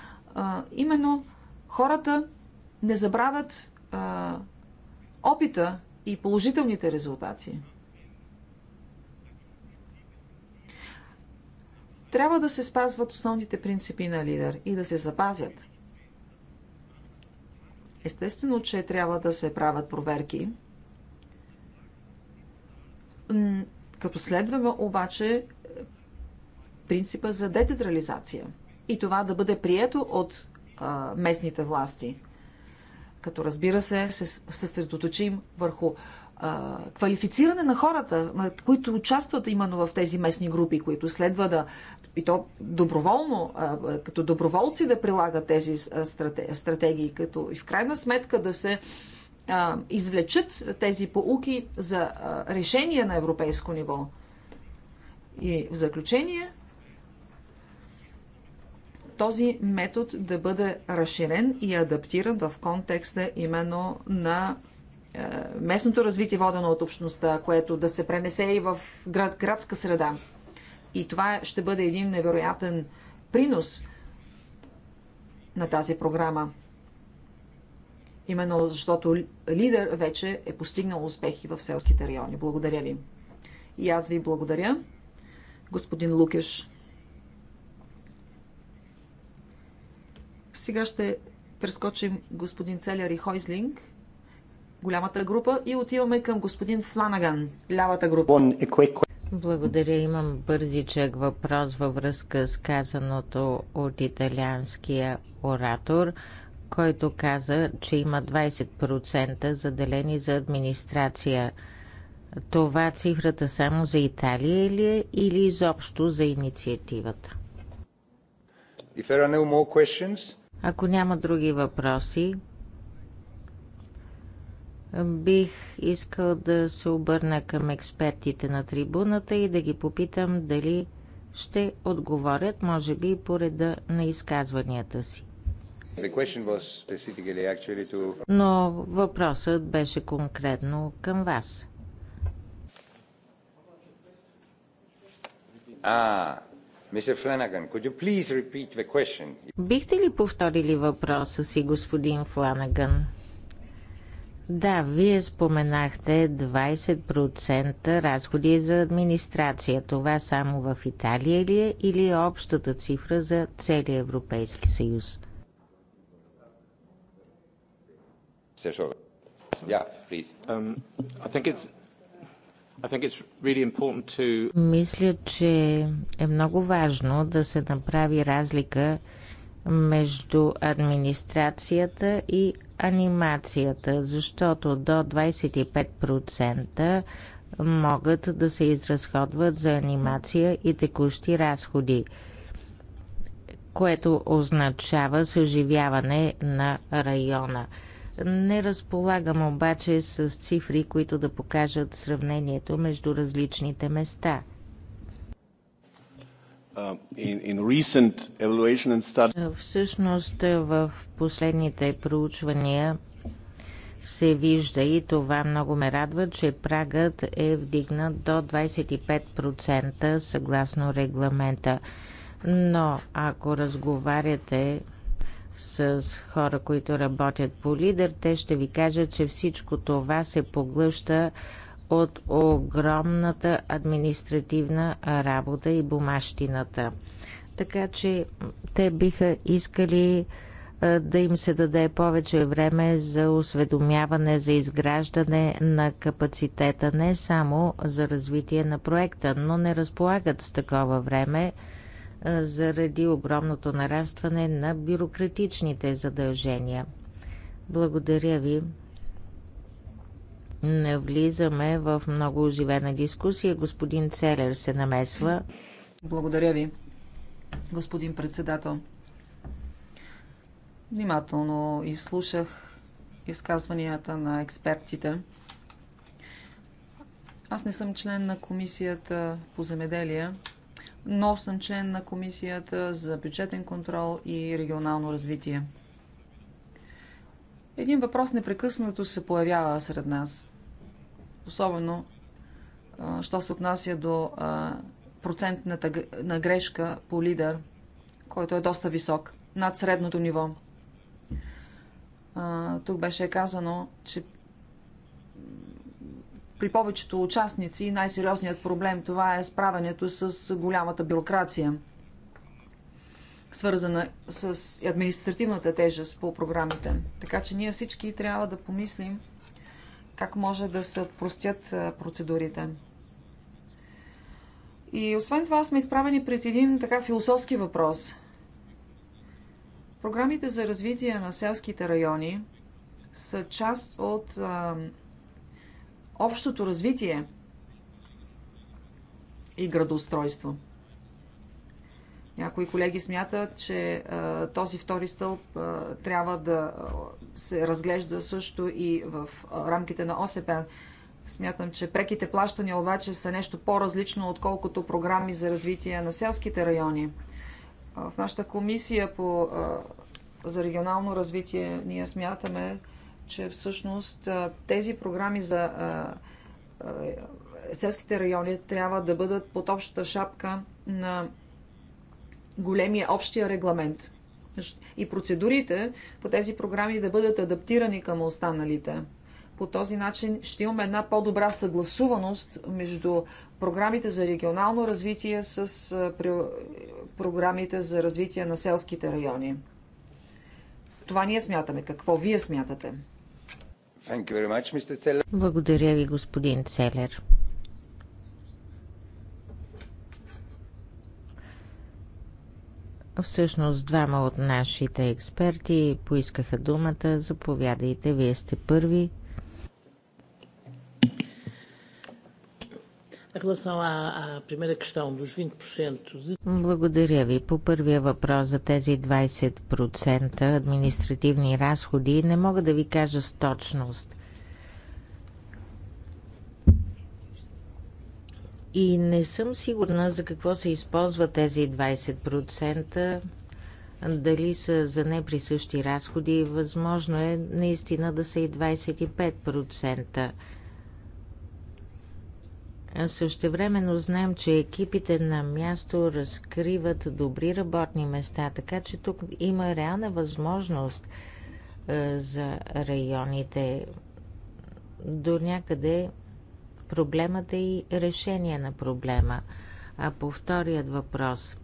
Speaker 3: именно хората не забравят опита и положителните резултати. Трябва да се спазват основните принципи на лидер и да се запазят. Естествено, че трябва да се правят проверки. Като следваме обаче принципа за децентрализация и това да бъде прието от а, местните власти. Като разбира се, се съсредоточим върху а, квалифициране на хората, на които участват именно в тези местни групи, които следва да, и то доброволно, а, като доброволци да прилагат тези стратегии, като и в крайна сметка да се а, извлечат тези поуки за а, решение на европейско ниво. И в заключение, този метод да бъде разширен и адаптиран в контекста именно на е, местното развитие, водено от общността, което да се пренесе и в град, градска среда. И това ще бъде един невероятен принос на тази програма. Именно защото лидер вече е постигнал успехи в селските райони. Благодаря ви. И аз ви благодаря, господин Лукеш. Сега ще прескочим господин Целяри Хойзлинг голямата група и отиваме към господин
Speaker 1: Фланаган,
Speaker 3: лявата група.
Speaker 1: Благодаря. Имам бързичък въпрос във връзка с казаното от италианския оратор, който каза, че има 20% заделени за администрация. Това цифрата само за Италия или, е, или изобщо за инициативата?
Speaker 2: No
Speaker 1: Ако няма други въпроси, Бих искал да се обърна към експертите на трибуната и да ги попитам дали ще отговорят, може би, по реда на изказванията си. Но въпросът беше конкретно към вас.
Speaker 2: Ah, Flanagan,
Speaker 1: Бихте ли повторили въпроса си, господин Фланаган? Да, вие споменахте 20% разходи за администрация. Това само в Италия ли е или е общата цифра за целия Европейски съюз? Um, Мисля, че е много важно да се направи разлика между администрацията и анимацията, защото до 25% могат да се изразходват за анимация и текущи разходи, което означава съживяване на района. Не разполагам обаче с цифри, които да покажат сравнението между различните места –
Speaker 2: Uh, е,
Speaker 1: всъщност е, в последните проучвания се вижда и това много ме радва, че прагът е вдигнат до 25% съгласно регламента. Но ако разговаряте с хора, които работят по лидер, те ще ви кажат, че всичко това се поглъща от огромната административна работа и бумащината. Така че те биха искали да им се даде повече време за осведомяване, за изграждане на капацитета, не само за развитие на проекта, но не разполагат с такова време заради огромното нарастване на бюрократичните задължения. Благодаря ви навлизаме в много оживена дискусия. Господин Целер се намесва. Благодаря ви, господин председател.
Speaker 3: Внимателно изслушах изказванията на експертите. Аз не съм член на комисията по земеделие, но съм член на комисията за бюджетен контрол и регионално развитие. Един въпрос непрекъснато се появява сред нас. Особено, а, що се отнася до а, процентната на грешка по лидер, който е доста висок, над средното ниво. А, тук беше казано, че при повечето участници най-сериозният проблем това е справянето с голямата бюрокрация свързана с административната тежест по програмите. Така че ние всички трябва да помислим как може да се отпростят процедурите. И освен това сме изправени пред един така философски въпрос. Програмите за развитие на селските райони са част от а, общото развитие и градоустройство – някои колеги смятат, че а, този втори стълб а, трябва да се разглежда също и в а, рамките на ОСП. Смятам, че преките плащания обаче са нещо по-различно, отколкото програми за развитие на селските райони. В нашата комисия по, за регионално развитие ние смятаме, че всъщност тези програми за селските райони трябва да бъдат под общата шапка на големия общия регламент и процедурите по тези програми да бъдат адаптирани към останалите. По този начин ще имаме една по-добра съгласуваност между програмите за регионално развитие с програмите за развитие на селските райони. Това ние смятаме. Какво вие смятате?
Speaker 1: Благодаря ви, господин Целер. Всъщност двама от нашите експерти поискаха думата. Заповядайте, вие сте първи. Благодаря ви. По първия въпрос за тези 20% административни разходи не мога да ви кажа с точност И не съм сигурна за какво се използва тези 20%, дали са за неприсъщи разходи. Възможно е наистина да са и 25%. Същевременно знаем, че екипите на място разкриват добри работни места, така че тук има реална възможност е, за районите. До някъде проблемът е и решение на проблема. А по вторият въпрос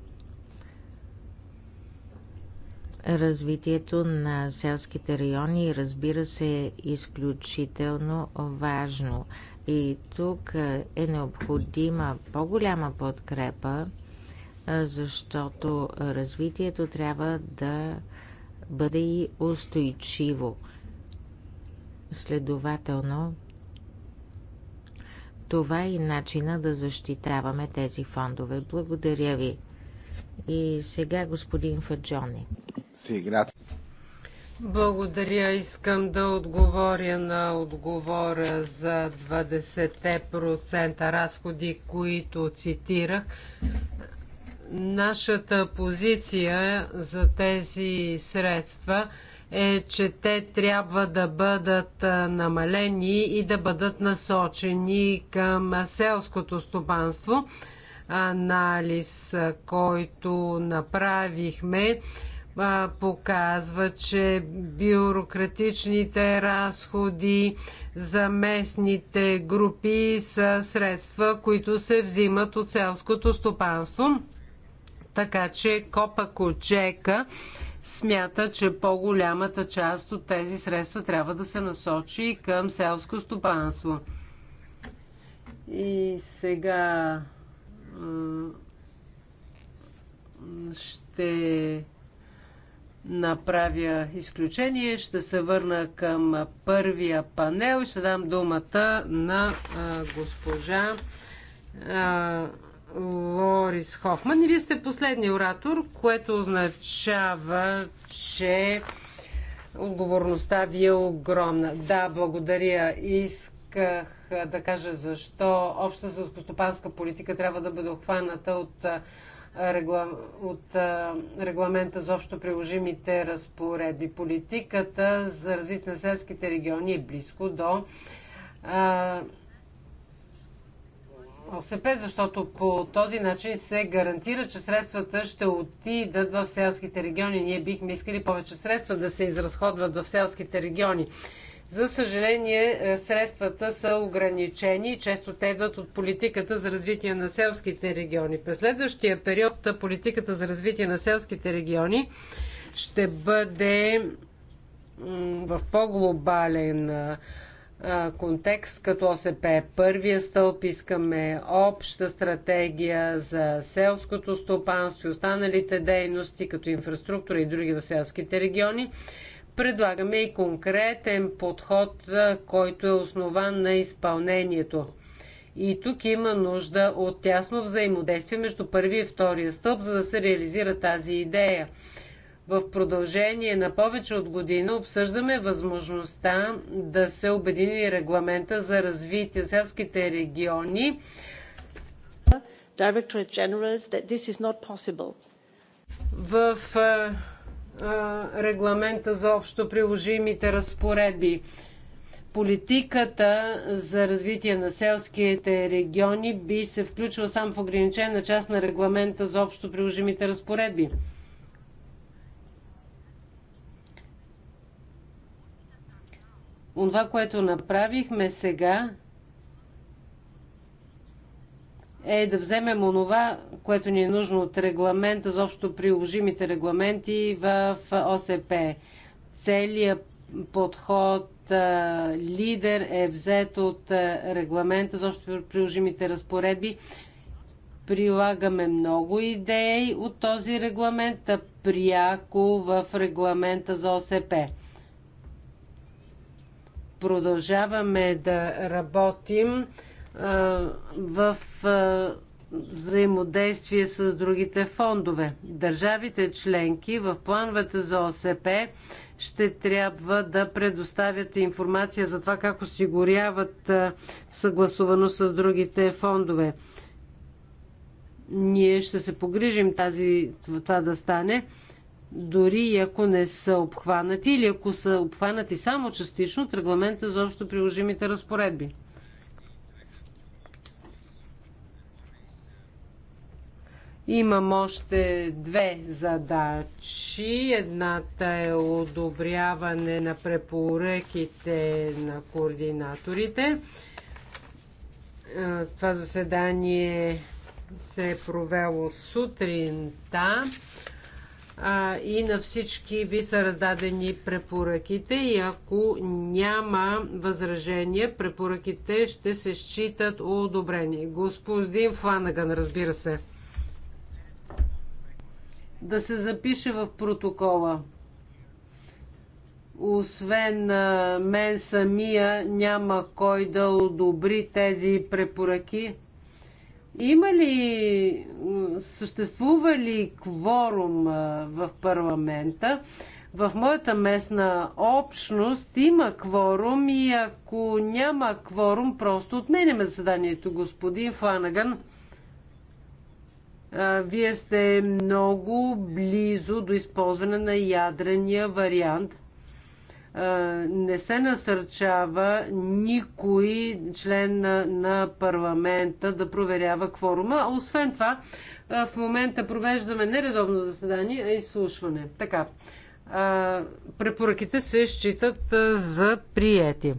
Speaker 1: развитието на селските райони разбира се е изключително важно. И тук е необходима по-голяма подкрепа, защото развитието трябва да бъде и устойчиво. Следователно, това е и начина да защитаваме тези фондове. Благодаря ви. И сега господин Фаджони.
Speaker 2: Благодаря. Искам да отговоря на отговора за 20% разходи, които цитирах. Нашата позиция за тези средства е е, че те трябва да бъдат намалени и да бъдат насочени към селското стопанство. Анализ, който направихме, показва, че бюрократичните разходи за местните групи са средства, които се взимат от селското стопанство. Така че Копа Кочека смята, че по-голямата част от тези средства трябва да се насочи към селско стопанство. И сега ще направя изключение. Ще се върна към първия панел и ще дам думата на госпожа Лорис Хофман и вие сте последния оратор, което означава, че отговорността ви е огромна. Да, благодаря. Исках да кажа защо обща селскостопанска политика трябва да бъде обхваната от, от регламента за общо приложимите разпоредби. Политиката за развитие на селските региони е близко до ОСП, защото по този начин се гарантира, че средствата ще отидат в селските региони. Ние бихме искали повече средства да се изразходват в селските региони. За съжаление, е, средствата са ограничени и често те идват от политиката за развитие на селските региони. През следващия период политиката за развитие на селските региони ще бъде в по-глобален контекст като ОСП. Е първия стълб искаме обща стратегия за селското стопанство и останалите дейности, като инфраструктура и други в селските региони. Предлагаме и конкретен подход, който е основан на изпълнението. И тук има нужда от тясно взаимодействие между първи и втория стълб, за да се реализира тази идея. В продължение на повече от година обсъждаме възможността да се обедини регламента за развитие на селските региони. В регламента за общо приложимите разпоредби. Политиката за развитие на селските региони би се включила само в ограничена част на регламента за общо приложимите разпоредби. Онова, което направихме сега, е да вземем онова, което ни е нужно от регламента за общо приложимите регламенти в ОСП. Целият подход лидер е взет от регламента за общо приложимите разпоредби. Прилагаме много идеи от този регламент пряко в регламента за ОСП продължаваме да работим в взаимодействие с другите фондове. Държавите членки в плановете за ОСП ще трябва да предоставят информация за това как осигуряват съгласувано с другите фондове. Ние ще се погрижим тази, това да стане дори ако не са обхванати или ако са обхванати само частично от регламента за общо приложимите разпоредби. Имам още две задачи. Едната е одобряване на препоръките на координаторите. Това заседание се е провело сутринта а, и на всички ви са раздадени препоръките и ако няма възражение, препоръките ще се считат одобрени. Господин Фланаган, разбира се. Да се запише в протокола. Освен мен самия, няма кой да одобри тези препоръки има ли, съществува ли кворум в парламента? В моята местна общност има кворум и ако няма кворум, просто отменяме заседанието. Господин Фанаган, вие сте много близо до използване на ядрения вариант – е, не се насърчава никой член на, на парламента да проверява кворума. А освен това, е, в момента провеждаме нередовно заседание, а изслушване. Така, е, препоръките се считат за приети.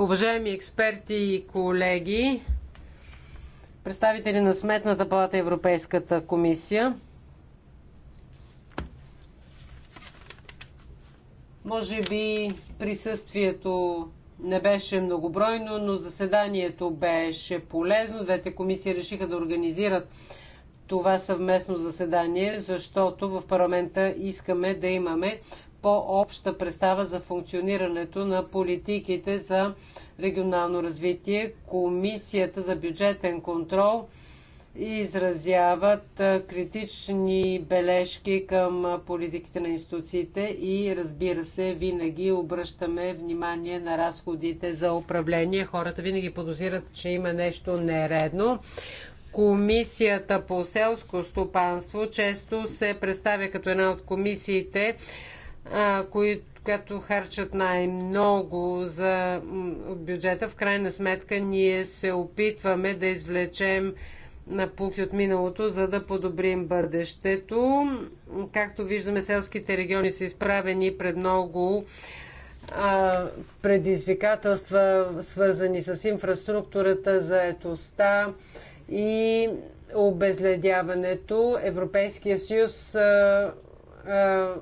Speaker 2: Уважаеми експерти и колеги, представители на Сметната палата и Европейската комисия, може би присъствието не беше многобройно, но заседанието беше полезно. Двете комисии решиха да организират това съвместно заседание, защото в парламента искаме да имаме по-обща представа за функционирането на политиките за регионално развитие. Комисията за бюджетен контрол изразяват критични бележки към политиките на институциите и разбира се, винаги обръщаме внимание на разходите за управление. Хората винаги подозират, че има нещо нередно. Комисията по селско стопанство често се представя като една от комисиите, които като харчат най-много за от бюджета, в крайна сметка ние се опитваме да извлечем на пухи от миналото, за да подобрим бъдещето. Както виждаме, селските региони са изправени пред много а, предизвикателства, свързани с инфраструктурата, заетостта и обезледяването. Европейския съюз а, а,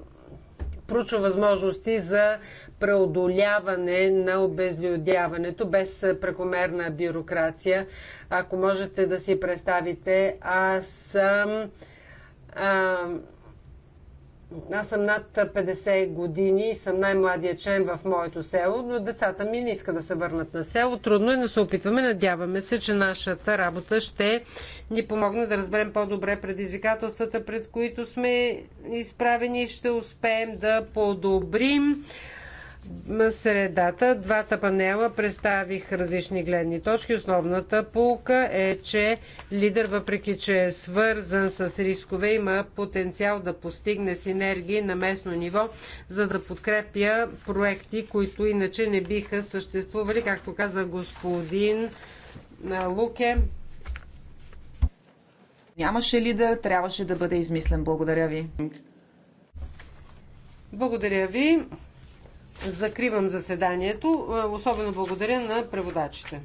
Speaker 2: проучва възможности за преодоляване на обезлюдяването без прекомерна бюрокрация. Ако можете да си представите, аз съм а, аз съм над 50 години и съм най-младия член в моето село, но децата ми не иска да се върнат на село. Трудно е, но се опитваме. Надяваме се, че нашата работа ще ни помогне да разберем по-добре предизвикателствата, пред които сме изправени и ще успеем да подобрим средата. Двата панела представих различни гледни точки. Основната полка е, че лидер, въпреки че е свързан с рискове, има потенциал да постигне синергии на местно ниво, за да подкрепя проекти, които иначе не биха
Speaker 3: съществували, както каза господин Луке. Нямаше лидер, трябваше да бъде измислен. Благодаря ви.
Speaker 2: Благодаря ви. Закривам заседанието. Е, особено благодаря на преводачите.